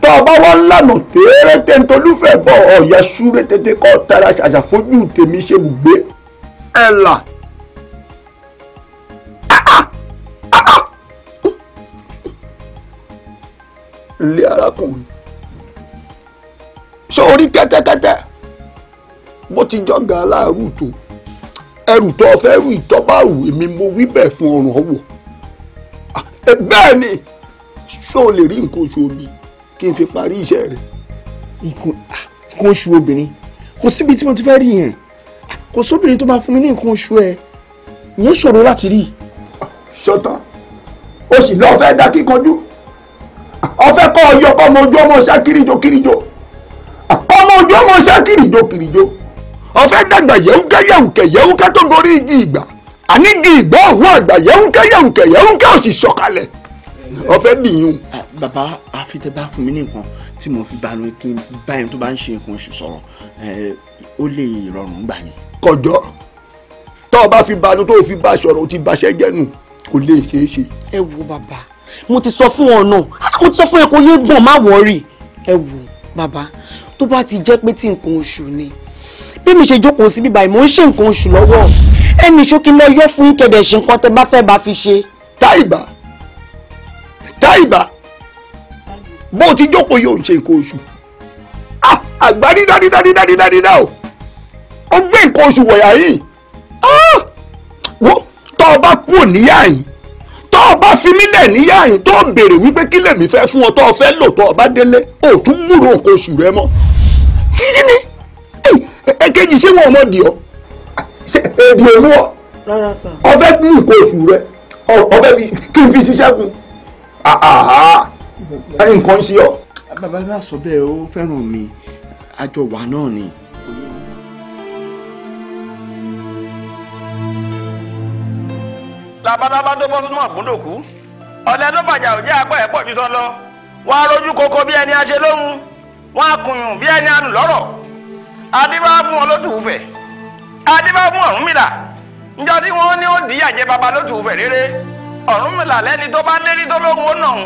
tọ́ ọ bá wá lànà téèrètè ntolúfẹ́ bọ̀ ọ̀yà súré tètè kọ́ tara ṣàṣàfojú tèmi ṣe bùgbé ẹ̀là. Ah, ah. lé arákùnrin ṣé orí kẹ́tẹ́kẹ́tẹ́ bó ti jọ̀gà aláàrú tó ẹrù tó o fẹ́ rù ìtọ́bàrù èmi mo wí bẹ́ẹ̀ fún ọ̀ràn wò bẹ́ẹ̀ ni ṣé o lè rí nǹkan oṣù omi kí n fi parí iṣẹ́ rẹ̀. nǹkan oṣù obìnrin kò síbi tí mo ti fẹ́ rí yẹn kò sóbìnrin tó máa fún mi ní nǹkan oṣù ẹ ìyẹn ṣòro láti rí. ṣọtán o sì lọ fẹ́ dá kíkanjú ọfẹ kọ ọyọ kọ ọmọ ojú ọmọ ṣá kirijo kirijo ọmọ ojú ọmọ ṣá kirijo kirijo ọfẹ dàgbà yẹwùkẹ yẹwùkẹ yẹwùkẹ tó gorí igi ìgbà àní igi ìgbà ọwọ àgbà yẹwùkẹ yẹwùkẹ yẹwùkẹ òsì sọ̀kalẹ̀ ọfẹ dìyún. bàbá àfitẹ́bá fún mi ní nǹkan tí mo fi banu kí n bá yẹn tó bá ń ṣe nǹkan oṣù sọ̀rọ̀ ó lè rọrùn gbà yẹn. kọjọ tó o bá fi banu tó o fi bá sọ̀rọ̀ o ti bàṣẹ jẹnu kò lè ṣeé ṣe. ẹ wo bàbá mo ti sọ fún ọ̀nà mo ti sọ fún ẹ kó yé gbọ̀n má wọ̀ọ́rì ẹ wò bàbá tó bá ti jẹ́ pé tí nǹkan oṣù ni bí mi ṣe jókòó sí bíbá ìmọ̀ ń ṣe nǹkan oṣù lọ́wọ́ ẹnì ṣókí lọ yọ fún ìkẹ̀dẹ̀ ṣe nǹkan tẹ bá fẹ́ bá fi ṣe. táìbà táìbà bó o ti jókòó yóò ń ṣe nǹkan oṣù ah, àgbà dídá dídá dídá dídá dídá o ó gbé nǹkan oṣù wọ̀yà yìí ah, wo tọ́ ọ bá kú òníyà yìí tó o bá fi mí lẹ̀ níyà yín tó o béèrè wípé kí lèmi fẹ́ fún ọ tó o fẹ́ lò tó o bá délé o ò tún gbúrò nǹkan oṣù rẹ mọ́ kí ni èkejì ṣé wọn ò mọ̀ di ọ èdè òun ọ ọfẹ́ nǹkan oṣù rẹ ọfẹ́ bí kí n fi ṣiṣẹ́ kun nǹkan ṣe ọ. bàbá bá sọ bẹ́ẹ̀ ó fẹ́ràn mi àjọ wà náà ni. labalábá tó bọ́ sínú àmúlòkú ọ̀lẹ ló bàjá òjẹ́ apá ẹ̀ pọ̀ jù sọ lọ wọ́n á rojú koko bí ẹni aṣe lóhun wọ́n á kùnyùn bí ẹni anù lọ́rọ̀ adébá fún wọn lótùúfẹ̀ adébá fún Ọ̀rúnmìlà níjọ́ tí wọ́n ní ó dì í àjẹ baba lótùúfẹ̀ rere Ọ̀rúnmìlà lẹ́ni tó bá lérí tó lóhun ó nàhun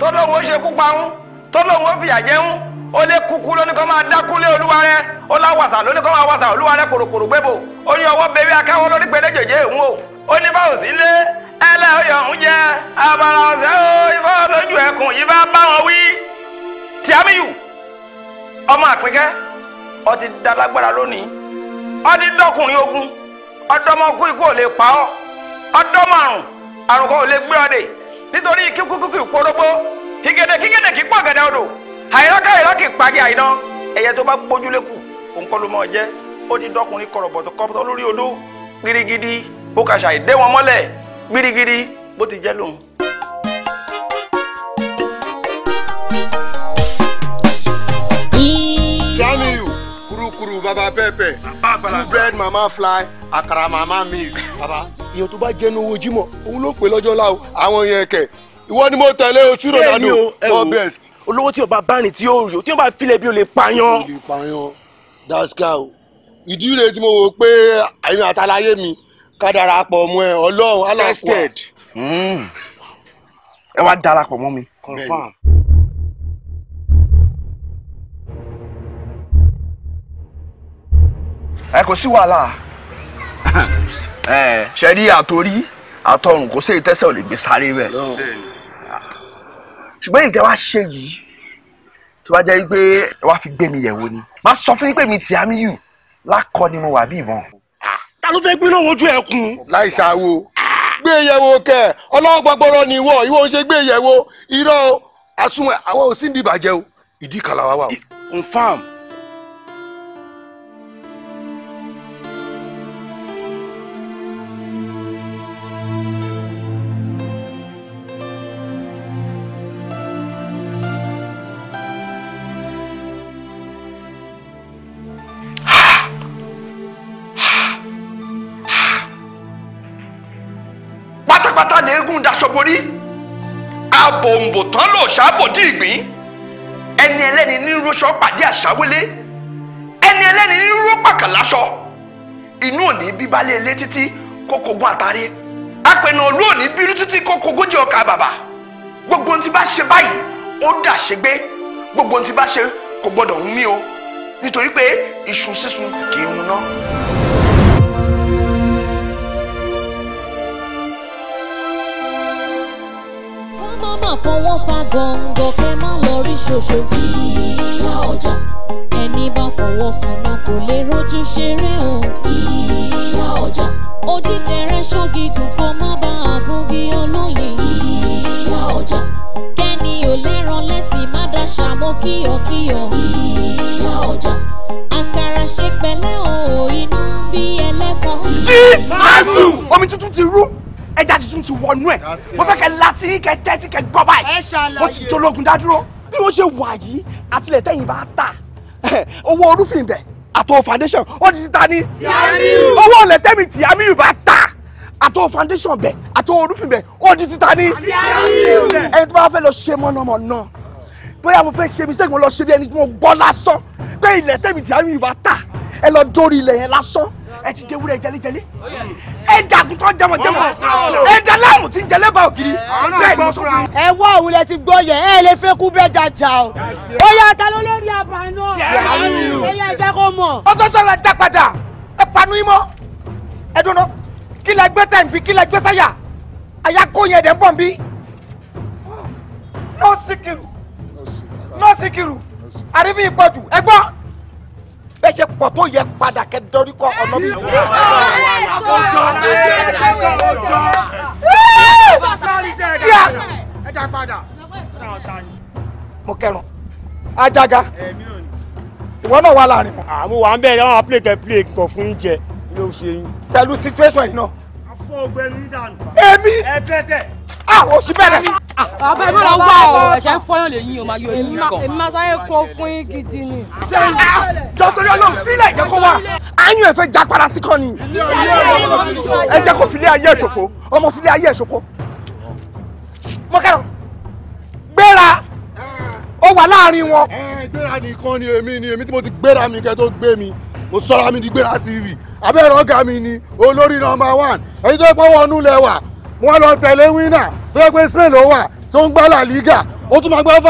tó ó ṣekú pa ń tó lóhun ó fìyà jẹun ó lé kúkú lóní kó máa dákúlé olúwa rẹ ó láwàsà lóní kó máa wàsà olúwa rẹ kòròkòrò gbébò ó ní ọwọ́ bẹ̀rẹ̀ akáwọ́ lórí pẹ̀lẹ́jẹ̀jẹ̀ òun o onye ẹlẹ́ ọyọ̀ ń jẹ́ abala ọ̀sẹ̀ ó ifá lójú ẹkùn yìí bá bá wọn wí. tìámíyù ọmọ àpínkẹ́ ó ti dalágbára lónìí ó ti ogun ọdọmọkú ikú ò lè pa ọ́ ọdọmọrùn àrùn kan ò lè gbé ọ nítorí kíkúkúkú ìporógbó kígédé kígédé kí odò àìrọ́kẹ́ ìpàgẹ́ ẹ̀yẹ tó bá ó ti bó ka ṣàìdé wọn mọ́lẹ̀ gbirigiri bó ti jẹ́ lòun. Saniu baba pẹpẹ bread mama fly akara mama miss. baba èèyàn tó bá jẹnu owó jímọ̀ òun ló pè lọ́jọ́ láwo àwọn yẹn kẹ̀ ìwọ ni mo tẹ̀lé o sí Ronaldo for best. olówó tí o bá bá ní tí o rí o tí o bá filẹ̀ bí o lè pààyàn. o lè pààyàn daska o ìdí rẹ̀ tí mo wò pé àyìn àtàlàyé mi ká darapọ̀ mọ́ ẹ ọlọ́run aláàpọ̀. tested hmm. ẹ wá darapọ̀ mọ́ mi. confam. ẹ kò sí wàhálà (laughs) ẹ ṣe rí àtòrí àtọrùn kò sí ìtẹ́sẹ̀ ò lè gbé sáré bẹ́ẹ̀ ṣùgbọ́n ìtẹ́ wá ṣe yìí tó bá jẹ́ pé wá fi gbé mi yẹ̀wò ni má sọ fún mi pé mi tì á mi yù lákọ ni mo wà bí ìbọn ta ló fẹ́ gbé náà wojú ẹkùn. láìsàwò gbé ìyẹ̀wò kẹ ọlọ́wọ́ gbọ́gbọ́rọ́ ni ìwọ ìwọ ń ṣe gbé ìyẹ̀wò irọ́ asun àwọn òsínbí ìbàjẹ́ o ìdí kàlàwà wà o. confam abòǹbò tán lò ṣàbòdì ìgbín ẹni ẹlẹ́ni nírúṣọ pàdé àṣàwélé ẹni ẹlẹ́ni nírú pàkàlàṣọ inú òní bíbálé ilé títí kókógún àtàrí apẹ̀nà olú òní bínú títí kókógójì ọkà bàbà gbogbo ohun tí bá ṣe báyìí ó dà ṣe gbé gbogbo ohun tí bá ṣe kò gbọdọ̀ ń mí o nítorí pé iṣu sísun kì í hun náà. má fọwọ́ fa gọ̀ǹgọ̀ kẹ́ má lọ rí ṣoṣo ìyá ọjà. ẹni bá fọwọ́ fọ̀nà kò lè rojú ṣeré o ìyá ọjà. odídẹrẹ́ ṣọ́gígùn kó má bá àgúngi olóyin ìyá ọjà. kẹ́ni ò lẹ́ran lẹ́tì má dáṣà mọ́ kíyọ̀kíyọ̀ ìyá ọjà. àkàrà ṣe pẹ̀lẹ́ o inú bí ẹlẹ́kọ̀ọ́. jí màásù omi tuntun ti rú ẹja tuntun ti wọnú ẹ mo fẹ́ kẹ́ láti kẹ́ tẹ́tí kẹ́ gbọ́ báyìí mo ti jológun dádúró bí mo ṣe wà yìí àtìlẹ̀ tẹ́yìn bá ta (laughs) owó olúfin bẹ̀ àtọ̀ foundation ó ti ta ni owó ọ̀lẹ̀ tẹ́mi tì àmì ìbá ta àtọ̀ foundation bẹ̀ àtọ̀ olúfin bẹ̀ ó ti ta ni ẹni tó bá fẹ́ lọ ṣe mọ̀nàmọ́ná bóyá mo fẹ́ ṣe mistake mo lọ ṣe bí ẹni tí mo gbọ́ lásán pé ilẹ̀ tẹ́mi tì àmì ìbá ta ẹ lọ dórí ilẹ̀ yẹn lásán ẹ ti jẹ wúrẹ́ jẹlẹjẹlẹ ẹ dàgùtọ̀ jẹmọjẹmọ ẹ dà láàmù tí ń jẹlẹ bá ògiri bẹ́ẹ̀ ni mo sọ fún yín. ẹ wọ òun lẹ ti gbọ́ yẹ ẹ lè fẹ́ kú bẹ́ẹ̀ jàjà o ó yà ta ló lórí àbá náà ẹ kó mọ̀. ó tọ́ sọ̀rọ̀ ẹ padà ẹ panu yín mọ́ ẹ dúró kí la gbé tẹ̀ nbí kí la gbé sáyà àyà kó yẹn dẹ̀ ń bọ̀ nbí. nọ́ọ̀sì kìrù nọ́ọ̀sì kìrù àrífín ìpọ̀jù ẹ gbọ́ bẹ́ẹ̀ ṣe pọ̀ tó yẹ padà kẹ́ dorí ọ̀nà mi. mo kẹrun ajaga ìwọ náà wà láàrin. àmú ah, wa ń bẹ̀rẹ̀ àwọn plate plate kọ̀ fún jẹ ló ṣe yín. pẹ̀lú situation yìí náà. afọ ọgbẹ́ni dànù. èmi. ẹ gbẹ́sẹ̀. àwọn ah, òṣìbẹ̀rẹ̀ abẹ́ mi lọ wá o ẹ̀ṣẹ̀ fọyán lè yín o máa yọ eyín kan. èmi máa sáyé kó fún yín gidi ni. jọ torí ọlọ́run fílẹ̀ jẹ́ kó wá àyùn ẹ̀ já para sí kan ni ẹ jẹ́ kó filé ayé ẹ̀ṣòfò ọmọ filé ayé ẹ̀ṣòfò mọ́kẹ́rọ̀ gbéra ó wà láàrin wọn. gbéra nìkan ni èmi ni èmi tí mo ti gbéra mi kẹ́ tó gbé mi mo sọ́ra mi di gbéra tv abẹ́rẹ́ ọ̀gá mi ni olórí nọmba one ẹni tó pọ́wọ́ ọ̀nù wọ́n lọ tẹ̀lé wínà tó yẹ pé Spain ló wà tó ń gbá La Liga ó tún máa gbá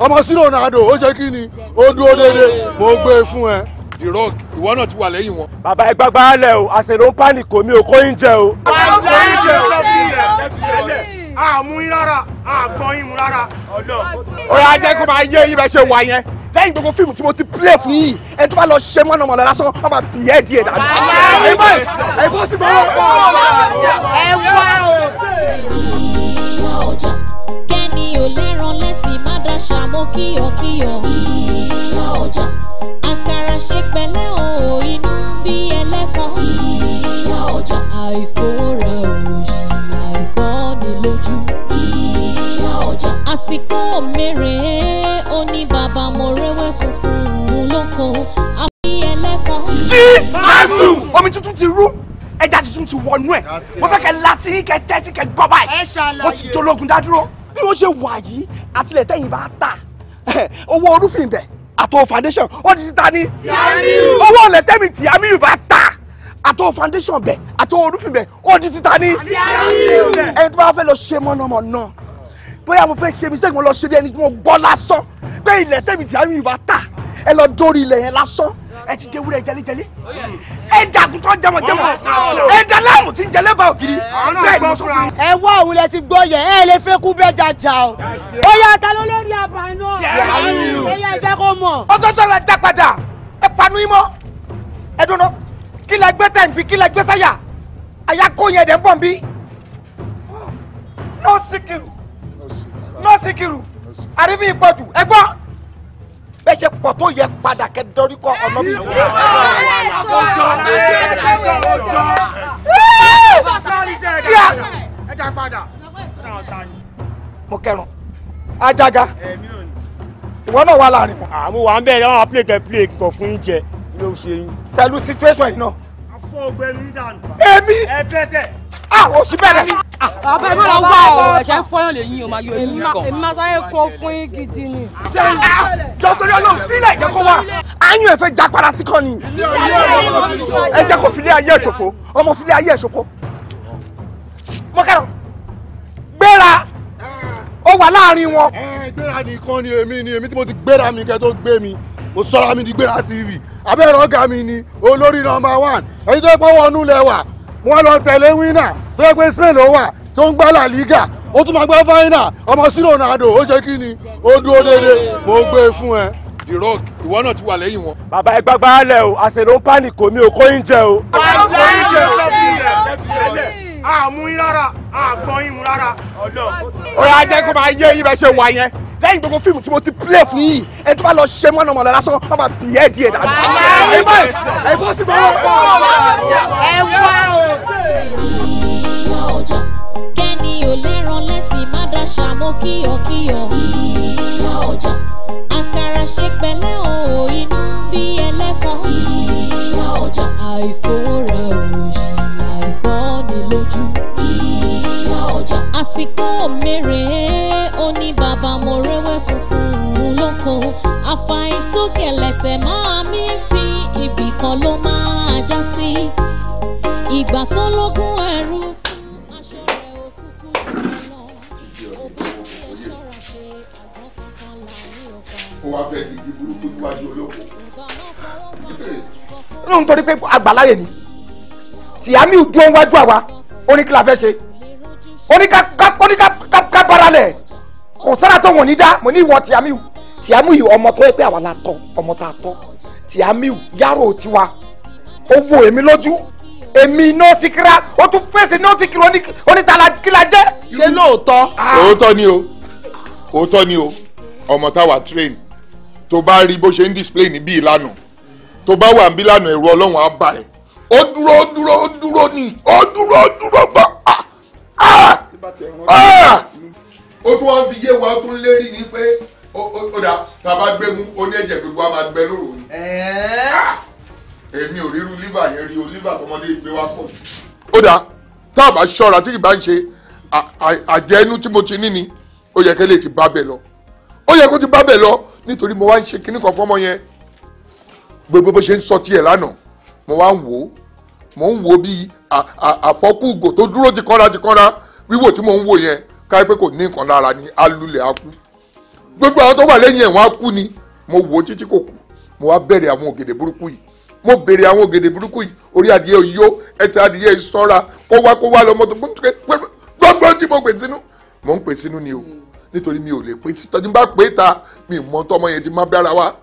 ọmọ sí Ronaldo ó ṣe kí ni ó dúró déédéé mo gbé e fún ẹ the rock ìwọ náà ti wà wọn. bàbá ẹ gbàgbá alẹ o àṣẹ ló ń pààlì o jẹ o. àmú yín rárá yín mu rárá. máa yé yín bẹ́ẹ̀ ṣe wà yẹn. lẹ́yìn gbogbo fíìmù tí mo ti play fún yìí ẹ tó bá lọ ṣe mọ́nà mọ́nà lásán wọ́n máa bì ẹ́ di ẹ̀dá. ẹ bá ẹ fọ́ sí mi. ẹ wá o. ìyá ọjà kẹ́ni ò lẹ́ran lẹ́tì má dáṣà mọ́ kíyọ̀kíyọ̀. ìyá ọjà àkàrà ṣe pẹ̀lẹ́ o inú bí ẹlẹ́kọ̀ọ́. ìyá ọjà àìfowórẹ̀ òòyì àìkọ́ni lójú ọjà. àsìkò mèrè ó ní bàbá mo rẹ́wẹ́ funfun lóko àfi ẹlẹ́kan. jí àásù omi tuntun ti rú ẹja tuntun ti wọnú ẹ mo fẹ́ kẹ́ láti kẹ́ tẹ́tí kẹ́ gbọ́ báyìí ó ti dológun dádúró bí wọ́n ṣe wà yìí àtìlẹ̀ bá ta (laughs) owó orúfin bẹ̀ àtọ̀ foundation ó ti ta ní. Tìámíù owó ọ̀lẹ̀ tẹ́mi bá ta àtọ̀ foundation bẹ̀ àtọ̀ orúfin bẹ̀ ó ti ta ní. Tìámíù ẹni tó bá fẹ́ lọ ṣe mọ̀nàmọ́ná bóyá mo fẹ́ ṣe mistake mo lọ ṣe bí ẹni tí mo gbọ́ lásán pé ilẹ̀ tẹ̀mí tí a mi ìwà tà ẹ lọ dórí ilẹ̀ yẹn lásán ẹ ti dewúrẹ́ jẹlẹjẹlẹ ẹ jẹ àgùntàn jẹmọjẹmọ ẹ jẹ láàmù tí ń jẹlẹ bá ògiri bẹ́ẹ̀ ni mo sọ fún yín. ẹ wá òun lẹ ti gbọ́ yẹ ẹ lè fẹ́ kú bẹ́ẹ̀ jàjà o ó yà ta ló lórí àbá náà ẹ yà jẹ́ kó mọ̀. ọjọ́ sọ̀rọ̀ ẹ dá padà ẹ panu yín mọ́ ẹ dúró kí la gbé tẹ̀ nbí kí la gbé sáyà àyà kó yẹn dẹ̀ ń bọ̀ nbí. nọ́ọ̀sì kìlù nọ́ọ̀sìkìrù àrífín ìpọ̀jù ẹ gbọ́ bẹ́ẹ̀ ṣe pọ̀ tó yẹ padà kẹ́ dọ́rí kọ́ ọ̀nà mi. mo kẹrùn ajaga ìwọ náà wà láàrin wọn. àmú wa ń bẹ̀rẹ̀ àwọn apilẹ̀kẹ̀ pilẹ̀kì kan fún oúnjẹ pẹ̀lú situation yìí náà. afọ ọgbẹ́ni dànù. èmi. ẹ bẹ́sẹ̀ ah o sì bẹ̀rẹ̀. Ah, ah, àbẹ ẹ máa wá ọ ẹ̀ṣẹ̀ ń fọyàn lè yín o máa yọ eyín kan. èmi máa sáré kó fún yín gidi ni. jọ́tọ̀rọ̀ ló ń ah, filẹ̀ jẹ́ kó wá ayún ẹ̀ fẹ́ já para sí kan ni. ẹ jẹ́ kó filẹ̀ ayé ẹ̀ṣòfò ọmọ filẹ̀ ayé ẹ̀ṣòfò. mo kẹ́rọ gbéra ó wà láàrin wọn. gbéra nìkan ni èmi ni èmi tí mo ti gbéra mi kẹ́ tó gbé mi mo sọ́ra mi di gbéra tv abẹ́rẹ́ ọ̀gá mi ni olórí nọmba one ẹni tó pọ́wọ́ ọ̀nù lẹ́wà wọ́n lọ tẹ̀lé wínà tó yẹ pé Spain ló wà tó ń gbá La Liga ó tún máa gbá fáínà ọmọ sí Ronaldo ó ṣe kí ni ó dúró déédéé mo gbé e fún ẹ. The Rock ìwọ náà ti wà lẹ́yìn wọn. bàbá ẹgbẹ́ gbá lẹ̀ o àṣẹ ló ń pànìkò mi ò kó yín jẹ o. àwọn kò yín jẹ o àmú yín rárá àgbọ̀n yín rárá. ó yà kó máa yé yín bẹ́ẹ̀ ṣe wà yẹn lẹ́yìn gbogbo fíìmù tí mo ti play fún yìí ẹ tó bá lọ ṣe mọ́nà mọ́nà lásán wọ́n máa bì ẹ́ díẹ̀ dáadáa. ẹ bá ẹ fọ́ sí bọ́ọ̀. ẹ wá o. ìyá ọjà kẹ́ni ò lẹ́ran láti má dáṣà mọ́ kíyọ̀kíyọ̀. ìyá ọjà àkàrà ṣe pẹ̀lẹ́ o inú bí ẹlẹ́kọ̀ọ́. ìyá ọjà àìfowórà òòyì àìkọ́ni lójú. ìyá ọjà àsìkò mèrè ó ní bàbá mo rẹ́wẹ́ funfun òun lóko àfàì tó gẹ̀lẹ̀tẹ̀ máa mi fi ibì kan ló máa já sí ìgbà tó lógún ẹrú ó wá fẹ́ kí ibi burúkú níwájú olóko. nínú nítorí pé àgbàláyè ni tìyámi dúró wájú àwa ó fẹ́ ṣe ó ní ká lẹ̀ kò sára tó wọn ní dá mo ní ìwọ Tìámíù Tìámíù ọmọ tó yẹ pé àwa ọmọ tá a tọ́ Tìámíù yàrá tiwa ó wo èmi lójú èmi náà síkírá ó tún fèsì náà síkírá onítàlá kílá jẹ́. ṣé lóòótọ́. Ah. òótọ́ ni o òótọ́ ni o ọmọ táwa train tó bá rí bó ṣe ń display níbí ìlànà tó bá wà níbí ìlànà ẹ̀rọ ọlọ́run á bà ẹ́ ó dúró ó dúró ó dúró ni ó dúró ó dúró gbọ́. Ah! Ah! ó tún wá fi yé wa ó tún lérí ni pé ó dà tá a bá gbé mu ó ní ẹ̀jẹ̀ gbogbo a máa gbẹ lóru ni. Ah! èmi ò ríru liver yẹn rí o liver tọmọdé gbé wá pọ̀. ó dà tá a bá ṣọ́ra tí kì bá ń ṣe àjẹnú tí mo ti ní ni ó yẹ kẹ́lẹ́ ti bá bẹ̀ lọ ó yẹ kó ti bá bẹ̀ lọ nítorí mo wá ń ṣe kinní kan fọ́mọ yẹn gbogbo bó ṣe ń sọ tiẹ̀ lánàá mo wá ń wò ó mo ń wò bí àfọ́kù ugò tó dúró ti kọ́ra ti kọ́ra wíwò tí mo ń wò yẹn káyọ̀ pé kò ní nǹkan lára ni alulẹ̀ akú gbogbo àwọn tó wà lẹ́yìn ẹ̀ wọ́n á kú ni mo wò ó títí kò kú mo wá bẹ̀rẹ̀ àwọn ògèdè burúkú yìí mo bèrè àwọn ògèdè burúkú yìí orí adìyẹ yó ẹsẹ̀ adìyẹ sọ́ra kó wá kó wá lọ́mọ tó gbogbo tí mo pè sínú mo ń pè sínú ni o nítorí mi ò lè pè sí tọ́jú bá pè ta mi mọ tọmọ yẹn ti má bára wa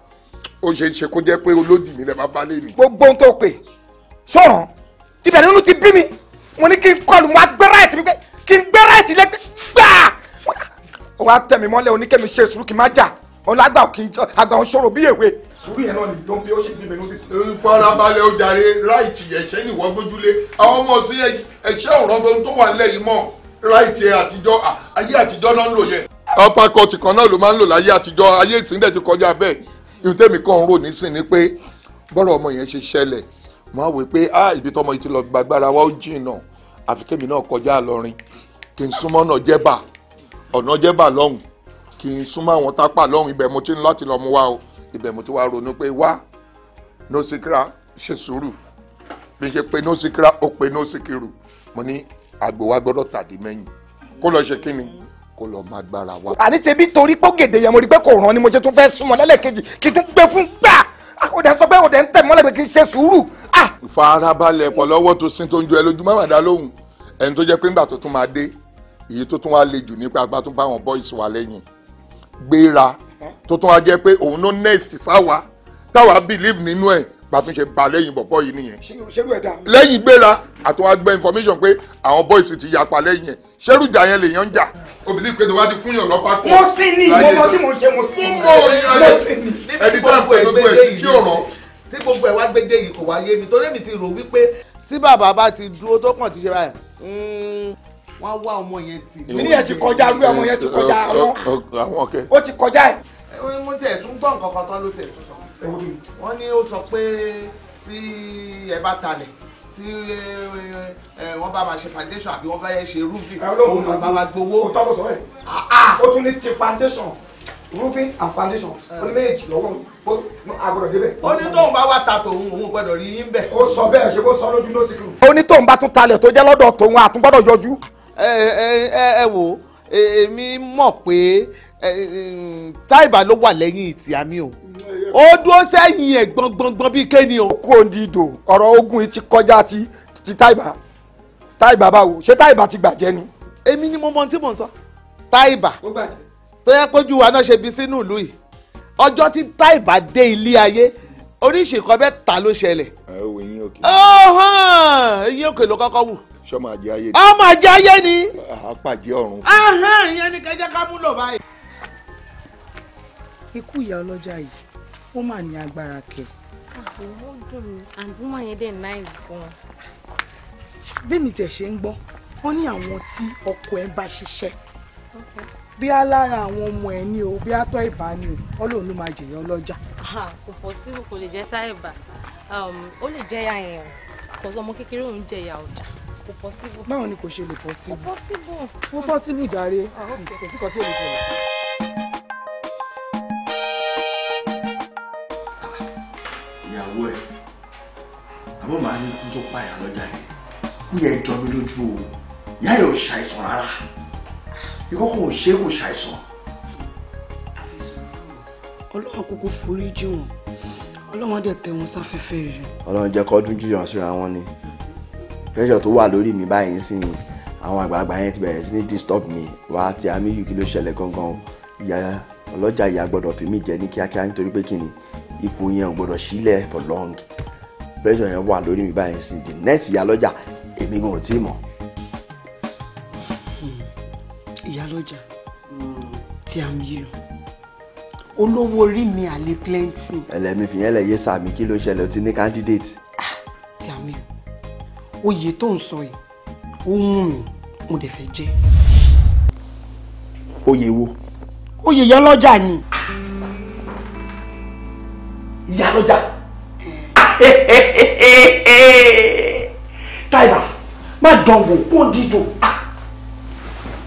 ó ṣe é ṣe kó jẹ́ pé olódì mi lè má bá lé mi. gbogbo ohun tó pè sọ̀rọ̀ tibẹ̀ nínú ti bí mi mo ní kí n kọlu mo agbára ẹ̀ ti pé kí n gbẹ́ ráìtì lẹ́gbẹ́ gbà. ó wá tẹ̀ mí mọ́lẹ̀ oníkẹ́mi ṣe sùúrù kí n má jà ọlágbà kì í àgbà òun ṣòro bí èwe. sùúrù yẹn náà ni ló ń bí ó ṣe gbìmẹ̀ lóde sí. ń farabalẹ̀ ó jàre ráìtì ẹ̀ṣẹ́ ni ìwọ́n gbójúlé àwọn ọmọ sí ẹ̀ṣẹ́ ọ̀rọ̀ tó wà nílẹ̀ yìí mọ́ ráìtì àtijọ́ ayé àtijọ́ náà ń lò yẹn. apakọ̀tì kan náà ló máa ń lò láyé àtijọ́ ayé ìsìndẹ̀ ti kọjá bẹ́ẹ̀ ihun tèmi kan ń rò nísìn ni pé bọ́rọ̀ ọmọ yẹn ṣe ṣẹlẹ̀ máa wò pé ah ibi tọmọ yìí ti lọ gbàgbára wa ó jìn náà àfikẹ́mi náà kọjá lọ́rin kí n súnmọ́ ọ̀nà jẹ́bà ọ̀nà jẹ́bà lọ́hùn kí n súnmọ́ àwọn tápà lọ́hùn ibẹ̀ mo ti ń láti lọ mú wa o ibẹ̀ mo ti wá ronú pé wá no sikira ṣe sùúrù bí n ṣe pé no ó pe no sikiru mo ní àgbò wa gbọ́dọ̀ tàdí mẹ́yìn kó lọ ṣe kí ni kó lọ máa gbára wa. àní ṣebí torí pé gèdè yẹn mo rí pé kò rán ni mo ṣe tún fẹ́ súnmọ́ lẹ́lẹ́kejì kí n tún gbé fún gbà ó dẹ̀ sọ pé ó dẹ̀ ń tẹ̀ mọ́lẹ̀ pé kí n ṣe sùúrù. farabalẹ̀ pọ̀ lọ́wọ́ tó sin tó ń jọ ẹ lójúmọ́ màdá lóhùn ẹni tó jẹ́ pé ńgbà tó tún máa dé èyí tó tún wá le jù nípa agbá tó bá wọn boys wà lẹ́yìn gbéra tó tún wá jẹ́ pé òun ló next sáwa táwa believe nínú ẹ̀ gbàtúnṣe ba lẹ́yìn bọ̀bọ̀ yìí nìyẹn lẹ́yìn gbéra àtúnwá gbẹ information pé àwọn boys ti yapa lẹ́yìn ẹ̀ ṣẹ́rùjà yẹn lèèyàn ń jà obìnrin pé tó bá ti fún yàn lọ́pàá kan. mo sì ní ìmọ̀mọ́ tí mo ṣe mo sì ní. mo sì ní ẹni tó ń pè gbogbo ẹ̀ sí ọ̀ràn. tí gbogbo ẹ̀ wá gbédè yìí kò wáyé mi torí mi ti rò wípé tí bàbá bá ti dúró tó kàn ti ṣe báyìí hmm, wọ́n wá ọmọ yẹn tì. ìní yẹn ti kọjá irú ọmọ yẹn ti kọjá àwọn ó ti kọjá ẹ̀. mo tiẹ̀ tún gbọ́ nǹkan kan tán ló tiẹ̀ tún sọ. wọ́n ní ó sọ pé tí ẹ bá talẹ̀ tí wọ́n bá máa ṣe foundation àbí wọ́n bá yẹ ṣe roofing òun náà bá máa gbowó. o tọ́kọ̀ sọ ẹ̀ o ah, ah. tún ní ti foundation roofing and foundation eh. ó ní méjì lọ́wọ́ agbọ́dọ̀ débẹ̀. ó ní tóun bá wá ta tòun òun gbọ́dọ̀ rí yín bẹ̀. ó sọ bẹ́ẹ̀ ṣe kó sọ lójú lóṣìkì. ó ní tóun bá tún talẹ̀ tó jẹ́ lọ́dọ̀ tòun àtúngbọ́dọ̀ yọjú ẹ wò e, èmi mọ̀ pé táìbà ló wà lẹ́yìn ìtì àmì o ó dúró sẹ́yìn ẹ̀ gbọ̀ngbọ̀ngbọ̀n bíi kéènì o. kó o di ìdò ọ̀rọ̀ ogun ti kọjá ti ti táìbà táìbà báwo ṣé táìbà ti gbàjẹ́ ni. èmi ni mo mọ ohun tí mò ń sọ táìbà tó yẹ kójú wa náà ṣe bí sínú ìlú yìí ọjọ́ tí táìbà dé ilé ayé oríṣìí kan bẹ́ẹ̀ ta ló ṣẹlẹ̀. ẹ wo eyín òkè. eyín òkè ló kọ́kọ́ wù. sọmọ àjẹ ayé ni. ọmọ àjẹ ayé ni. àpàjẹ ọ̀run. ìyẹn ni kẹjẹ ká mú lò báyìí. ikú ìyá ọlọ́jà yìí ó mà ní agbára kẹ. àbúrò ah, dùn mí àbúrò yẹn dẹ̀ náìsì gan. bẹ́ẹ̀ mi tẹ̀ ṣe ń gbọ́ wọ́n ní àwọn tí ọkọ ẹ̀ bá ṣiṣẹ́. Okay bí a lára àwọn ọmọ ẹ ní o bí a tọ́ ìbá ni o ọlọ́run ló máa jẹ̀yàn ọlọ́jà. kò pọ̀ sí kò lè jẹ́ tá ìbá um, ó lè jẹ́ ya yẹn kò sọ ọmọ kékeré òun jẹ ìyá ọjà kò pọ̀ sí bò. báwo ni kò ṣe lè pọ̀ sí bò. kò pọ̀ sí bò. kò pọ̀ sí bò jàre ah, kò sí kan tí ò lè jẹ̀yàn. ìyàwó ẹ àbọ̀ màá ní kú tó pààyàn lọ́jà yẹn kú yẹ jọ mi lójú o ìyá yóò ṣàìsàn rárá ìwọ kò ṣe kò ṣàìsàn. ọlọ́run kúkú forí jì wọ́n ọlọ́run dẹ̀ tẹ̀ wọ́n sáfẹ́fẹ́ rẹ̀. ọlọ́run jẹ́ kọ́dún jiyàn síra wọn ni pressure tó wà lórí mi báyìí sí ni àwọn àgbààgbà yẹn ti bẹ̀rẹ̀ sí ní disturb mi wá àti Amiyu kí ló ṣẹlẹ̀ gangan ìyá ọlọ́jà ìyá gbọ́dọ̀ fi mí jẹ ní kíákíá nítorí pé kíni ipò yẹn ò gbọ́dọ̀ sílẹ̀ for long pressure yẹn wà lórí mi báyìí sí the next ìyá ọlọ́jà èmi gan ò tí ì mọ̀. ọjà tí a ń yí lọ olówó orí mi àlè plenty. ẹlẹ́mi fìyẹn lẹ̀ yé sàmì kí ló ṣẹlẹ̀ ó ti ní candidate. tí a mi ò oyè tó ń sọ yìí ó wù mí mo dẹ̀ fẹ́ jẹ́. oyè wo. oyè yálọ́jà ni. ìyálọ́jà. Eh. (laughs) táyà má dánwò kó dídò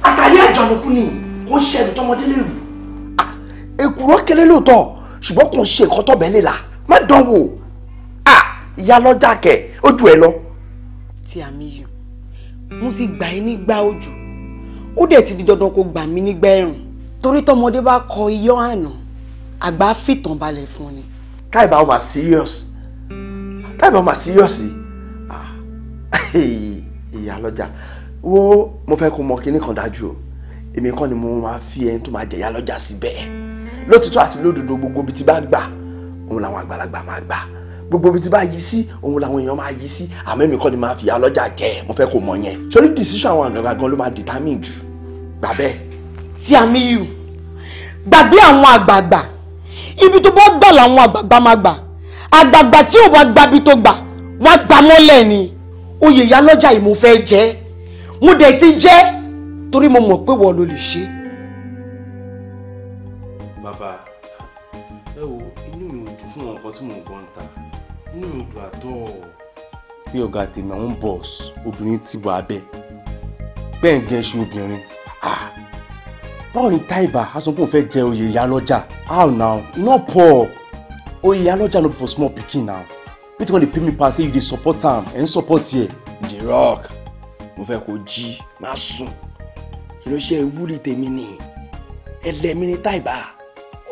àtàrí àjọlùkù ni kò ń ṣẹlẹ̀ tọmọdé lè rù. Ah, èkùrọ́ kéré lóòótọ́ ṣùgbọ́n kò ń ṣe nǹkan tọ́bẹ̀ lè la má dán wò á ah, ìyá lọ́jà kẹ̀ ó ju ẹ lọ. tí a mi yù mo ti gbà ẹ́ nígbà òjò ó dẹ̀ ti di dandan kó gbà mí nígbà ẹ̀rùn torí tọmọdé bá kọ iyán àná àgbà fìtàn balẹ̀ fún ni. káìbá ọmọ serious káìbá ọmọ serious ah, (laughs) ìyá lọ́jà wo mo fẹ́ kó mọ kíní kan dájú o èmi kọ́ ni mo máa fi ẹni tó máa jẹ̀yà lọ́jà síbẹ̀ lótìtọ́ àti lódodo gbogbo bí ti bá gbà òun làwọn àgbàlagbà máa gbà gbogbo bí ti bá yí sí òun làwọn èèyàn máa yí sí àmọ́ èmi kọ́ ni máa fìyà lọ́jà jẹ mo fẹ́ kó mọ yẹn sórí decision àwọn àgbàlagbà gan ló máa determine jù gbà bẹ́ẹ̀. tí a mi yù gbàgbé àwọn àgbààgbà ibi tó bá gbà làwọn àgbààgbà máa gbà àgbààgbà tí ò bá gbàbí tó gbà wọ́n gbà mọ́lẹ̀ ni oyè ìyálọ́jà yìí mo dẹ̀ ti jẹ́ torí mo mọ̀ pé wọ́n ló lè ṣe. bàbá ẹ wo inú mi ò dùn fún wọn kan tí mò ń gbọ́n ta inú mi ò dùn àtọ́ ọ. pé ọ̀gá tèmi àwọn bọ́ọ̀sì obìnrin ti wà abẹ́ bẹ́ẹ̀ ń gẹ̀ ṣe obìnrin ah! báwo ni táìbà asọ́nkún fẹ́ jẹ oyè ìyálọ́jà how now iná pọ̀ oyè ìyálọ́jà no be for small pikin now wetin wan dey pay me pass say you dey support am and support here. j-rock mo fẹ́ kó jí má sùn ìránṣẹ́ ìwúrí tèmi ni ẹlẹ́mi ní táìbà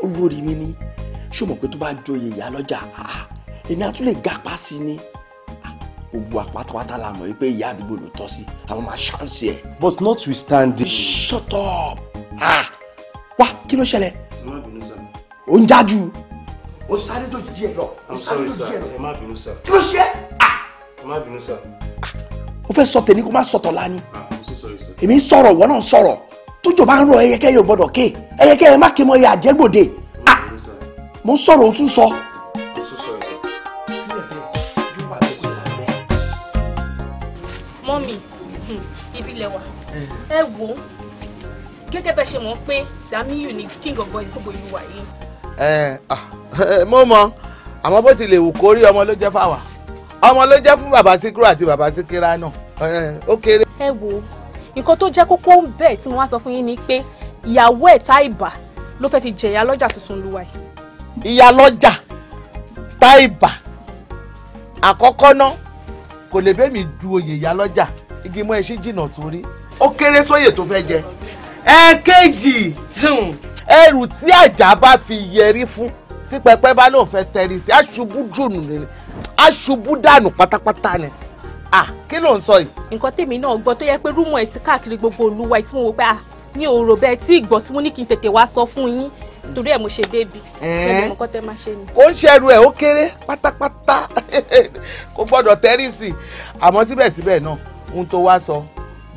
olórí mi ni ṣó mọ̀ pé tó bá joyè ìyá lọ́jà èmi àtún lè gapá sí ni gbogbo àpátápátá la mọ̀ wípé ìyá àdúgbò ló tọ́ sí àwọn máa ṣàǹsì ẹ̀. but notwithstanding. shut up ah wá kí ló ṣẹlẹ̀ ó ń jájú ó sáré dòjì díẹ̀ lọ ó sáré dòjì díẹ̀ lọ kí ló ṣe ẹ má bínú sá o fẹ́ sọ tèmi kó má sọ̀tọ̀ la ni ah, èmi ń sọ̀rọ̀ wọ́n náà ń sọ̀rọ̀ tójò bá ń rọ ẹyẹkẹ́ yóò gbọ́dọ̀ ké ẹyẹkẹ́ yẹn má ké mọ́ ẹyẹ àjẹgbòde à ah, mo ń sọ̀rọ̀ òun tún sọ. mọ́mì hmm, ibi lẹ wà ẹ wò ó gẹ́gẹ́ bẹ́ẹ̀ ṣe mọ̀ pé Sàmíyù ni king of boys gbogbo ìlú wa yìí. ẹ ẹ mọ́ mọ́ àmọ́ bó ti lè wù kórí ọmọ ló jẹ́ fáwa ọmọ ló jẹ́ fún bàbá síkírù àti bàbá síkírà náà ó kéré. ẹ wo nǹkan tó jẹ́ kókó ń bẹ̀ tí wọ́n á sọ fún yín ni pé ìyàwó ẹ̀ Táìbà ló fẹ́ fi jẹ̀yà lọ́jà tuntun lùwà yìí. ìyá lọ́jà Táìbà àkọ́kọ́ náà kò lè bẹ́ẹ̀ mi du oyè ìyá lọ́jà igi mọ́ ẹṣin jìnnà sórí ó kéré sóyè tó fẹ́ jẹ. ẹ̀ẹ̀kejì hmm, ẹrù tí àjà bá fi yẹrí fún tí pẹpẹ bá lóun fẹ́ tẹrí sí aṣubú jùnú ni aṣubú dànù pátápátá ni ah kí ló ń sọ yìí. nǹkan tèmi náà gbọ́ tó yẹ pé rúmọ̀ ẹ̀ ti káàkiri gbogbo olúwa tí mo wò pé ah mi ò rò bẹ́ẹ̀ tí ìgbọ́ tí mo ní kí n tètè wá sọ fún yín torí ẹ̀ mo ṣe débi. ó ń ṣerú ẹ̀ ó kéré pátápátá (laughs) kò gbọ́dọ̀ tẹ́rìsì àmọ́ síbẹ̀síbẹ̀ náà ohun tó wá sọ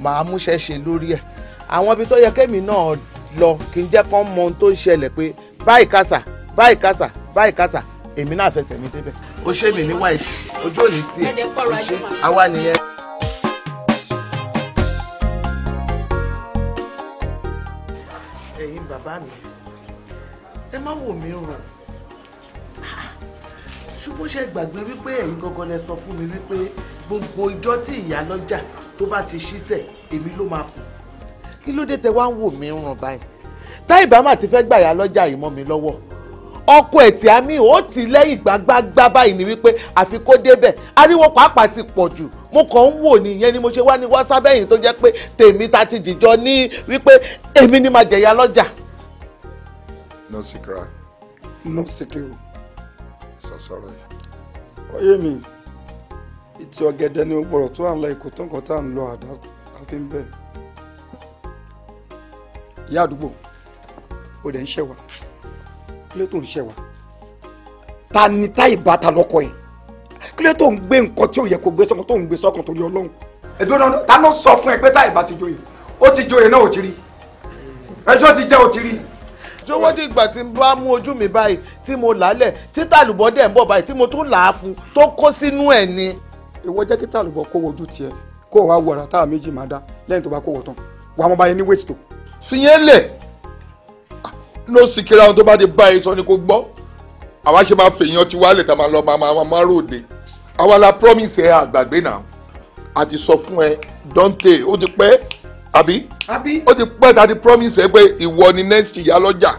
màá múṣẹ́ ṣe lórí ẹ̀ àwọn ibi tó yẹ kémi náà lọ kí n jẹ́ kán mọ ohun tó ń èmi náà fẹsẹ̀ mi débẹ̀ ó ṣe mí ní white ojú òní tiẹ̀ ó ṣe àwa nìyẹn. ẹ̀yin bàbá mi ẹ má wò mí rùn ṣùgbọ́n ṣe gbàgbé wípé ẹ̀yin gangan lẹ sọ fún mi wípé gbogbo ìjọ tí ìyá lọ́jà tó bá ti ṣíṣẹ̀ èmi ló máa kù kí ló dé tẹ wá ń wò mí rùn báyìí táyì bá mà ti fẹ́ gbà yá lọ́jà yìí mọ́ mi lọ́wọ́ ọkọ ẹ̀ tí a ní ó tì lẹ́yìn gbàgbàgbà báyìí ni wípé àfi kó débẹ̀ ariwo pàápàá ti pọ̀ jù mo kàn ń wò nìyẹn ni mo ṣe wá ní wásábẹ́yìn tó jẹ́ pé tèmi ta ti jìjọ ní wípé èmi ni màá jẹ̀yà lọ́jà. nọ́ọ̀sì kíra nọ́ọ̀sì kíru sọ̀sọ̀rọ̀ yìí. ọyẹ mi ìtì ọ̀gẹ̀dẹ̀ ni gbọ́dọ̀ tó à ń lọ ikú tó nǹkan tá à ń lọ àdá àfi ń bẹ̀. ìyá àdúgbò ó dẹ̀ ń ṣẹ̀wà kí ló tó ń ṣe wa ta ni táyì bá ta lọ́kọ yẹn kí ló tó ń gbé nǹkan tí ò yẹ kó gbé sọ́kàn tó ń gbé sọ́kàn torí ọlọ́run ẹ̀dọ́nà ta ló sọ fún ẹ pé táyì bá ti joyè ó ti joyè náà ò ti rí ẹjọ́ ti jẹ́ ò ti rí jọ̀wọ́ di ìgbà tí n bá mú ojú mi báyìí tí mo là á lẹ̀ tí tàlùbọ́ dẹ̀ ń bọ̀ báyìí tí mo tún là á fún tó kó sínú ẹ̀ ni. ìwọ jẹ́ kí tàlùbọ́ kó wojú tiẹ̀ kó o wá wọ̀ràn táwa méjì máa dá lẹ́yìn tó bá kó wọ̀ tán wàá mọ́ báyìí ní wéètì tó. fìyẹn lè No sì kíra ohun tó bá ti bá ẹ sọ ni kò gbọ́ àwa ṣe máa fèèyàn ti wálẹ̀ tá a máa lọ máa máa máa ròde àwa la promise ẹ àgbàgbé náà àti sọ fún ẹ dante ó ti pẹ́ àbí ó ti pẹ́ tá a ti promise ẹ pé ìwọ ni next ìyálọ́jà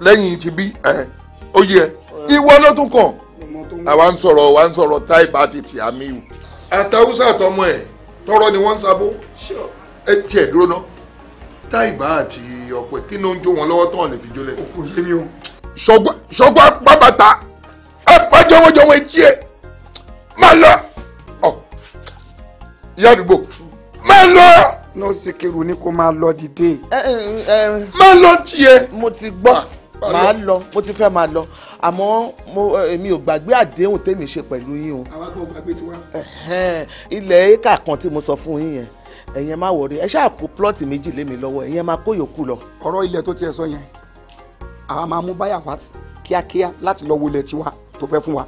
lẹ́yìn ti bí ẹ ó yẹ ìwọ ló tún kàn àwa ń sọ̀rọ̀ wa ń sọ̀rọ̀ táìpà àti tìámíù àtàwùsà àtọmọ ẹ tọrọ ni wọ́n ń sábó ẹ tiẹ̀ dúró náà táìbá àti ọ̀pẹ kí ló ń jó wọn lọ́wọ́ tán lè fi jólẹ̀. òkú yé mi o. ṣọgbọ́n pápátá ẹ̀pá jọwọ́jọwọ́ etí ẹ̀ máa lọ ìyá àdúgbò máa lọ. lọ sí kéru ni kó máa lọ dìde. máa lọ tiẹ̀. mo ti gbọ́ ah, màá lọ mo ti fẹ́ máa lọ àmọ́ mo èmi ò gbàgbé àdéhùn tèmi ṣe pẹ̀lú yín o. àwa kò gbàgbé tiwa. ilẹ̀ éka kan tí mo sọ fún yín yẹn ẹ̀yẹn má wọrí ẹ ṣáà kó plọ́ọ̀tì méjì lé mi lọ́wọ́ ẹ̀yẹn máa kó yòókù lọ. ọ̀rọ̀ ilẹ̀ tó tiẹ̀ sọ yẹn àwa máa mú báyà wá kíákíá láti lọ wo ilẹ̀ tiwa tó fẹ́ fún wa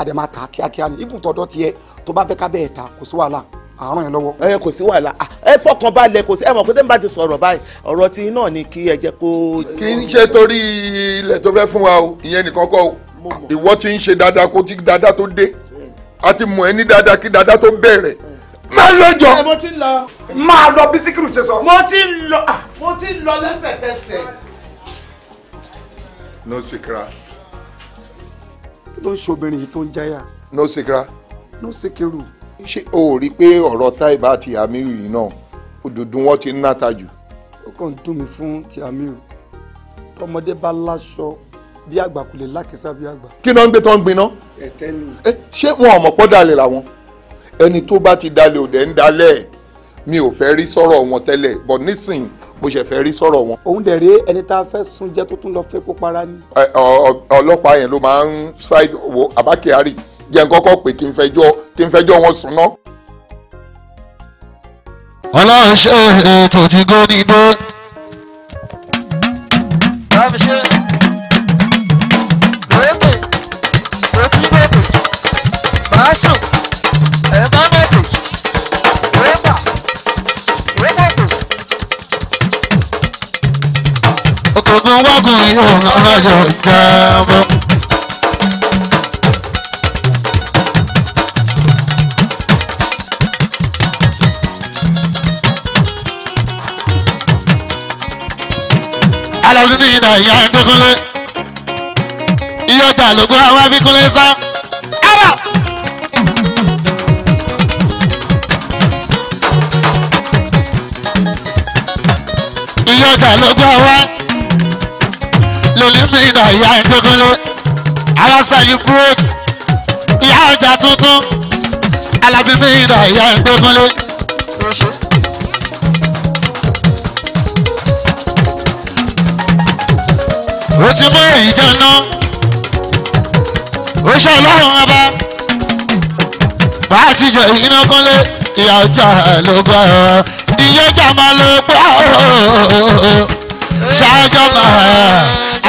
àdè máa ta kíákíá ni ibùn tọ́dọ̀ tiẹ̀ tó bá fẹ́ ká bẹ́ẹ̀ ta kò sí wàhálà àárọ̀ yẹn lọ́wọ́. ẹ kò sí wàhálà ẹ fọkàn balẹ̀ kò sí ẹ mọ̀ pé tẹ́mi bá ti sọ̀rọ̀ báyìí ọ̀rọ̀ ti náà ni kí ẹ jẹ́ kó. kì í ṣe torí ilẹ̀ tó fẹ́ fún wa o ìyẹn nìkan kọ́ o ìwọ ti ń ṣe dáadáa kó ti dáadáa tó dé a ti mọ̀ ẹ́ ní dáadáa kí dáadáa tó bẹ̀rẹ̀ máa lọ jọ. mo ti lọ. máa lọ bí síkírù ṣe sọ. mo ti lọ ah, mo ti lọ lẹ́sẹ̀kẹsẹ̀. no sikira. kí ló ń ṣe yìí tó ń jáyà. no sikira. no sikiru. ṣé o ò rí i pé ọ̀rọ̀ táìbà àti amiru yìí náà òdòdó wọn ti ń náta jù. ó kàn ń dùn mí fún ti amiru tọmọdé bá láṣọ bí àgbà kò lè lákìsà bí àgbà. kí náà ń gbé tó ń gbiná. ẹ̀tẹ́ ni. Eh, ṣé wọn ò mọ̀ pọ́ dalẹ̀ làwọn ẹni tó bá ti dalẹ̀ òdẹ̀ ń dalẹ̀ mi ò fẹ́ rí sọ̀rọ̀ wọn tẹ́lẹ̀ but nísìn mo ṣẹ̀ fẹ́ rí sọ̀rọ̀ wọn. òun dẹ̀ rí ẹni tá a fẹ́ sun jẹ́ tó tún lọ fẹ́ kó para ni. ọlọ́pàá yẹn ló máa ń ṣáì wo Abba Kyari jẹ́ n kọ́kọ́ pé kí n fẹjọ́ kí n fẹjọ́ wọn sùn náà. ọlọ́run ṣe ètò tí gómìnà òun wákùnrin òun alájọ jábọ́. alábí ní ìdá ìyá ẹgbẹ́kúnlé iyọ̀tà lógún àwọn abíkúnlé sá. iyọ̀tà lógún àwọn mímí nà ìyá ìdógúnlé alásà yìí búrẹ́tì ìyá ọjà tuntun alábí mímí nà ìyá ìdógúnlé. ó ti mú ìdáná ó ṣe ọlọ́run ọba bá a ìyínà kúnlé ìyá ọjà ló gbọ́ ìyá ọjà máa ló gbọ́ ṣáájọ́ máa.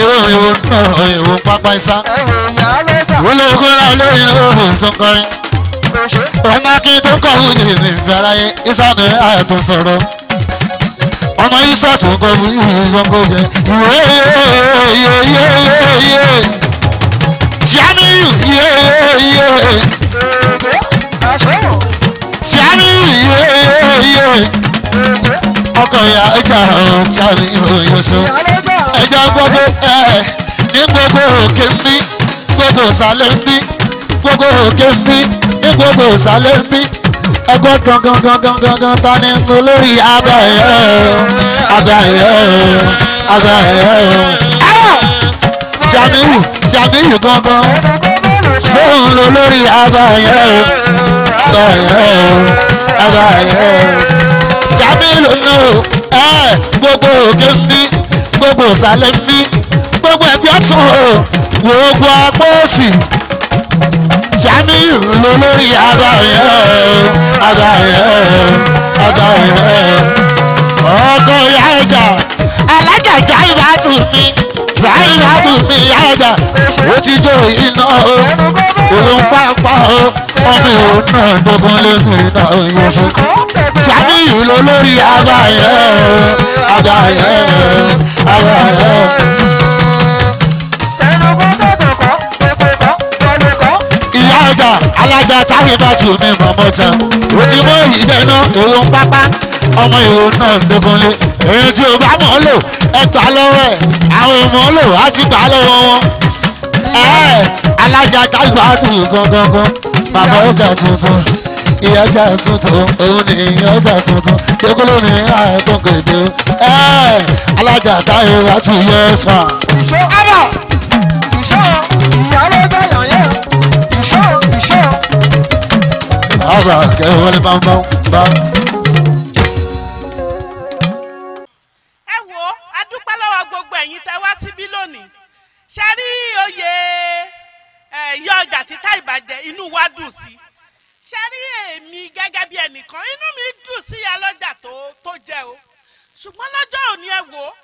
ìwé òyìnbó náà òyìnbó pápá isá. wúlò kúrò lórí òhùn tó kọrin. ọmọ akin tó kọ̀ wù ní ìfẹ́ aráyé isá ní àìtó sọ̀rọ̀. ọmọ isá tó kọ̀ wù ní ìzọ́ngọ́bẹ̀. yéyéyéyéyé tíámíyù yéyéyé. tíámíyù yéyéyé. ọkọ̀ ìyá ẹja ọ̀hún tíámíyù yóò sọ ẹjọ́ gbogbo ẹ̀ ní gbogbo òkè ń bí gbogbo ìsàlẹ̀ ń bí gbogbo òkè ń bí ní gbogbo ìsàlẹ̀ ń bí ẹgbẹ́ gangan gangan gangan ta ni mo lórí abẹ́ ẹ̀yọ́ abẹ́ ẹ̀yọ́ abẹ́ ẹ̀yọ́ jamiu jamiu gangan sóhun lo lórí abẹ́ ẹ̀yọ́ abẹ́ ẹ̀yọ́ abẹ́ ẹ̀yọ́ jamiu lónà ẹ̀ gbogbo òkè ń gbogbo ìsàlẹ̀ ń bí gbogbo ẹgbẹ́ ọ̀tún gbogbo apóòsì sani ló lórí ada yẹ ada yẹ ada yẹ ọkọ ya ẹja alájà jáìbá tù mí jáìbá tù mí ya ẹja ó ti jó iná o òun pàápàá o ọmọ ìhòòhò náà gbogbo lẹ́nu iná ìyẹn fún. Sàníyù lólórí abayẹ abayẹ abayẹ. Ìyá ọjà alága táwọn tù mí mọ̀mọ́ tán. Ó ìdẹ́nu èrò pápá ọmọ ìwò náà ń dẹ́kunlé. Èyí tí o bá mọ̀ ọ́ lò ẹ gbà lọ́wọ́ ẹ̀. Àwọn èèmọ̀ lò á ti gbà lọ́wọ́ wọn. Alága táwọn tù mí gangan. Bàbá ó bẹ̀ fún fún ìyájà tuntun òun ni ìyájà tuntun dégúlù ní àìkún kèdè ẹ alájà táyé láti yẹ fà. ìṣó ábà ìṣó ìyàwó dáyọ̀ yẹ ìṣó ìṣó. ábà kẹ́hìn wọlé bá ń bá ń bá. ẹ wo a dúpẹ́ lọ́wọ́ gbogbo ẹ̀yin tẹ́ wá síbí lónìí ṣe rí oyè ẹ̀yọ́ ọjà títà ìbàjẹ́ inú wa dùn sí i ṣe rí èmi gẹ́gẹ́ bí ẹnìkan inú mi dùn sí ìyálọ́jà tó tó jẹ́ o ṣùgbọ́n lọ́jọ́ òní ẹ wò ó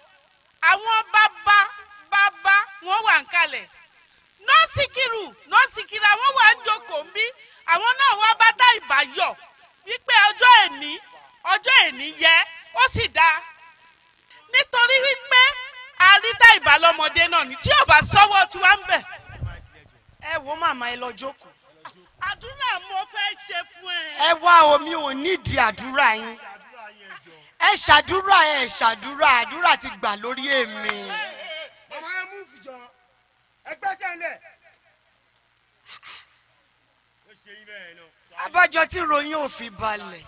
àwọn bàbá bàbá wọn wà ń kalẹ̀ nọ́ọ̀sìkìrù nọ́ọ̀sìkìrù àwọn wà ń jókòó ń bí àwọn náà wá bá dá ìbáyọ̀ wípé ọjọ́ èní ọjọ́ èní yẹ ó sì dáa nítorí wípé àríta ìbálòmọdé náà ni tí ò bá sọ́wọ́ tiwa ń bẹ̀. ẹ wo màmá ẹ lọ jókòó àdúrà mo fẹ́ ṣe fún ẹ. ẹ wá o mi ò nídìí àdúrà yín ẹ ṣàdúrà ẹ ṣàdúrà àdúrà ti gbà lórí èmi. ọmọ yẹn mú ìfìjọ ẹgbẹ́ sẹ́lẹ̀. abájọ tí ròyìn ò fi balẹ̀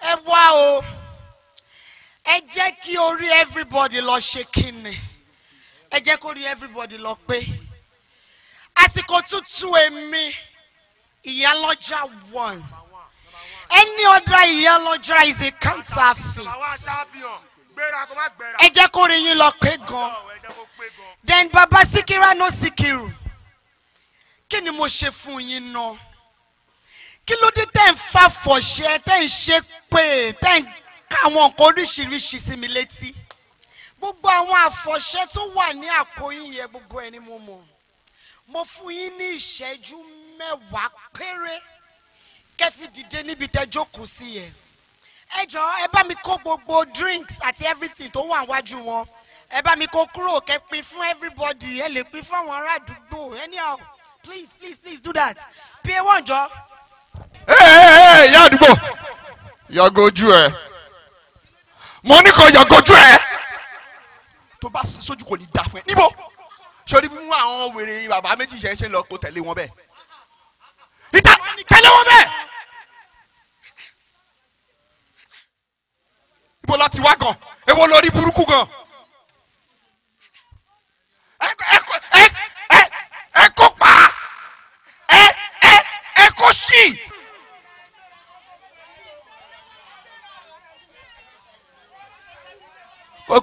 ẹ wá o ẹ jẹ́ kí orí everybody lọ ṣe kíni ẹ jẹ́ kó everybody lọ pé àsìkò tuntun èmi ìyálọ́jà one any other ìyálọ́jà is a counterfeit ẹ jẹ́ kó rí yín lọ pé gan then baba sikira no sikiru. kí ni mo ṣe fún yín náà kí ló dé tẹ́ ń fa fọ̀ṣẹ́ tẹ́ ń ṣe pé tẹ́ ń ka àwọn nǹkan oríṣiríṣi sí mi létí gbogbo àwọn àfọ̀ṣẹ́ tó wà ní àpò yín gbogbo ẹni mo mọ̀ mo fún yín ní ìṣẹ́jú mẹ́wàá péré kẹ́fì dìde níbi tẹ́ sí yẹn ẹ jọ̀ọ́ ẹ bá mi kó gbogbo drinks àti everything tó wà níwájú wọn ẹ bá mi kó kúrò kẹ́ pín fún everybody ẹ lè pín fún àwọn ará àdúgbò anyhow please please please do that pa one, jọ. ee ìyá àdúgbò yàgò ojú ẹ mo ní kó yàgò ojú ẹ tó bá sojú kò ní dáa fún ẹ níbo sori bí mú àwọn wèrè bàbá méjì yẹn ṣe lọ kó tẹ̀lé wọn bẹ́ẹ̀ ìta tẹ̀lé wọn bẹ́ẹ̀ ibo la ti wá gan èwo lórí burúkú gan ẹ kó pa ẹ ẹ ẹ kó sí.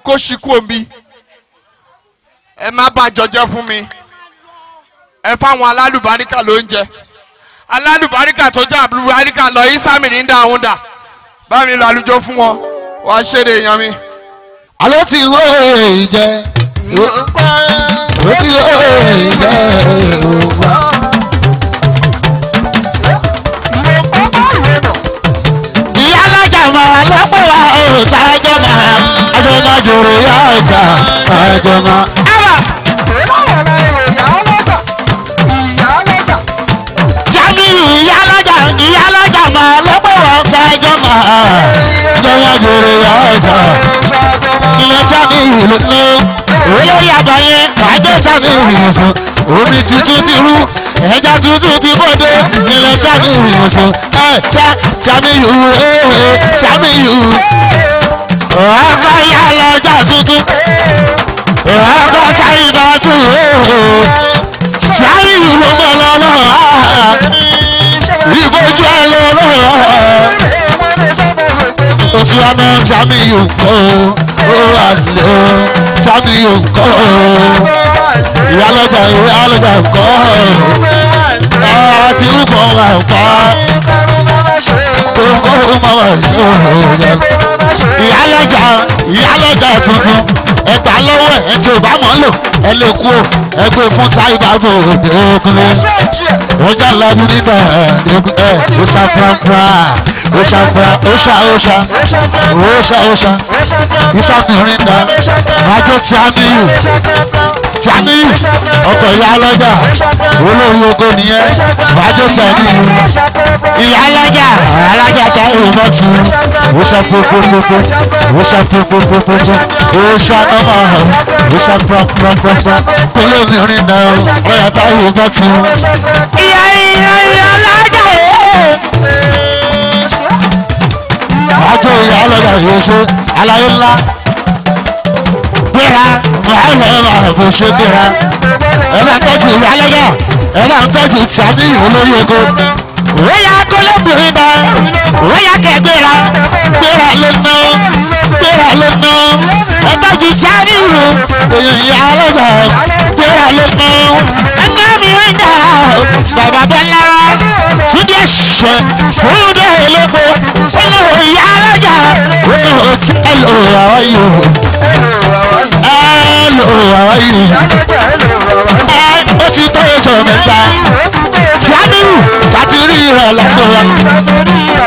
kó sí kú omi. ẹ má bàjọ́ jẹ́ fún mi ẹ fáwọn alálùbáríkà ló ń jẹ alálùbáríkà tó jẹ́ àbúrúbáríkà lọ ìsàmì ní dáhùn dà bá mi lọ àlùjọ fún wọn wàá ṣeré èèyàn mi. àló ti wó ìjẹ ló ti wó ìjẹ òfa. ìyá alájà máa lọ́pọ̀ wa ò ṣáájọ́ máa adọ́nájòrò yá ọjà ṣáájọ́ máa. jọyà jèrè ọjà ilẹ̀ tá ní ìlú ní olórí àgbáyé àgbẹ̀sà ní ìwòsàn omi tuntun ti rú ẹja tuntun ti bọ́dé ilẹ̀ tá ní ìwòsàn ẹ tá tàmí yù ẹ tàmí yù ọkọ yà lọ́jà tuntun ọkọ sáyìn bá tún sáyìn ló ń bọ̀ lọ́wọ́ ìbójú ẹ lọ́wọ́ oṣù àná sami yòókò ó wà lọ sami yòókò ìyálọ́gbà ìyálọ́gbà ńkọ́ àti rúbọ̀ wà pa kókó má wà sóòrò ìyálọ́jà ìyálọ́jà tuntun ẹgbà lọ́wọ́ ẹ̀ tí ò bá mọ̀ lò ẹ lè kú ò ẹgbẹ́ fún táyìbá tó òde ogun ó lọ́dún nígbà ẹ̀ ló sá pàápàá. Osha fra Osha Osha Osha Osha Isa Kurinda Ajo Tiamiyu Tiamiyu ọkọ̀ ìyá ọlọ́jà olórí oko nìyẹn Ajo Tiamiyu ìyá ọlọ́jà ọlọ́jà ta ìwọ̀n tu Osha fofofofo Osha fofofofo Osha nọ́mà Osha pọpọpọpọ olórí rìndà ọ̀yà ta ìwọ̀n tu. Ìyá ìyá ìyá ọlọ́jà. ìyá ọlọ́dà yóò ṣe aláyé ńlá gbéra wàhálà ẹ̀ máa bò ṣe gbéra ẹ̀ máa tọ́jú ìyá ọlọ́dà ẹ̀ máa tọ́jú tìábí olórí ego wọ́yà kọ́lẹ́bùrì bá wọ́yà kẹ́gbéra gbéra lè ná gbéra lè ná ẹ̀ tọ́jú tìábí ìrù ìyá ọlọ́dà gbéra lè ná ní wíńdà bàbá bọ́lá túndé ṣe túndé olóko olú ìyá alájà olú tí ẹ lò àwọn yòó ẹ lò àwọn yòó ẹ ó ti tó ọjọ́ mẹ́ta fúlàmù láti rí ìrọ̀ lọ́pọ̀ wa ìyá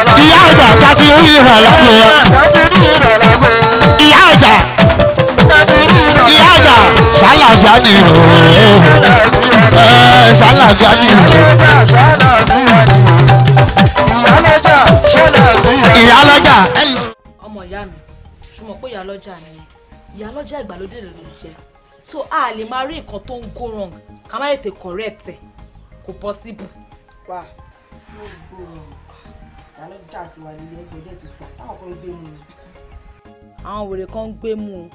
ọjà láti ni ìrọ̀ rẹ̀ ẹ ṣàlàgbà ni. ìyálọ́jà ṣàlàgbà ni. ìyálọ́jà ṣàlàgbà ni. ọmọ ìyá mi ṣùgbọ́n pé ìyálọ́jà ni ìyálọ́jà ìgbàlódé ló ń jẹ so a lè máa rí nǹkan tó ń go wrong ká má ètè correct ẹ kò possible. wà yóò gbó wọn ìyálọ́jà ti wà nílé ẹgbẹ́ dẹ́ ti gbà táwọn kan gbé mu ni. àwọn wèrè kan ń gbé mu o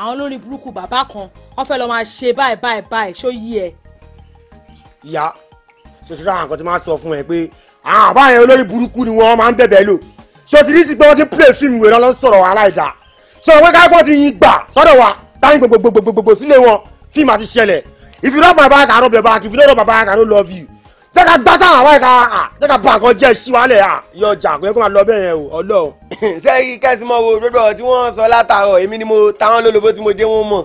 àwọn olórí burúkú bàbá kan wọn fẹ́ lọ máa ṣe báyìí báyìí báyìí ṣó yí ẹ ìyá ṣoṣoro àwọn kan ti máa sọ fún ẹ pé àwọn àbá yẹn olórí burúkú ni wọ́n máa ń bẹ̀bẹ̀ lò ṣòṣìlísì pé wọ́n ti play fíìmù wẹ̀rẹ̀ lọ sọ̀rọ̀ aláìda sọ̀rọ̀ pé káyọ̀pọ̀ ti yin gbà sọ́dọ̀ wa táyìn gbogbogbogbogbò sílé wọn fíìmù àti ṣẹlẹ̀ if you love my back I no be back if you no love my back I no love you jẹ́ ká gbá sáwọn àwọn ẹ̀ka jẹ́ ká ba nǹkan jẹ́ síwálẹ̀ à yọ ọjà kò yẹ kó máa lọ bẹ́ẹ̀ yẹn o ọlọ́run. sẹ́yìn (laughs) kẹ́sì mọ́ wo rọ́dọ̀ tí wọ́n sọ látàárọ̀ èmi ni mo táwọn lólobó tí mo dé wọn mọ̀.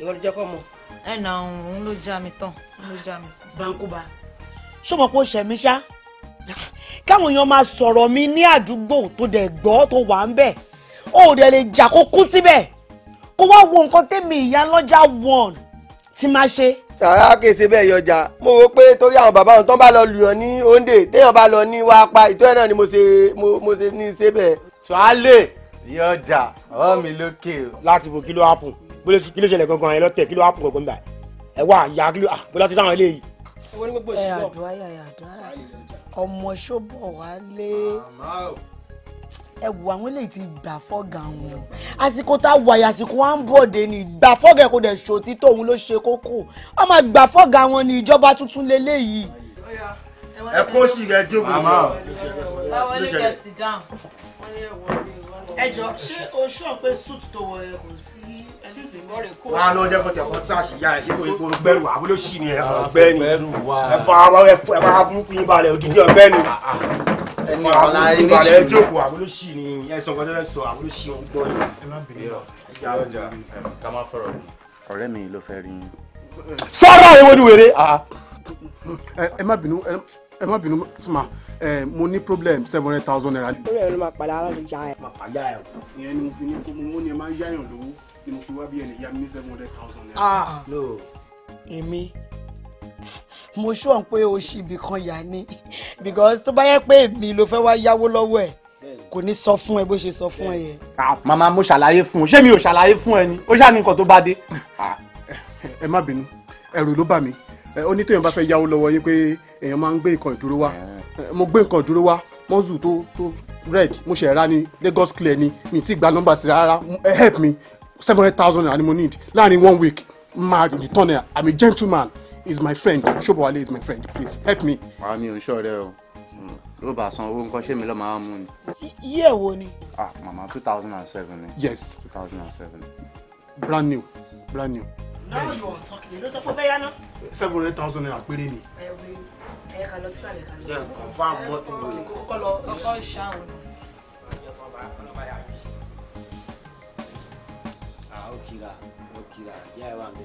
ìwọ ló jẹ́ kọ́ mọ̀ ẹ nà òun ló já mi tán òun ló já mi sí. bankuba ṣọmọ pé ó ṣẹ̀mí ṣá káwọn èèyàn máa sọ̀rọ̀ mi ní àdúgbò tó dẹ̀ gbọ́ tó wà ń bẹ̀ ó dẹ̀ lè jà kó kú síbẹ̀ kó wá wo nǹkan tẹ́mi ìyá lọ́jà wọ̀n ti máa ṣe. sàrà kèsè bẹ́ẹ̀ yọjà mo rò pé torí àwọn bàbá wọn tán bá lọ lù ọ́ ní òǹdè téèyàn bá lọ ní wàá pa ìtọ́ ẹ̀ náà ni mo ṣe mo ṣe ní í ṣe bẹ́ẹ̀. tuale yọjà ọ̀rọ̀ mi lókè láti bò kí ló hápùn kí ló ṣẹlẹ̀ gangan ẹ lọ́tẹ̀ kí ló wà pọ̀ gbọ́n báyìí ẹ wá ya kí ló ah, bọ́lá ti dáhùn eléyìí. ẹ àdúrà yà àdúrà ọmọ ṣọ́bọ̀ wálé ẹ wo àwọn eléyìí ti gbà fọ́gà wọn àsìkò tá a wà yà àsìkò wa ń bọ̀dé ni gbà fọ́gà ẹ̀ kò dẹ̀ ṣòtí tóun ló ṣe kókó wọ́n máa gbà fọ́gà wọn ni ìjọba tuntun lélẹ́yìí. ẹ kó sì rẹ jókòó. màmá o ló ṣẹlẹ̀. báwo lè kẹ́ sí dáhùn ẹjọ ṣé oṣù ọpẹ suit tó wọ ẹ kò sí ẹni tó gbọ́ rẹ̀ kó. wàá lọ jẹ́ kó tẹ̀ ìyá ẹ̀ ṣé kò ipò gbẹ́rù àbúlé sí ni ọ̀gbẹ́ni ẹ fa ara ẹ fa burúkú yín balẹ̀ òdìdí ọ̀gbẹ́ni ah, ah. ẹni ọ̀la ẹni sí balẹ̀ ẹ jókòó àbúlé sí ni ẹ sọ gbọ́dọ̀ sọ àbúlé sí ni gbọ́ yín. ẹ mi ló fẹ́ rí sọ́dọ̀ àwọn ni wèrè. Ah. ẹ má bínú ẹ má bínú sima ẹ mo ní problem seven hundred thousand naira. ó yẹ ló máa padà alájà ẹ. màá pàjá ẹ o ìyẹn ni mo fi ní kó mo ní ẹ máa ń yáyàn lówó ni mo fi wá bí ẹ lè yá mi ní seven hundred thousand naira. ah no èmi mo ṣọ́ pé o ṣì ibì kan yà ni because tó bá yẹ pé èmi ló fẹ́ wá yáwó lọ́wọ́ ẹ̀ kò ní sọ fún ẹ bó ṣe sọ fún ẹ yẹn. Ah, màmá mo ṣàlàyé fún un ṣé mi ò ṣàlàyé fún ẹ ni ó ṣàní nǹkan tó bá dé. Ah. ẹ má bínú ẹrù ló bà mí onítòyìn bá fẹ́ yáwó lọ́wọ́ yín pé èèyàn máa ń gbé nǹkan ìdúró wá eh, mo gbé nǹkan ìdúró wá mọ́zù tó tó red mo ṣe ra ní Lagos clear ni mi ti gba nọ́mbà sí rárá eh, help me seven hundred thousand naira ni mo need láàrin one week ma return ẹ i'm a gentleman is my friend Ṣóbọ̀wálé is my friend please help me. wàá mi ò ń ṣọ̀rẹ́ o ló hmm. bá san owó nǹkan ṣé mi lọ́ọ́ máa mú ni. iye wo ni. ah mama two thousand and seven ni. yes two thousand and seven. brand new brand new. now you are talking ló sọ pé ó fẹ́ yá seven hundred thousand naira péré ni. Eh, ẹ ká lọ sísàlẹ̀ ká lọ. jẹ́ nǹkan fún àmọ́ tó wọlé. kókó lọ kókó ṣáà wọn. Ah, ó kira ó kira ìyá ẹ wà mí.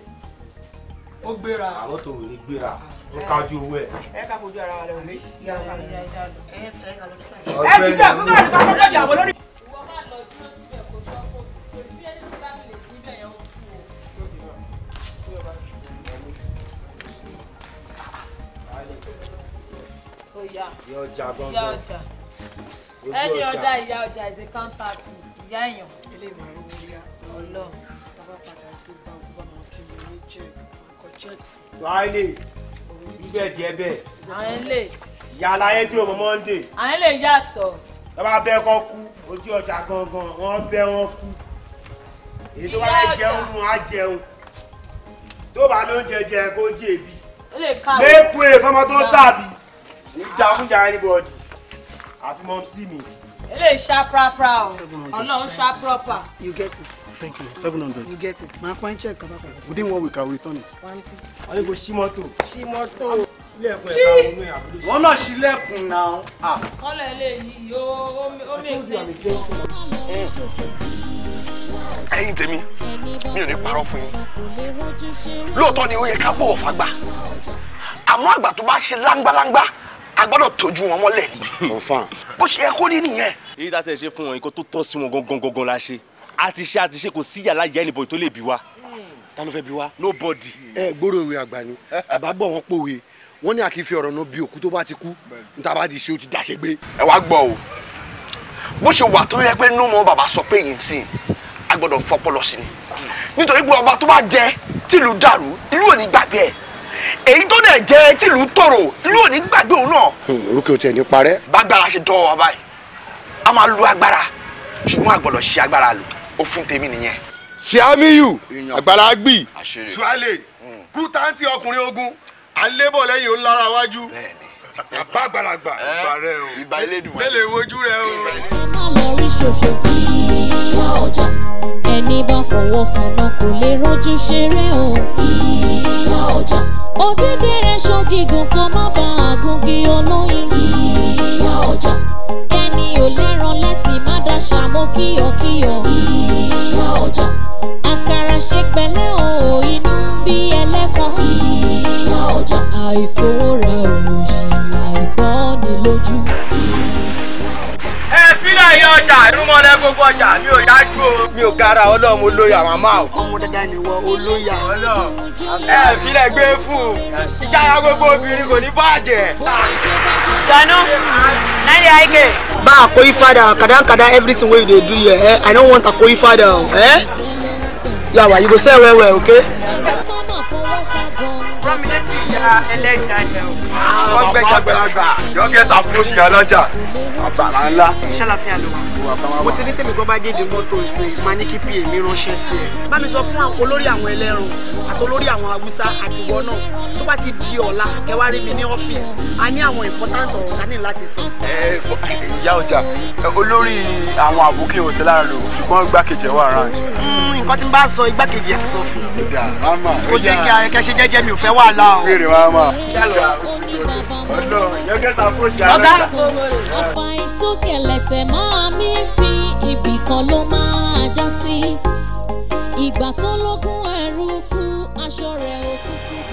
ó gbéra. àwọn tó wèrè gbéra ó eh. kájú owó ẹ. ẹ ká fojú ara wa lọ wọlé. ìyá wa ẹ ká lọ sísàlẹ̀. ẹ jìjọ àbúrò àti sáfẹ́ lọ́dọ̀ àwọn olórí. ìyá ọjà ìyá ọjà ẹni ọjà ìyá ọjà ìdè káńtà ìyá èèyàn. ilé ìmọ̀ràn mi yá ọlọ́ tábà padà sí báwo bá máa kí mi ní jẹ́ ọkọ̀ jẹ́ẹ̀kì. láìlè ibẹ̀ jẹ́ bẹ́ẹ̀. àwọn ilé. ìyá aláyé tí o mọ mọ́ndé. àwọn ilé yàtọ̀. bàbá bẹ́ẹ̀ kọ́ kú ojú ọjà gangan wọ́n bẹ́ wọn kú. èyí tó bá lè jẹun mú á jẹun tó bá lóúnjẹ jẹ kó jèbi. ó lè ká ìjàkújà anybody àfi see me. mi. eléyìí ṣá prapra o ọlọ́run ṣá proper. you get it. thank you seven hundred. you get it My fine check kaba padà. within one week i will return it. wọ́n kò ṣí mọ́tò. ṣí mọ́tò. sílẹ̀kùn ẹ̀ka omi àbúrò. wọ́n náà sílẹ̀kùn náà. Ah. kọ́lọ̀ eléyìí yóò ó mèsì. ẹ̀yin tèmi mi ò ní parọ́ fún yín lóòótọ́ ni ó yẹ ká bọ̀wọ̀ fàgbà àmọ́ àgbà tó bá ṣe láńgbáláńgbá a gbọ́dọ̀ tójú wọn mọ́lẹ̀ ni. bó ṣe yẹ kó ní nìyẹn. èyí tá a tẹ̀ ṣe fún wọn nǹkan tó tọ́ sí wọn gangan gangan la ṣe a ti ṣe a ti ṣe kò sí yàrá yẹn níbo tó lè bí wa. ta ló fẹ́ bí wa. nobody. ẹ gbọ́dọ̀ òwe àgbà ni àbá bọ̀ wọ́n pòwe wọ́n ní àkìfẹ́ ọ̀rọ̀ náà bí òkú tó bá ti kú níta bá ti ṣe ó ti dàṣẹ́ gbé. ẹ wá gbọ́ o bó ṣe wà tó yẹ pé nú mọ́ bàbá sọ pé yìí ń sìn a gbọ́dọ̀ fọpọlọ sí ni nítorí pé èyí tó dẹ̀ jẹ́ tìlú tòrò ìlú ò ní gbàgbé òun náà. Hmm, orúkọ tiẹ̀ ní parẹ́. bágbára ṣe dán wa báyìí a máa lu agbára ṣùgbọ́n àgbọ̀dọ̀ ṣe agbára lò òfin tèmi nìyẹn. Siamiyu àgbàlá gbì. tuale hmm. kútàǹtì ọkùnrin ogun alébọ̀ lẹ́yìn ó lára wájú bàbá àgbàlagbà ìbà o mẹlẹ wojú rẹ o. ẹ lọ rí ṣoṣo kí ìyá ọjà ẹni bá fọwọ́ fọnà kò lè rojú ṣeré o ọjà. ògègèrè ṣògìgùn kan má ba àgùngì olóyin. ìyá ọjà. ẹni ò lẹ́ran láti má daṣà mọ́ kíyọ̀kíyọ̀. ìyá ọjà. àkàrà ṣe pẹ̀lẹ́ o inú ń bí ẹlẹ́kan. ìyá ọjà. àìfowórà òòyì làìkọ́ lójú ọjà irú mọ́ lẹ́kọ́ gbọ́ ọjà mi ò yájú o. mi ò gara ọlọ́run olóyè àwọn o. ọmọ dandan ni wọ olóyè. ẹ filẹ̀ gbé fún un ìjáyà gbogbo obìnrin kò ní bàjẹ́. sanu nani aike. bá a kó ifada kadankada everything wey you dey do here eh? i no want a kó ifada o. Eh? yawa you go sell well well okay ẹlẹ́jàjà o. wọ́n gbẹ́jà gbẹ́lágbà yọ gẹ́sà fún òṣìyàn lọ́jà àbàrà ńlá. ṣé àlàáfíà ló wa kan wá wà. mo ti ní tèmi kan bá dédé mọ́tò ìsìn máa ní kí pa mi ránṣẹ́ sí ẹ bá mi sọ fún olórí àwọn ẹlẹ́rùn àtolórí àwọn haúsá àti ìwọ náà tó bá ti di ọ̀la ẹ wá rí mi ní ọ́fíìsì a ní àwọn important ọ̀rọ̀ ta ní láti sọ. ìyá ọjà olórí àwọn àbúkí ò sí lára lò ṣùgbọ́n igbákejì ẹ̀ wà round. Hmm, nǹkan tí n bá sọ igbákejì ẹ̀ fún mi. ó jẹ́ ọ̀gá ọ̀pá ìtókẹ̀lẹ̀tẹ̀ máa mi fífín ibì kan ló máa já sí ìgbà tó lógún ẹrú kú aṣọ rẹ̀ ò kúkú.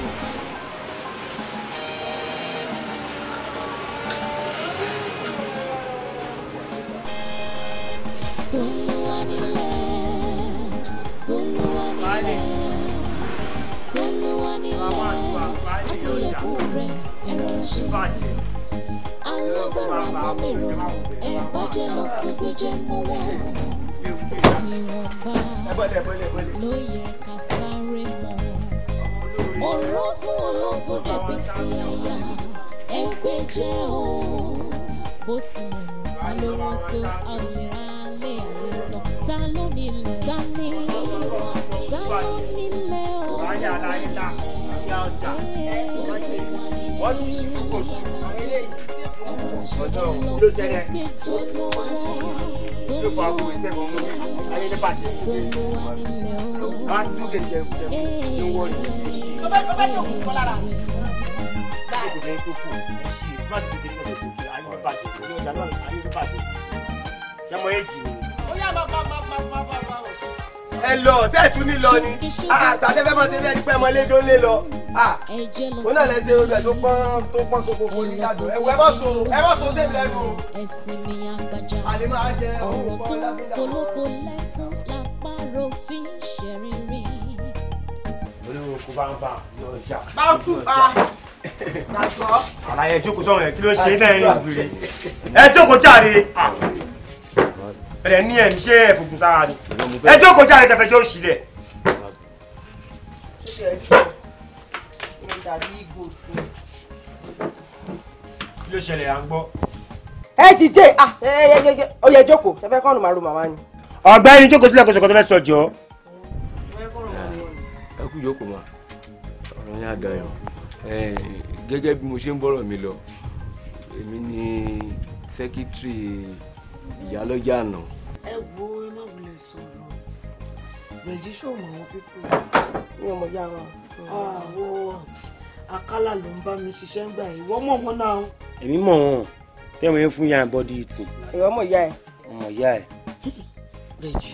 Tolúwa nílé, Tolúwa nílé, Tolúwa nílé, àti ẹkún rẹ̀ ẹ̀rọ ṣe alágbára lámìrò ẹ̀bọ́jẹ́ lọ síbi jẹ́ mọ́wọ́ ìwọ̀nba ló yẹ ká sáré mọ́ orogún ológun dàbí ti àyà ẹgbẹ́ o bó tilẹ̀ wà lówó tó a ò lè ra lé àlè tán ta ló nílẹ̀ ta ní ta ló nílẹ̀ o nílẹ̀ ẹ̀ ẹ̀ ẹ̀ wọ́n ti ṣíkú kò ṣíkú ọ̀dọ́ ló tẹ́lẹ̀ ló fọ àwọn ìtẹ́kọ̀ọ́ mú ayé ní bàjẹ́ wọ́n á dúró gẹ̀gẹ̀ ní ní ìṣí. tó bẹ́ẹ̀ tó kù fún lára. báyìí ló tó fún ìṣí má ti di tẹ̀lé kókè ayé ní bàjẹ́ ní ọjà náà ayé ní bàjẹ́ ṣé yé jì ní. ó yà máa bá máa bá máa bá máa wọ̀ ẹ lọ sẹ́ẹ̀tún nílọ ni ah, àgbàdo fẹ́ mọ sí fẹ́ẹ́ dípẹ́ mọ lédò lé lọ ó ah, náà lẹ́sẹ̀ olùẹ̀ tó pọ́n tó pọ́n kókókó ní ìyàdó ẹ̀wọ̀ ẹ bọ́ so ẹ bọ́ so sẹ́ẹ̀tún lẹ́nu. ẹ̀sìn mi àgbàjà ọ̀rọ̀ tó polówó lẹ́kún lápárò fi ṣẹ̀rìnrìn. olówó kó bá ń bá ní ọjà. bá ń tún bá àlàyé jókòó sọ̀rọ̀ ẹ̀ kí ló ṣe é náà ń gbèrè ẹ jókòó jáde. Ah bẹ̀rẹ̀ ní ẹ̀ ń ṣe ẹ̀fùgùn sára ni ẹ jókòó jáde tẹfẹ́ jọ òṣì rẹ̀. kí ló ṣẹlẹ̀ à ń gbọ́. ẹ ti dé oyè jókòó ẹ fẹ́ kọ́nù màrú màmá ni. ọ̀gbẹ́ni jókòó sílẹ̀ kóso kan tó fẹ́ sọ ẹ kú jókòó ma ọ̀rọ̀ yẹn àdáyọ̀ gẹ́gẹ́ bí mo ṣe ń bọ̀rọ̀ mi lọ èmi ni sẹ́kítírì ìyá ló yà nà. ẹ wo ẹ má wulẹ̀ sọ̀rọ̀ rẹ̀jí ṣòwò àwọn pípọ̀ mi ò mọ̀ yá wa. àwọ̀ àkàlà ló ń bá mi ṣiṣẹ́ ń gbà yìí wọ́n mọ̀ wọn náà. èmi mọ̀ wọn tẹ́wọ̀n yẹn fún yàn bọ́dí ìtì. ìwọ mọ̀ yá ẹ. ọmọ yá ẹ. rẹ̀jí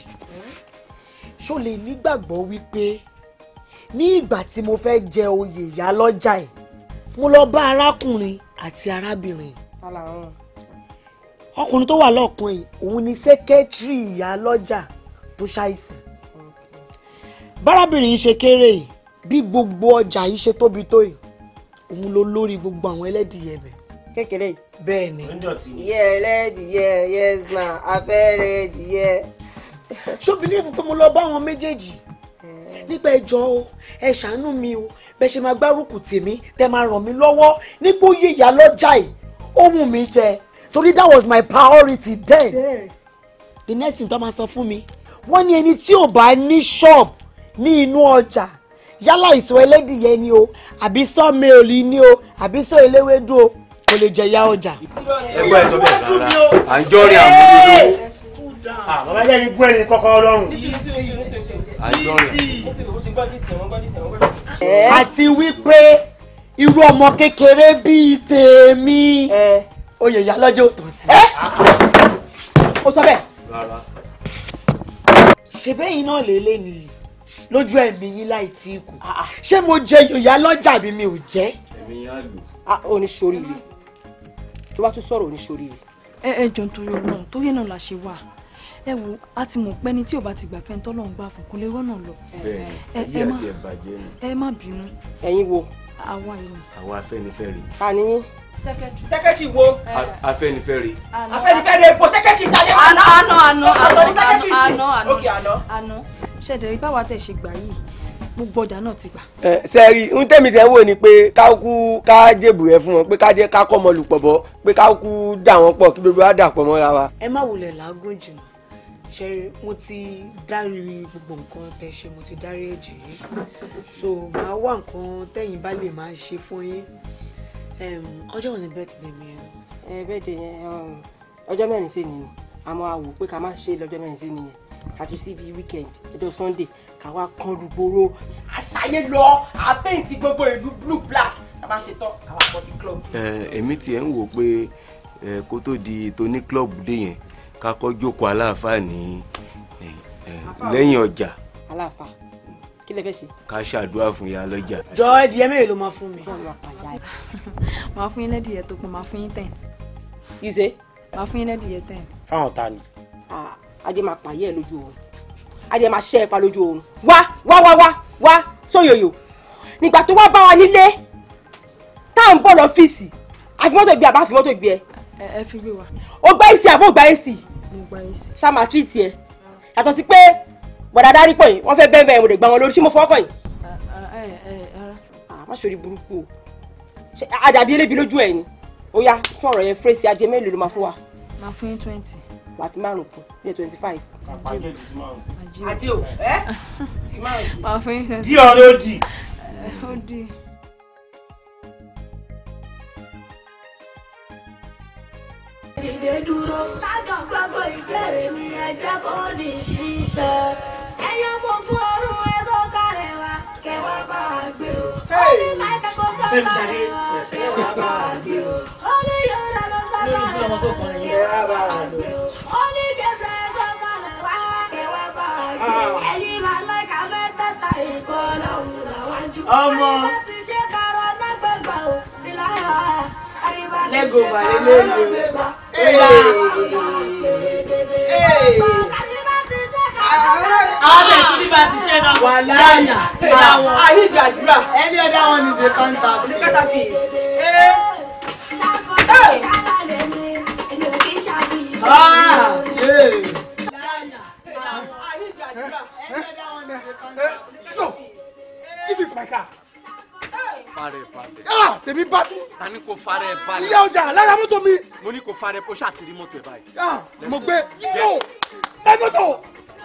ṣó lè nígbàgbọ́ wípé ní ìgbà tí mo fẹ́ jẹ oyè ìyá lọ́jà ẹ̀ mo lọ bá arákùnrin àti arábìnrin ọkùnrin tó wà lọ́ọ̀kan yìí òun ni sẹ́kẹ́tìrì ìyá lọ́jà tó ṣàìsàn bárábìnrin yìí ṣe kéré yìí bí gbogbo ọjà yìí ṣe tóbi tó yìí òun ló lórí gbogbo àwọn ẹlẹ́dìyẹ bẹ̀. kékeré yìí. bẹ́ẹ̀ ni. yẹ ẹlẹ́dìyẹ yẹsà afẹ́rẹ́ ẹdìyẹ. ṣó bìlífù pé mo lọ bá àwọn méjèèjì eh. nípa ẹjọ́ o ẹ ṣàánú mi o bẹ ṣe máa gbárùkù tèmi tẹ máa ràn mí lọ́wọ́ nípò yíyá lọ́jà yìí ó wù mí jẹ torí that was my priority then. the next thing tó máa sọ fún mi. wọ́n ní ẹni tí ò bá ní shop ní inú ọjà yálà ìsọ ẹlẹ́dìyẹ ni o àbí sọ mẹ́ọ̀lì ni o àbí sọ eléwédú o kò lè jẹ̀yà ọjà. ẹgbẹ́ ẹ̀ sọ bẹ́ẹ̀ rárá à ń jọ́rin àwọn olùdókòwò ah, bàbá jẹ́ ní gún ẹni kọ́kọ́ ọlọ́run. àti wípé irú ọmọ kékeré bíi tèmi oyè ìyá lọ́jọ́ tó ń sìn. ẹ o sọ bẹ́ẹ̀. rárá. ṣèbẹ́yìn náà lélẹ́ nìyí lójú ẹ̀mí yín láì tí ì kù ah, ah. ṣé mo jẹ yòyà lọ́jà àbí mi ò jẹ́. ẹ̀mí yá lò. a ah, ò ní ṣoríire tó bá tún sọ̀rọ̀ ò ní ṣoríire. ẹ ẹ jọ̀ọ́ nítorí ọlọ́run tó yẹ náà la ṣe wà ẹ wo a ti mọ̀ pẹ́ni tí ò bá ti gbà fẹ́ tọ́lọ́run gbà fún kò lè rọ́nà lọ. bẹ́ẹ̀ni ilé àti ẹbàjẹ ni. ẹ má bínú. ẹ̀yin wo. àwa yìí. àwa afẹ́nifẹ́re. ta ni yín sẹkẹtì wo. Eh. Afẹ́nifẹ́re. Afẹ́nifẹ́re bo sẹkẹtì ta Ano. Ano. Ano. Ano. Ano. àná Ano. Ano. rí báwa tẹ̀ ṣe gbà yìí gbogbo ọjà náà ti gbà. ẹ sẹ́rí ń tẹ́mi sẹ́ wò ni pé ká kú ká jèbù rẹ̀ fún wọn pé ká jẹ́ ká kọ́ ọmọ lùpọ̀ bọ́ pé ká kú dà wọ́n pọ̀ kí gbogbo wa dà pọ̀ mọ́ra wa. ẹ má wulẹ̀ làágùn jìnnà ṣe mo ti dárí gbogbo nǹkan tẹ ṣe mo ti dárí ẹ̀jì yìí so màá wá nǹkan tẹ̀yìn bá lè máa ṣe fún yín ọjọ́ wo ni birthday mi ẹ. birthday yẹn um, ọjọ́ mẹ́rin sí ni àmọ́ a wò pé ká má ṣe lọ́jọ́ mẹ́rin sí nìyẹn ká fi síbi weekend ọjọ́ sunday ká wá kan lùgbòrò àṣàyè lọ àpéǹtì gbogbo ìlú blue black ká bá ṣe tán àwọn àpọ̀tì club. èmi tiẹ̀ ń wò pé kó tó di tóní club dé yẹn ká kọ́ jókòó aláàfáà ní lẹ́yìn ọjà. aláàfáà kí lè fẹ́ ṣe. ká ṣàdúrà fún ya lọ́jà. jọ ẹdìyẹ mẹ́rin ló máa fún mi. (laughs) máa fún yín lẹ́dìyẹ tó pọ̀ máa fún yín ten. you say. máa fún yín lẹ́dìyẹ ten. fáwọn ta ni. adé máa pààyẹ́ ẹ lójú oorun adé máa ṣẹ́ ẹ pa lójú oorun wá wá wá wá wá sóyòyò nígbà tó wá bá wa nílé tá à ń bọ̀ lọ́fíìsì àfimọ́tò gbé àbá àfimọ́tò gbé ẹ. ẹ fi gbé wa. ó gbá èsì àbó gbá èsì. mo gbá èsì. ṣá máa tírì tiẹ̀ yàtọ̀ sí pé bọ̀dà darí pọ̀ yìí wọ́n fẹ́ bẹ́ẹ̀ bẹ́ẹ̀ mo lè gbà wọn lórí sí mo fọ́ kàn yìí. Ah, má ṣòrí burúkú o àdàbí elébi lójú ẹ̀ ni ó yá fún ọ̀rọ̀ yẹn fèrèsì ajé mélòó ló máa fún wa. máa fún yín twenty. wà á fi márùn kù ní twenty five. ajé o ẹ máa fún yín twenty. di ọ̀rẹ́ ó di. ó di. Ìdè dúró, gbàgbọ́ ìbéèrè mi ẹja kò ní ṣíṣe ọmọ lẹgọba lélẹyìn o àwọn ẹ̀tún nípa ti ṣe náà wà láàyè ìyá wọn. a yìí di àdúrà. any other one is a counter. ṣe kẹta fi. So, eh. this is my car. Fare balẹ̀. Ah! Tèmi bá tú. Ta ni kò fare ah. balẹ̀? Ìyá ọjà lára mọ́tò mi. Mo ní ko fare bó ṣàtìrí mọ́tò ẹ̀ báyìí. Ah, mo gbé. Yíyó! Ẹ mọ́tò!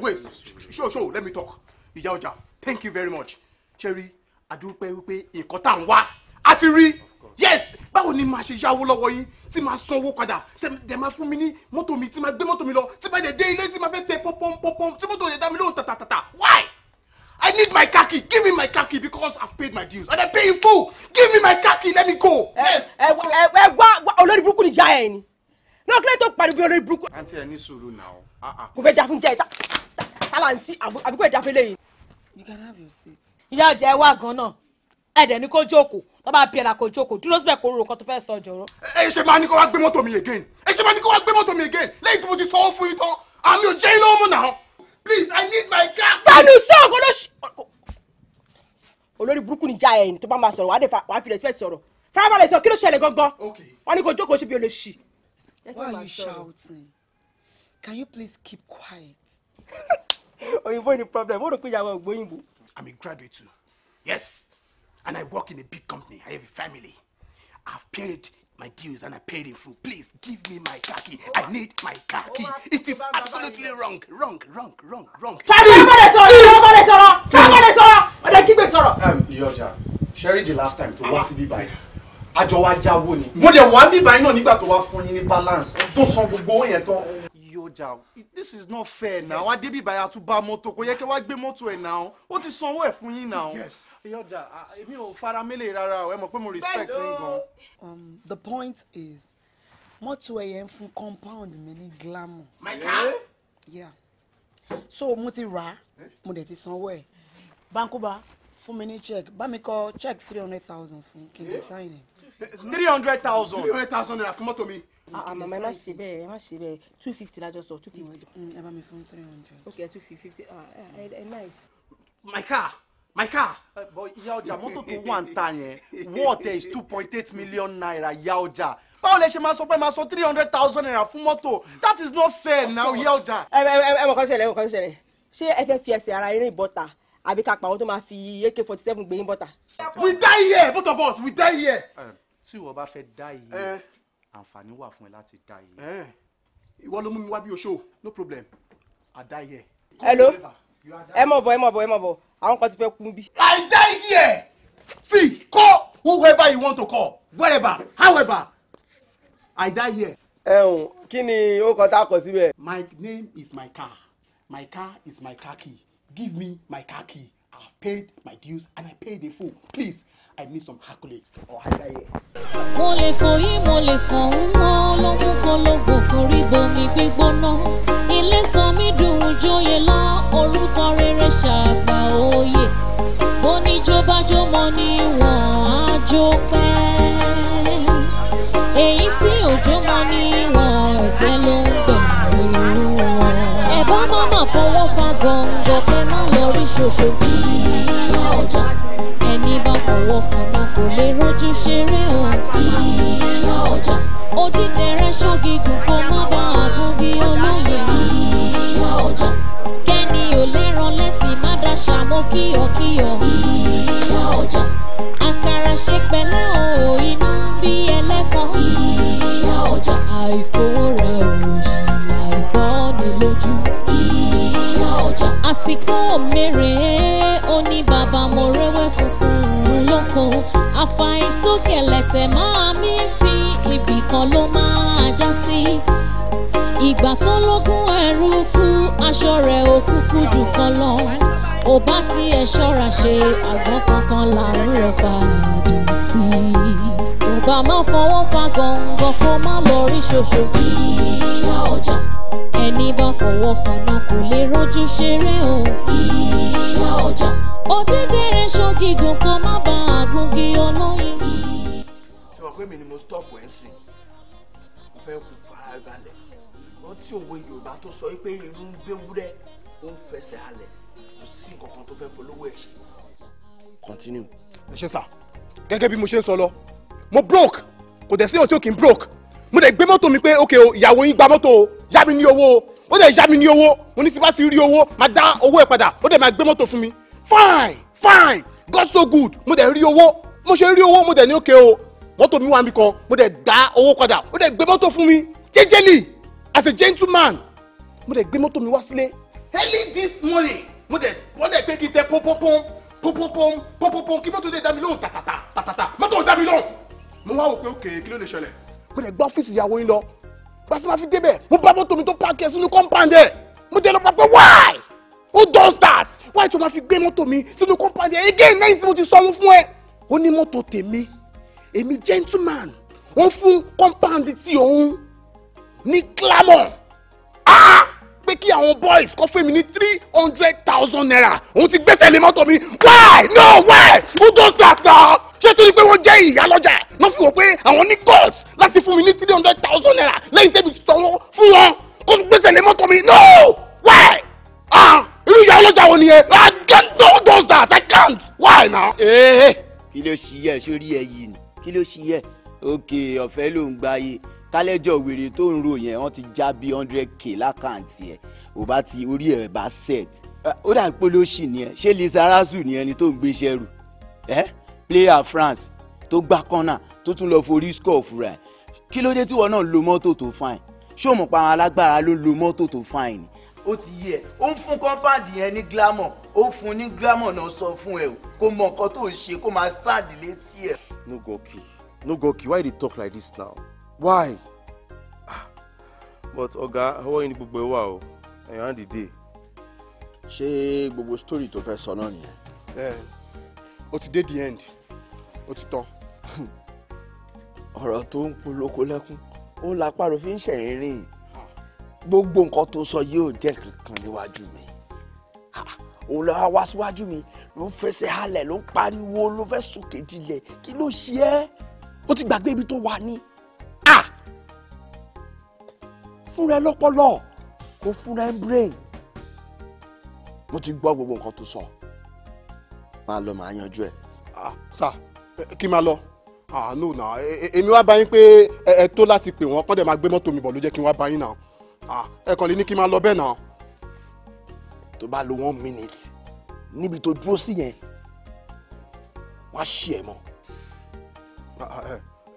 wait show show let me talk ìyá ọjà thank you very much cherry adúpẹ́ wípé nǹkan tá à ń wá a ti rí yes báwo ni màá ṣe yáwó lọ́wọ́ yín tí màá san owó padà tẹ̀ máa fún mi ní mọ́tò mi tí màá gbé mọ́tò mi lọ tí màá dẹ̀ dé ilé tí màá fẹ́ tẹ pọ́npọ́npọ́n tí mọ́tò yẹn dá mi lóhùn tàtàtàtà why i need my car key give me my car key because i've paid my dues and i pay in full give me my car key let me go. Yes. ẹ ẹ ẹ gbọ́ olórí burúkú ni ìyá ẹ ni náà kílẹ̀ tó pariwo bí olórí burúkú. àǹtí ẹ ní sùúrù náà kò fẹ́ jà fún jẹ́ ìta tálàntì àbí kò dáfẹ́ lẹ́yìn. you can have your seat. ìyá ọjà ẹ wá gan-an náà ẹ̀dẹ̀ ni kò jókòó tó bá bí ẹ la kò jókòó dúró síbẹ̀ kó rò kan tó fẹ́ sọ jọ̀rọ̀. ẹ ṣe máa ní kó wá gbé mọ́tò mi again ẹ ṣe máa ní kó wá gbé mọ́tò mi again lẹ́yìn tí mo ti sanwó fún yín tán àmì òjẹ́ iná ọmọ náà please i need my car. tanu sọ́ọ̀ kó ló ṣe. olórí burúkú ni já ẹ̀yìn tó bá máa sọ̀rọ̀ wàá fi respect sọ̀rọ̀ farabalẹ̀ sọ kí ló ṣẹlẹ̀ gangan wọn ni kò jókòó ṣe bí olóṣì. why are you shouting? Can you please keep quiet? (laughs) Òyìnbó ni problem. Mo rò pé ìyàwó ògbóyìnbó. I'm a graduate too. Yes. And I work in a big company. I have a family. I've paid my dues and I paid in full. Please give me my khaki. key. I need my khaki. key. It is absolutely wrong, wrong, wrong, wrong, wrong. Fadi! Kámọ́lẹ̀ sọ̀rọ̀! Kámọ́lẹ̀ sọ̀rọ̀! Kámọ́lẹ̀ sọ̀rọ̀! Ọ̀dẹ kígbe sọ̀rọ̀. Ìyọjà, Sherry the last time to watch síbí báyìí, àjọ wa jáwó ni. Mo dẹ̀ wá bíbáyìí náà nígbà tó wá fún yín ní balance tó san gbogbo owó yẹn ló o this is not fair now wá débi ìbáyà tún bá mọ́tò kò yẹ kí wá gbé mọ́tò ẹ̀ náà ó ti sanwó ẹ̀ fún yín náà yọjà èmi ò fara mélèé rárá o ẹ mọ̀ pé mo respect yín gan. Um, the point is mọ́tò ẹ̀yẹ ń fún compound mi ní glamour. my car. yeah so mo ti rà á eh? mo dẹ̀ ti sanwó ẹ̀ bankuba fún mi ní check bá mi kọ check three hundred thousand fún kí n lè eh? sign ẹ̀. three hundred thousand. three hundred thousand naira fún mọ́tò mi. Ah, ah, mama ẹ má ṣe bẹ́ẹ̀ ẹ má ṣe bẹ́ẹ̀ two fifty just sọ two fifty. Mm, mm, ẹ bá mi fún three hundred. Okay, two fifty Ah, ẹ eh, eh, eh, nice. my car my car. ìyá ọjà mọ́tò tó wà ń ta yẹn worth is two point eight million naira ìyá ọjà báwo lè ṣe máa sọ pé máa sọ three hundred thousand naira fún mọ́tò that is not fair now ìyá ọjà. ẹ ẹ ẹ mọ̀ kọ́ ṣẹlẹ̀ ẹ mọ̀ kọ́ ṣẹlẹ̀ ṣé ẹ fẹ́ fi ẹsẹ̀ ara eré ìbọ̀ta àbí ká pa tó máa fi ak forty seven gbé yín bọ̀ta. we die here both of us we die here. tí ìwọ bá fẹ́ die here àǹfààní wà fún ẹ láti dá iye. Eh, ìwọ ló mú mi wá bí oṣó no problem àdá iye. hello ẹ mọ̀ bọ̀ ẹ mọ̀ bọ̀ ẹ mọ̀ bọ̀ àwọn kan ti fẹ́ kú bí. i die here see call whoever you want to call wherever however i die here. ẹ̀hún kí ni ó kọ tá a kọ síbẹ̀. my name is my car my car is my car key give me my car key i have paid my dues and i pay the full please I need some accolades or higher here. Mo lè fò yí, mo lè fò ń mọ́ lọ́mú kan lógbò forí bomi gbígbóná. Ilé san mi dùn jóye lọ, orúkọ rere ṣàgbà òye. Oníjọba jọmọ ni wọ́n á jó pẹ́. Èyí tí òjò mọ ni wọ́n ló ń gbà òru wọn. Ẹ̀bá máa ma fọwọ́ fa gọ̀ǹgọ̀ pé má lọ rí ṣoṣo bí ọjà ẹni bá fọwọ́ fún náà kò lè rojú ṣeré o. ìyá ọjà. odídẹrẹ́ ṣọ́gígùn kó má bá àgúngi olóyè. ìyá ọjà. kẹ́ni ò lẹ́ran lẹ́tì má dáṣà mọ́ kíyọ̀kíyọ̀. ìyá ọjà. àkàrà ṣe pẹ̀lẹ́ o inú ń bí ẹlẹ́kọ̀ọ́. ìyá ọjà. àìfowórà òòyì àìkọ́ ni lójú. ìyá ọjà. àsìkò mèrè ó ní bàbá mo rẹ́wẹ́ fún kan àfàì tó kẹlẹ̀tẹ̀ máa mi fi ibì kan ló máa já sí. ìgbà tó lógún ẹrú kú aṣọ rẹ̀ ò kúkú dùn kan lọ ò bá tiẹ̀ ṣọ́ra ṣe àgbọ̀n kankan làárọ̀ fàdùn sí i àgbà má fọwọ́ fa gàngàn kó má lọ rí ṣoṣo kí ìyá ọjà ẹni bá fọwọ́ fọnà kò lè rojú ṣeré o ìyá ọjà òdídẹrẹ ṣọ́gígùn kó má ba àgùngí olóyin. ṣé wàá pé mi ni mo stop ẹ̀ ń sìn mo fẹ́ kú farabalẹ̀ wọ́n tí òwe Yorùbá tó sọ wípé irú ń gbéwúrẹ́ ó ń fẹsẹ̀ halẹ̀ kò sí nǹkan kan tó fẹ́ polówó ẹ̀ ṣe. continue. ẹ ṣe sà gẹ́gẹ́ bí mo ṣe ń sọ lọ mo broke kò dẹ̀ sí ohun tí broke mo dẹ̀ gbé mọ́tò mi pé ok o ìyàwó yín gba mọ́tò o yá mi ní owó o ó dẹ̀ yá mi ní owó mo ní sípá rí owó máa dá owó ẹ̀ padà ó dẹ̀ máa gbé mọ́tò fún mi fine fine God so good mo dẹ̀ rí owó mo ṣe rí owó mo dẹ̀ ní ok o mọ́tò mi wà mí kan mo dẹ̀ dá owó padà ó dẹ̀ gbé mọ́tò fún mi jẹ́jẹ́lì as a gentleman mo dẹ̀ gbé mọ́tò mi wá sílé early this morning mo dẹ̀ wọ́n dẹ̀ pé kí n tẹ pọ́npọ́npọ́n pọ́npọ́npọ́n pọ́npọ́npọ́n kí mọ́tò dẹ̀ dá mi lóhùn tàtàtà tàtàtà mọ́tò dá mi lóhùn mo wá wò pé òkè kí ló lè ṣẹlẹ̀. mo lè gba ọ́fíìsì ìyàwó yín lọ gbàsí ma fi débẹ̀ mo bá mọ́tò mi tó pààkì sínú compound ẹ̀ mo dé lọ pa pé why who does that why tó ma fi gbé mọ́tò mi sínú compound ẹ̀ again lẹ́yìn tí mo ti sanwó fún ẹ. ó ní mọ́tò tèmi èmi gentleman wọ́n fún compound ti òun ní clamor. Ah! kí àwọn boys kọ́ fún mi ní three hundred thousand naira òun ti gbẹ́sẹ̀ lé mọ́tò mi why no why who does that na ṣé torí pé wọ́n jẹ́ ìyálọ́jà náà fi wò pé àwọn ní gods láti fún mi ní three hundred thousand naira lẹ́yìn tẹ́bi sanwó fún wọn kó tún gbẹ́sẹ̀ lé mọ́tò mi no why ah irú ìyálọ́jà wo nìyẹn i can't no does that i can't why na. ee eh, eh. kí ló ṣí yẹ sórí ẹ yìí ni kí ló ṣí yẹ òkè ọ̀fẹ́ ló ń gbáyé kálẹ́jọ́ wèrè tó ń ro yẹn wọ́n ti já bí hundred k lákàntì ẹ̀ ò bá ti orí ẹ̀ bá set ó dà pé olóṣì ni ẹ ṣé Lisa Razu ni ẹni tó ń gbéṣẹ́ rù ẹ player France tó gbá kọ́nà tó tún lọ forí score fúra ẹ̀ kí ló dé tí wọn náà lo mọ́tò tó fine ṣé o mọ̀ pa àwọn alágbára ló lo mọ́tò tó fine ni ó ti yẹ ó ń fún compound yẹn ní glamour ó fún ní glamour náà sọ fún ẹ kó mọ nǹkan tó ń ṣe kó máa stand létí ẹ. no gòkè no gòkè why you dey talk like this now why ah. but ọ̀gá ọwọ́ yìí ni gbogbo ẹ wà o around the day. ṣé gbogbo story tó fẹ́ sọ náà nìyẹn. o ti dé the end o ti tán. ọ̀rọ̀ tó ń polóko lẹ́kún ó la pàrọ̀ fi ń ṣẹ̀yìn rìn gbogbo nǹkan tó sọ yóò jẹ́ kankan níwájú mi òun lọ́wọ́ wá síwájú mi ló ń fẹsẹ̀ halẹ̀ ló ń pariwo ló fẹ́ sókè dilẹ̀ kí ló ṣe é ó ti gbàgbé ibi tó wà ní. Ah! fúnra ẹ lọ́pọ̀lọ́ kó fún membrane mo ti gbọ́ gbogbo nǹkan tó sọ máa lọ máa yanjú ẹ̀. Ah, sà kí n máa lọ àánú ah, nà e, e, èmi wá bá pé ẹ tó láti pè wọ́n kọ́ndẹ̀ máa gbé mọ́tò mi bọ̀ ló jẹ́ kí n wá bá yín ah, ẹ kàn lè ní kí n máa lọ bẹ́ẹ̀ nà. tó bá lo one minute níbi tó dúró sí yẹn wọ́n á ṣì ẹ̀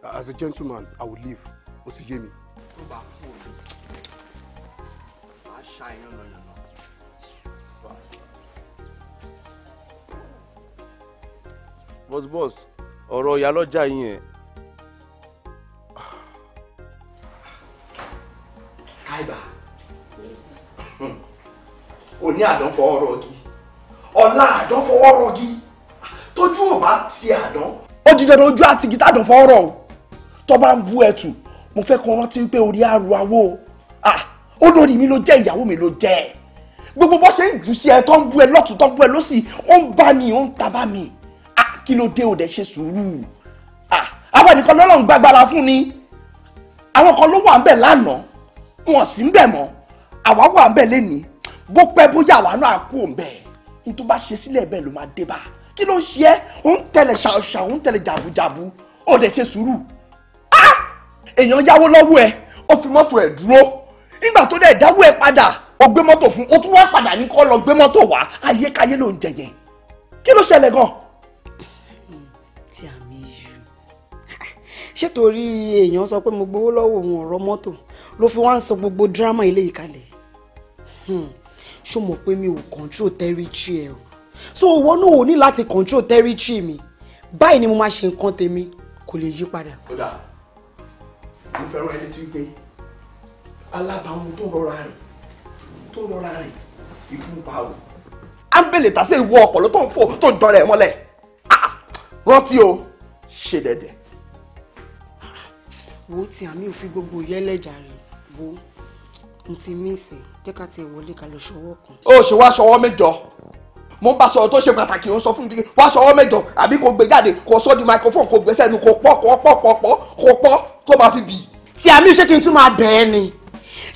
as a gentleman i will leave ó ti yé mi. tó bá kú òní sciano no, no, no. Basta. Boss boss, ọ̀rọ̀ ìyálọ́jà yín yẹn. Káìbà, òní àdán fọwọ́ rọ́ọ̀gì, ọ̀la àdán fọwọ́ rọ́ọ̀gì, tójú ò bá ti àdán. Ó di dandan ojú àti gítà àdán fọwọ́ rọ̀ o. Tọ́ bá ń bú ẹ̀tù, mo fẹ́ kọ́ rántí pé orí àrùn awó olórí mi ló jẹ́ ìyàwó mi ló jẹ́ gbogbo bó ṣe ń jù sí ẹ tó ń bú ẹ lọ́tún tó ń bú ẹ lọ́sì ó ń bá mi ó ń tabá mi ah kí ló dé òde ṣe sùúrù ah àwọn nìkan lọ́lọ́run gbàgbára fún ni àwọn kan ló wà ń bẹ̀ lánàá wọn sì ń bẹ̀ mọ́ àwa wà ń bẹ̀ lẹ́ni bó pẹ́ bóyá àwa náà kú ń bẹ̀ ní tó bá ṣe sílẹ̀ bẹ́ẹ̀ ló máa dé bá kí ló ń ṣe ẹ́ ó ń tẹ̀lé ṣàṣà ó ń tẹ̀lé jàbùjàbù òde ṣe sùúrù ah èèyàn yáwó lọ́wọ́ ẹ ó fi mọ́tò ẹ̀ dúró nígbà tó dẹ̀ dáwọ́ ẹ padà ó gbé mọ́tò fún ó tún wá padà ní kó lọ gbé mọ́tò wá ayékáyé ló ń jẹyẹ kí ló ṣẹlẹ̀ gan. tí a yù ṣé torí èèyàn sọ pé mo gbowó lọ́wọ́ òun ọ̀rọ̀ mọ́tò ló fi wá ń sọ gbogbo dírámà ilé yìí kalẹ̀ hmm. ṣó mọ̀ pé mi ò control territory ẹ̀ o so ìwọ náà ò ní láti control territory mi báyìí ni mo máa ṣe nǹkan tèmi kò lè yí padà. ó dà mo fẹ́ràn ẹni tí ó gbé alábàámu tó rọra rìn tó rọra rìn ikú pa o. áńbẹ̀lẹ̀ tàṣẹ ìwọ ọ̀pọ̀lọ́ tó ń fò tó ń dọ̀rẹ̀ mọ́lẹ̀ ah, ah, rántí o ṣe dẹ̀dẹ̀. wo ti àmì òfin gbogbo yẹlẹjà rẹ wo n ti mísì jẹ́ ká ti wọlé ká lọ ṣọwọ́ kan. ó ṣe wá ṣọwọ́ mẹ́jọ mo ń bá sọ̀rọ̀ tó ṣe pàtàkì ó ń sọ fún mi wá ṣọwọ́ mẹ́jọ àbí kò gbé jáde kò sọ́ di microphone kò gbé sẹ́nu kò pọ̀ pọ̀ pọ̀ pọ̀ pọ̀ kò pọ̀ tó máa fi bì. tí àmì ṣé kí n tún máa bẹ̀ ẹ́ ni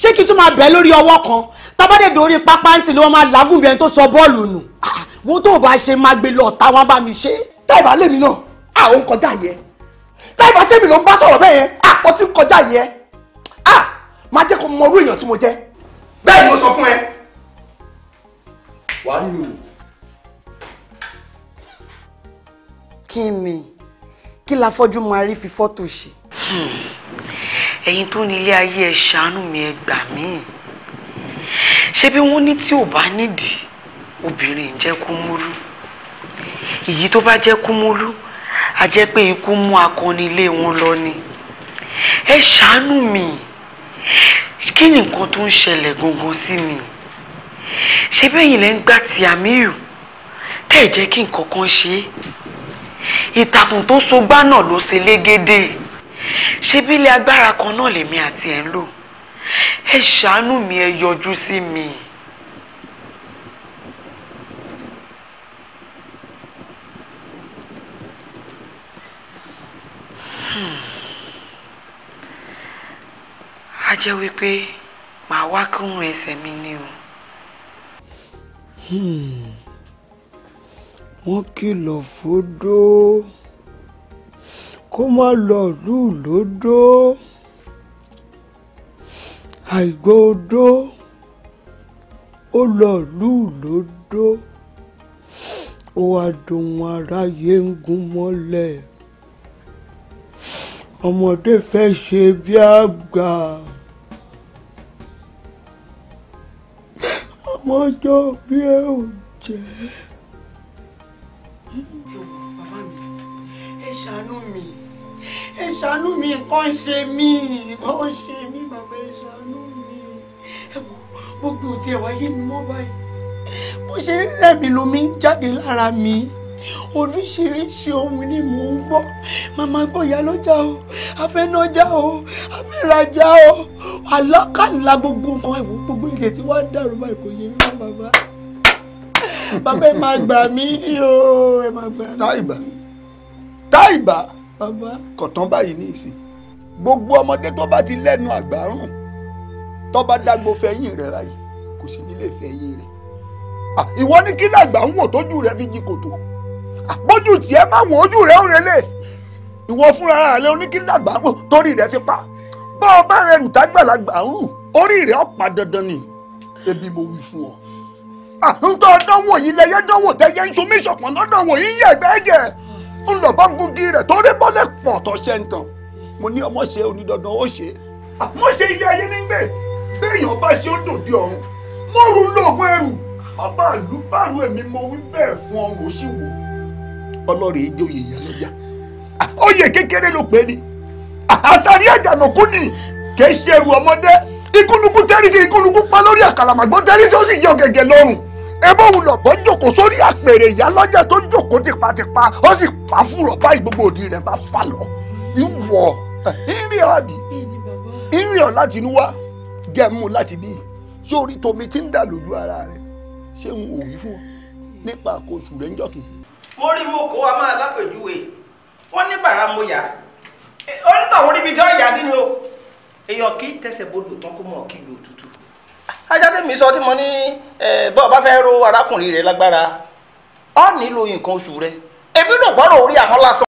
ṣé kí n tún máa bẹ̀ lórí ọwọ́ kan tábàdé dorí pápá ń sìn ni wọ́n máa làágùn bí ẹni tó sọ bọ́ọ̀lù nù wọ́n tó bá ṣe máa gbé lọ táwọn bá mi ṣe. táìbà lèmi náà à ó ń kọjá yẹ táìbà ṣèmi ló ń bá sọ̀rọ̀ bẹ́ẹ̀ yẹn à ó ti ń kọjá yẹ à máa jẹ́ kó mọ orú èèyàn tí mo jẹ́ bẹ́ẹ̀ ni mo sọ fún ẹ. wàá nínú kí ni kí la fọ́jú máa rí fi fọ́tò ṣe ẹ̀yin tó nílé ayé ẹ ṣàánú mi ẹ gbà mí ṣé bí wọ́n ní tí ò bá nídìí obìnrin ń jẹ́ kúmúrú èyí tó bá jẹ́ kúmúrú a jẹ́ pé ikú mú akọni ilé wọn lọ ni ẹ ṣàánú mi kí ni nǹkan tó ń ṣẹlẹ̀ gangan sí mi ṣé bẹ́yìn lẹ́ ń gbà tí Amiru tẹ́ ẹ̀ jẹ́ kí nǹkan kan ṣe é ìtàkùn tó so gbá náà ló ṣe légédé ṣebí ilé agbára kan náà lèmi àti ẹ̀ ń lò ẹ ṣàánú mi ẹ yọjú sí mi. a jẹ́ wípé màá wá kírun ẹsẹ̀ mi ni o. Hmm. wọ́n kìlọ̀ fódó. Hmm kó má lọ ìlú lódó àìgbódó ó lọ ìlú lódó ó wá dohun aráyé ń gún mọ́lẹ̀ ọmọdé fẹ́ ṣe bí àgbà ọmọjọ́ bí ẹ ò jẹ́. ẹ ṣàánú mi nǹkan ṣe mí nǹkan ṣe mí bàbá ẹ ṣàánú mi gbogbo òtí ẹ̀ wáyé mi mọ́ báyìí bó ṣe rí rẹ̀mí lomi ń jáde lára mi oríṣiríṣi ohun ni mò ń gbọ́ màmá gbọ́ ìyá lọ́jà o afẹ́nàjà o afẹ́rajà o alákàlà gbogbo nǹkan ẹ̀wọ̀ gbogbo èdè tí wàá dàrú báyìí kò yé mi mọ́ bàbá bàbá ẹ máa gbà mí ni o ẹ máa gbà mí. táìbà táìbà bàbá kọ̀tán báyìí ní ìsìn gbogbo ọmọdé tó bá ti lẹ́nu àgbárùn tó bá dágbo fẹ́yìn rẹ̀ báyìí kò sí nílé fẹ́yìn rẹ̀ ìwọ ní kí làgbà ń wò tójú rẹ̀ fi jí kòtò bójú tiẹ̀ máa wò ojú rẹ̀ ó relé ìwọ fúnra rẹ̀ oníkílàgbà ń wò torí rẹ̀ fi pa bọ́ ọ bá rẹ̀ rùtágbàlagbà ń rù orí rẹ̀ ọ̀pá dandan ni ebi mo wí fún ọ. àtúntò ọdánwò yìí lẹyẹ dánwò tẹyẹ ń so mí ṣọ̀pọ̀n lọ́dọ̀wò yìí yẹ̀gbẹ́ jẹ́ ń lọ bá gungi rẹ̀ tó rí bọ́lẹ̀ pọ̀ tó ṣe ń tàn mo ní ọmọ ṣe onídandan ó ṣe ah, mo ṣe ilé ayé nígbè béèyàn bá ṣe ó dòde ọ̀run mo rù lóògùn ẹrù bàbá àlú bàrù èmi mo wí bẹ́ẹ̀ fún ọrùn òṣì wò ọlọ́rẹ̀ èdè òye ìyá lọ́jà òye ah, kékeré ló pè ní ah, àtàrí àjànàkú ni kì í ṣe ẹrù ọmọdé ikúnukú tẹ́rí sí ikúnukú pa lórí àkàlàmàgbọ́n tẹ́rí ó sì yọ gẹ̀gẹ̀ lọ́rùn ẹbọ òun lọ̀bọ jòkó sórí àpèrè ìyá lọ́jà tó jòkó tipatipa ó sì pa fúrọ̀ báyìí gbogbo òdì rẹ̀ bá fà lọ ìwọ ìrìn àbí ìrìn ọ̀ láti inú wá gẹ̀mú láti bí sórí tomi tí ń dà lójú ara rẹ̀ ṣé n ò wí fún ọ nípa àkóso rẹ̀ ń jọ́ kìí. mo rí mo kó a máa lápèjúwe wọn ní bàrà mo yá onítàwọn orí mi jọ ìyá sí ni o èèyàn kì í tẹsẹ̀ bodò tán kó mọ̀ kí lu òtútù ajá tèmi sọ tí mo ní bọ́ọ̀ bá fẹ́ ro arákùnrin rẹ lágbára ó nílò nǹkan oṣù rẹ èmi ló gbọ́dọ̀ orí àwọn lásán.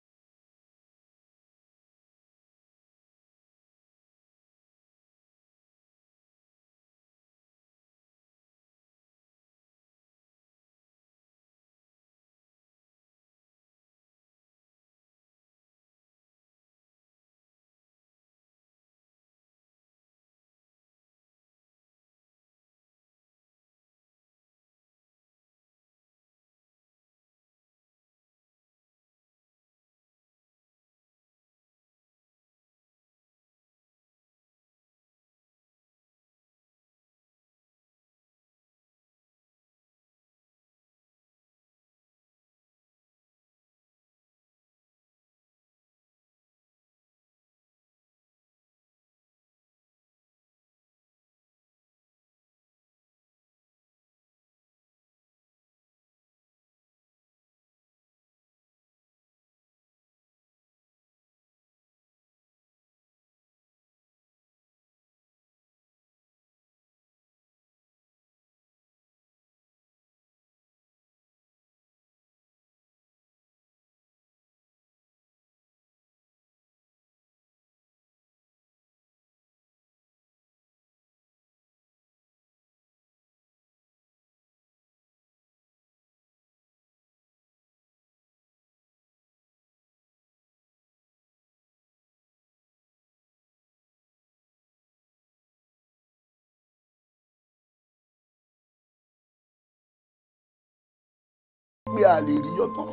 pé a lè rí yọtọ̀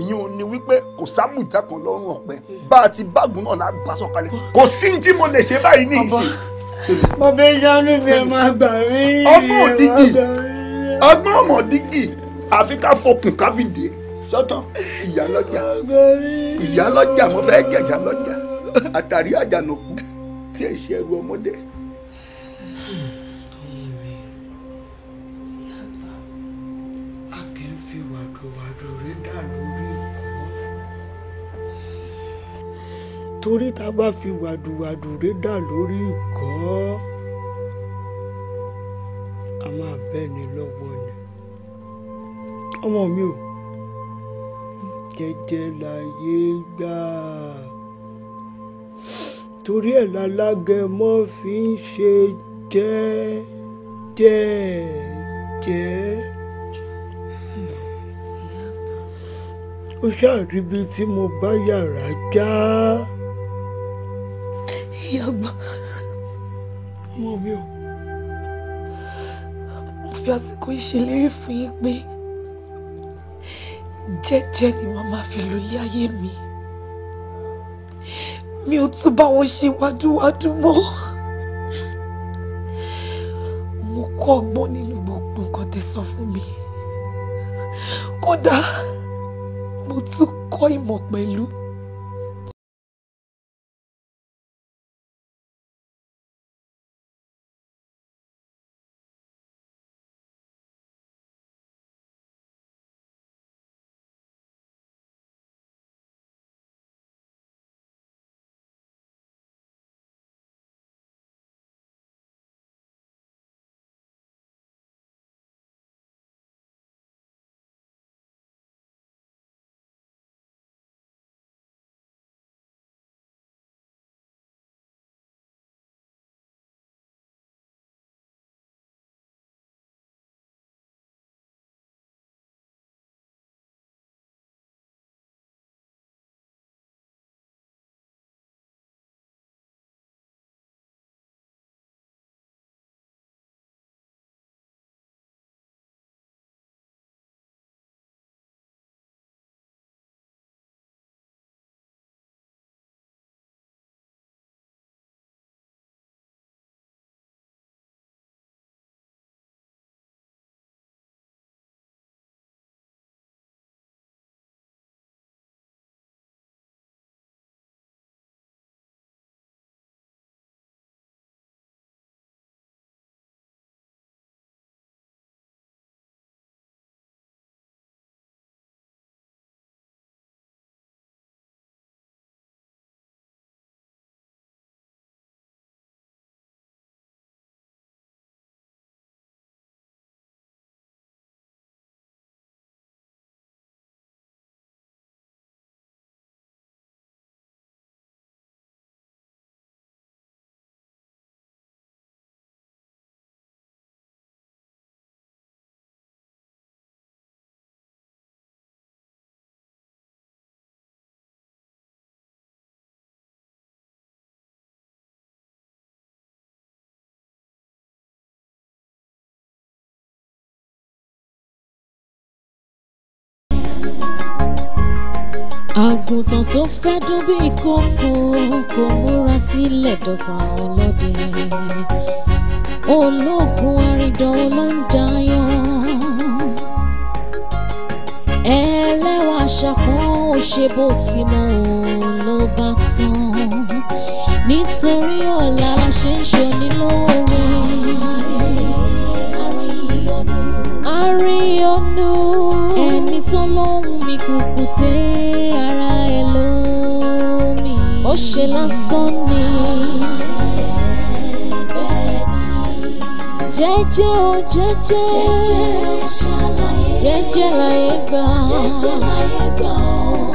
ìyẹn ni wípé kò sábùjá kan lọ́rùn ọ̀pẹ bá a ti báàgùn náà láti bá sọ̀kalẹ̀ kò sí tí mo lè ṣe báyìí ní ìsìn. bàbá ìyanu mi ẹ máa gbà rí ọgbọ́n òdìgì ọgbọ́n ọmọdìgì àfi ká fokùn káfíńdé sọ́tọ̀ ìyálọ́jà ìyálọ́jà mo fẹ́ jẹ ìyálọ́jà àtàrí àjànàkú tí èsì ẹrù ọmọdé. torí tá a bá fi wàdùwàdù ré dà lórí ìkọ́ a máa bẹ́ni lọ́wọ́ ni ọmọ mi ò jẹ́jẹ́ láyé gbà torí ẹ̀ lálágẹmọ́ fi ń ṣe jẹ́jẹ́jẹ́ ó ṣàrí bíi tí mo bá yàrá já. Ja ìyá àgbà ọmọ mi ò mo fi àsìkò ìṣèlérí fún yín pé jẹ́jẹ́ ni màá máa fi lò lé ayé mi mi ò tún bá wọn ṣe wádúwádú mọ́ mo kọ́ ọgbọ́n nínú gbogbo nǹkan tẹ́ sọ fún mi kódà mo tún kọ́ ìmọ̀ pẹ̀lú. àgùntàn tó fẹ́ dún bí kókó kò múra sílẹ̀ dọ̀fà ọlọ́dẹ ológun àrídọ́ ló ń jayọ́ ẹlẹ́wà ṣàpọ́n ó ṣe bó ti mọ òun ló bá tán nítorí ọ̀la ṣe ń ṣoní lóore. àríyànú ẹni tó lóhùn mi kùkùté àṣẹ lásán ni. jẹ́jẹ́ o jẹ́jẹ́ jẹ́jẹ́ láyé gbà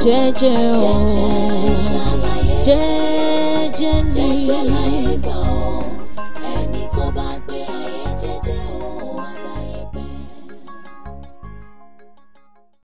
jẹ́jẹ́ o jẹ́jẹ́ ni.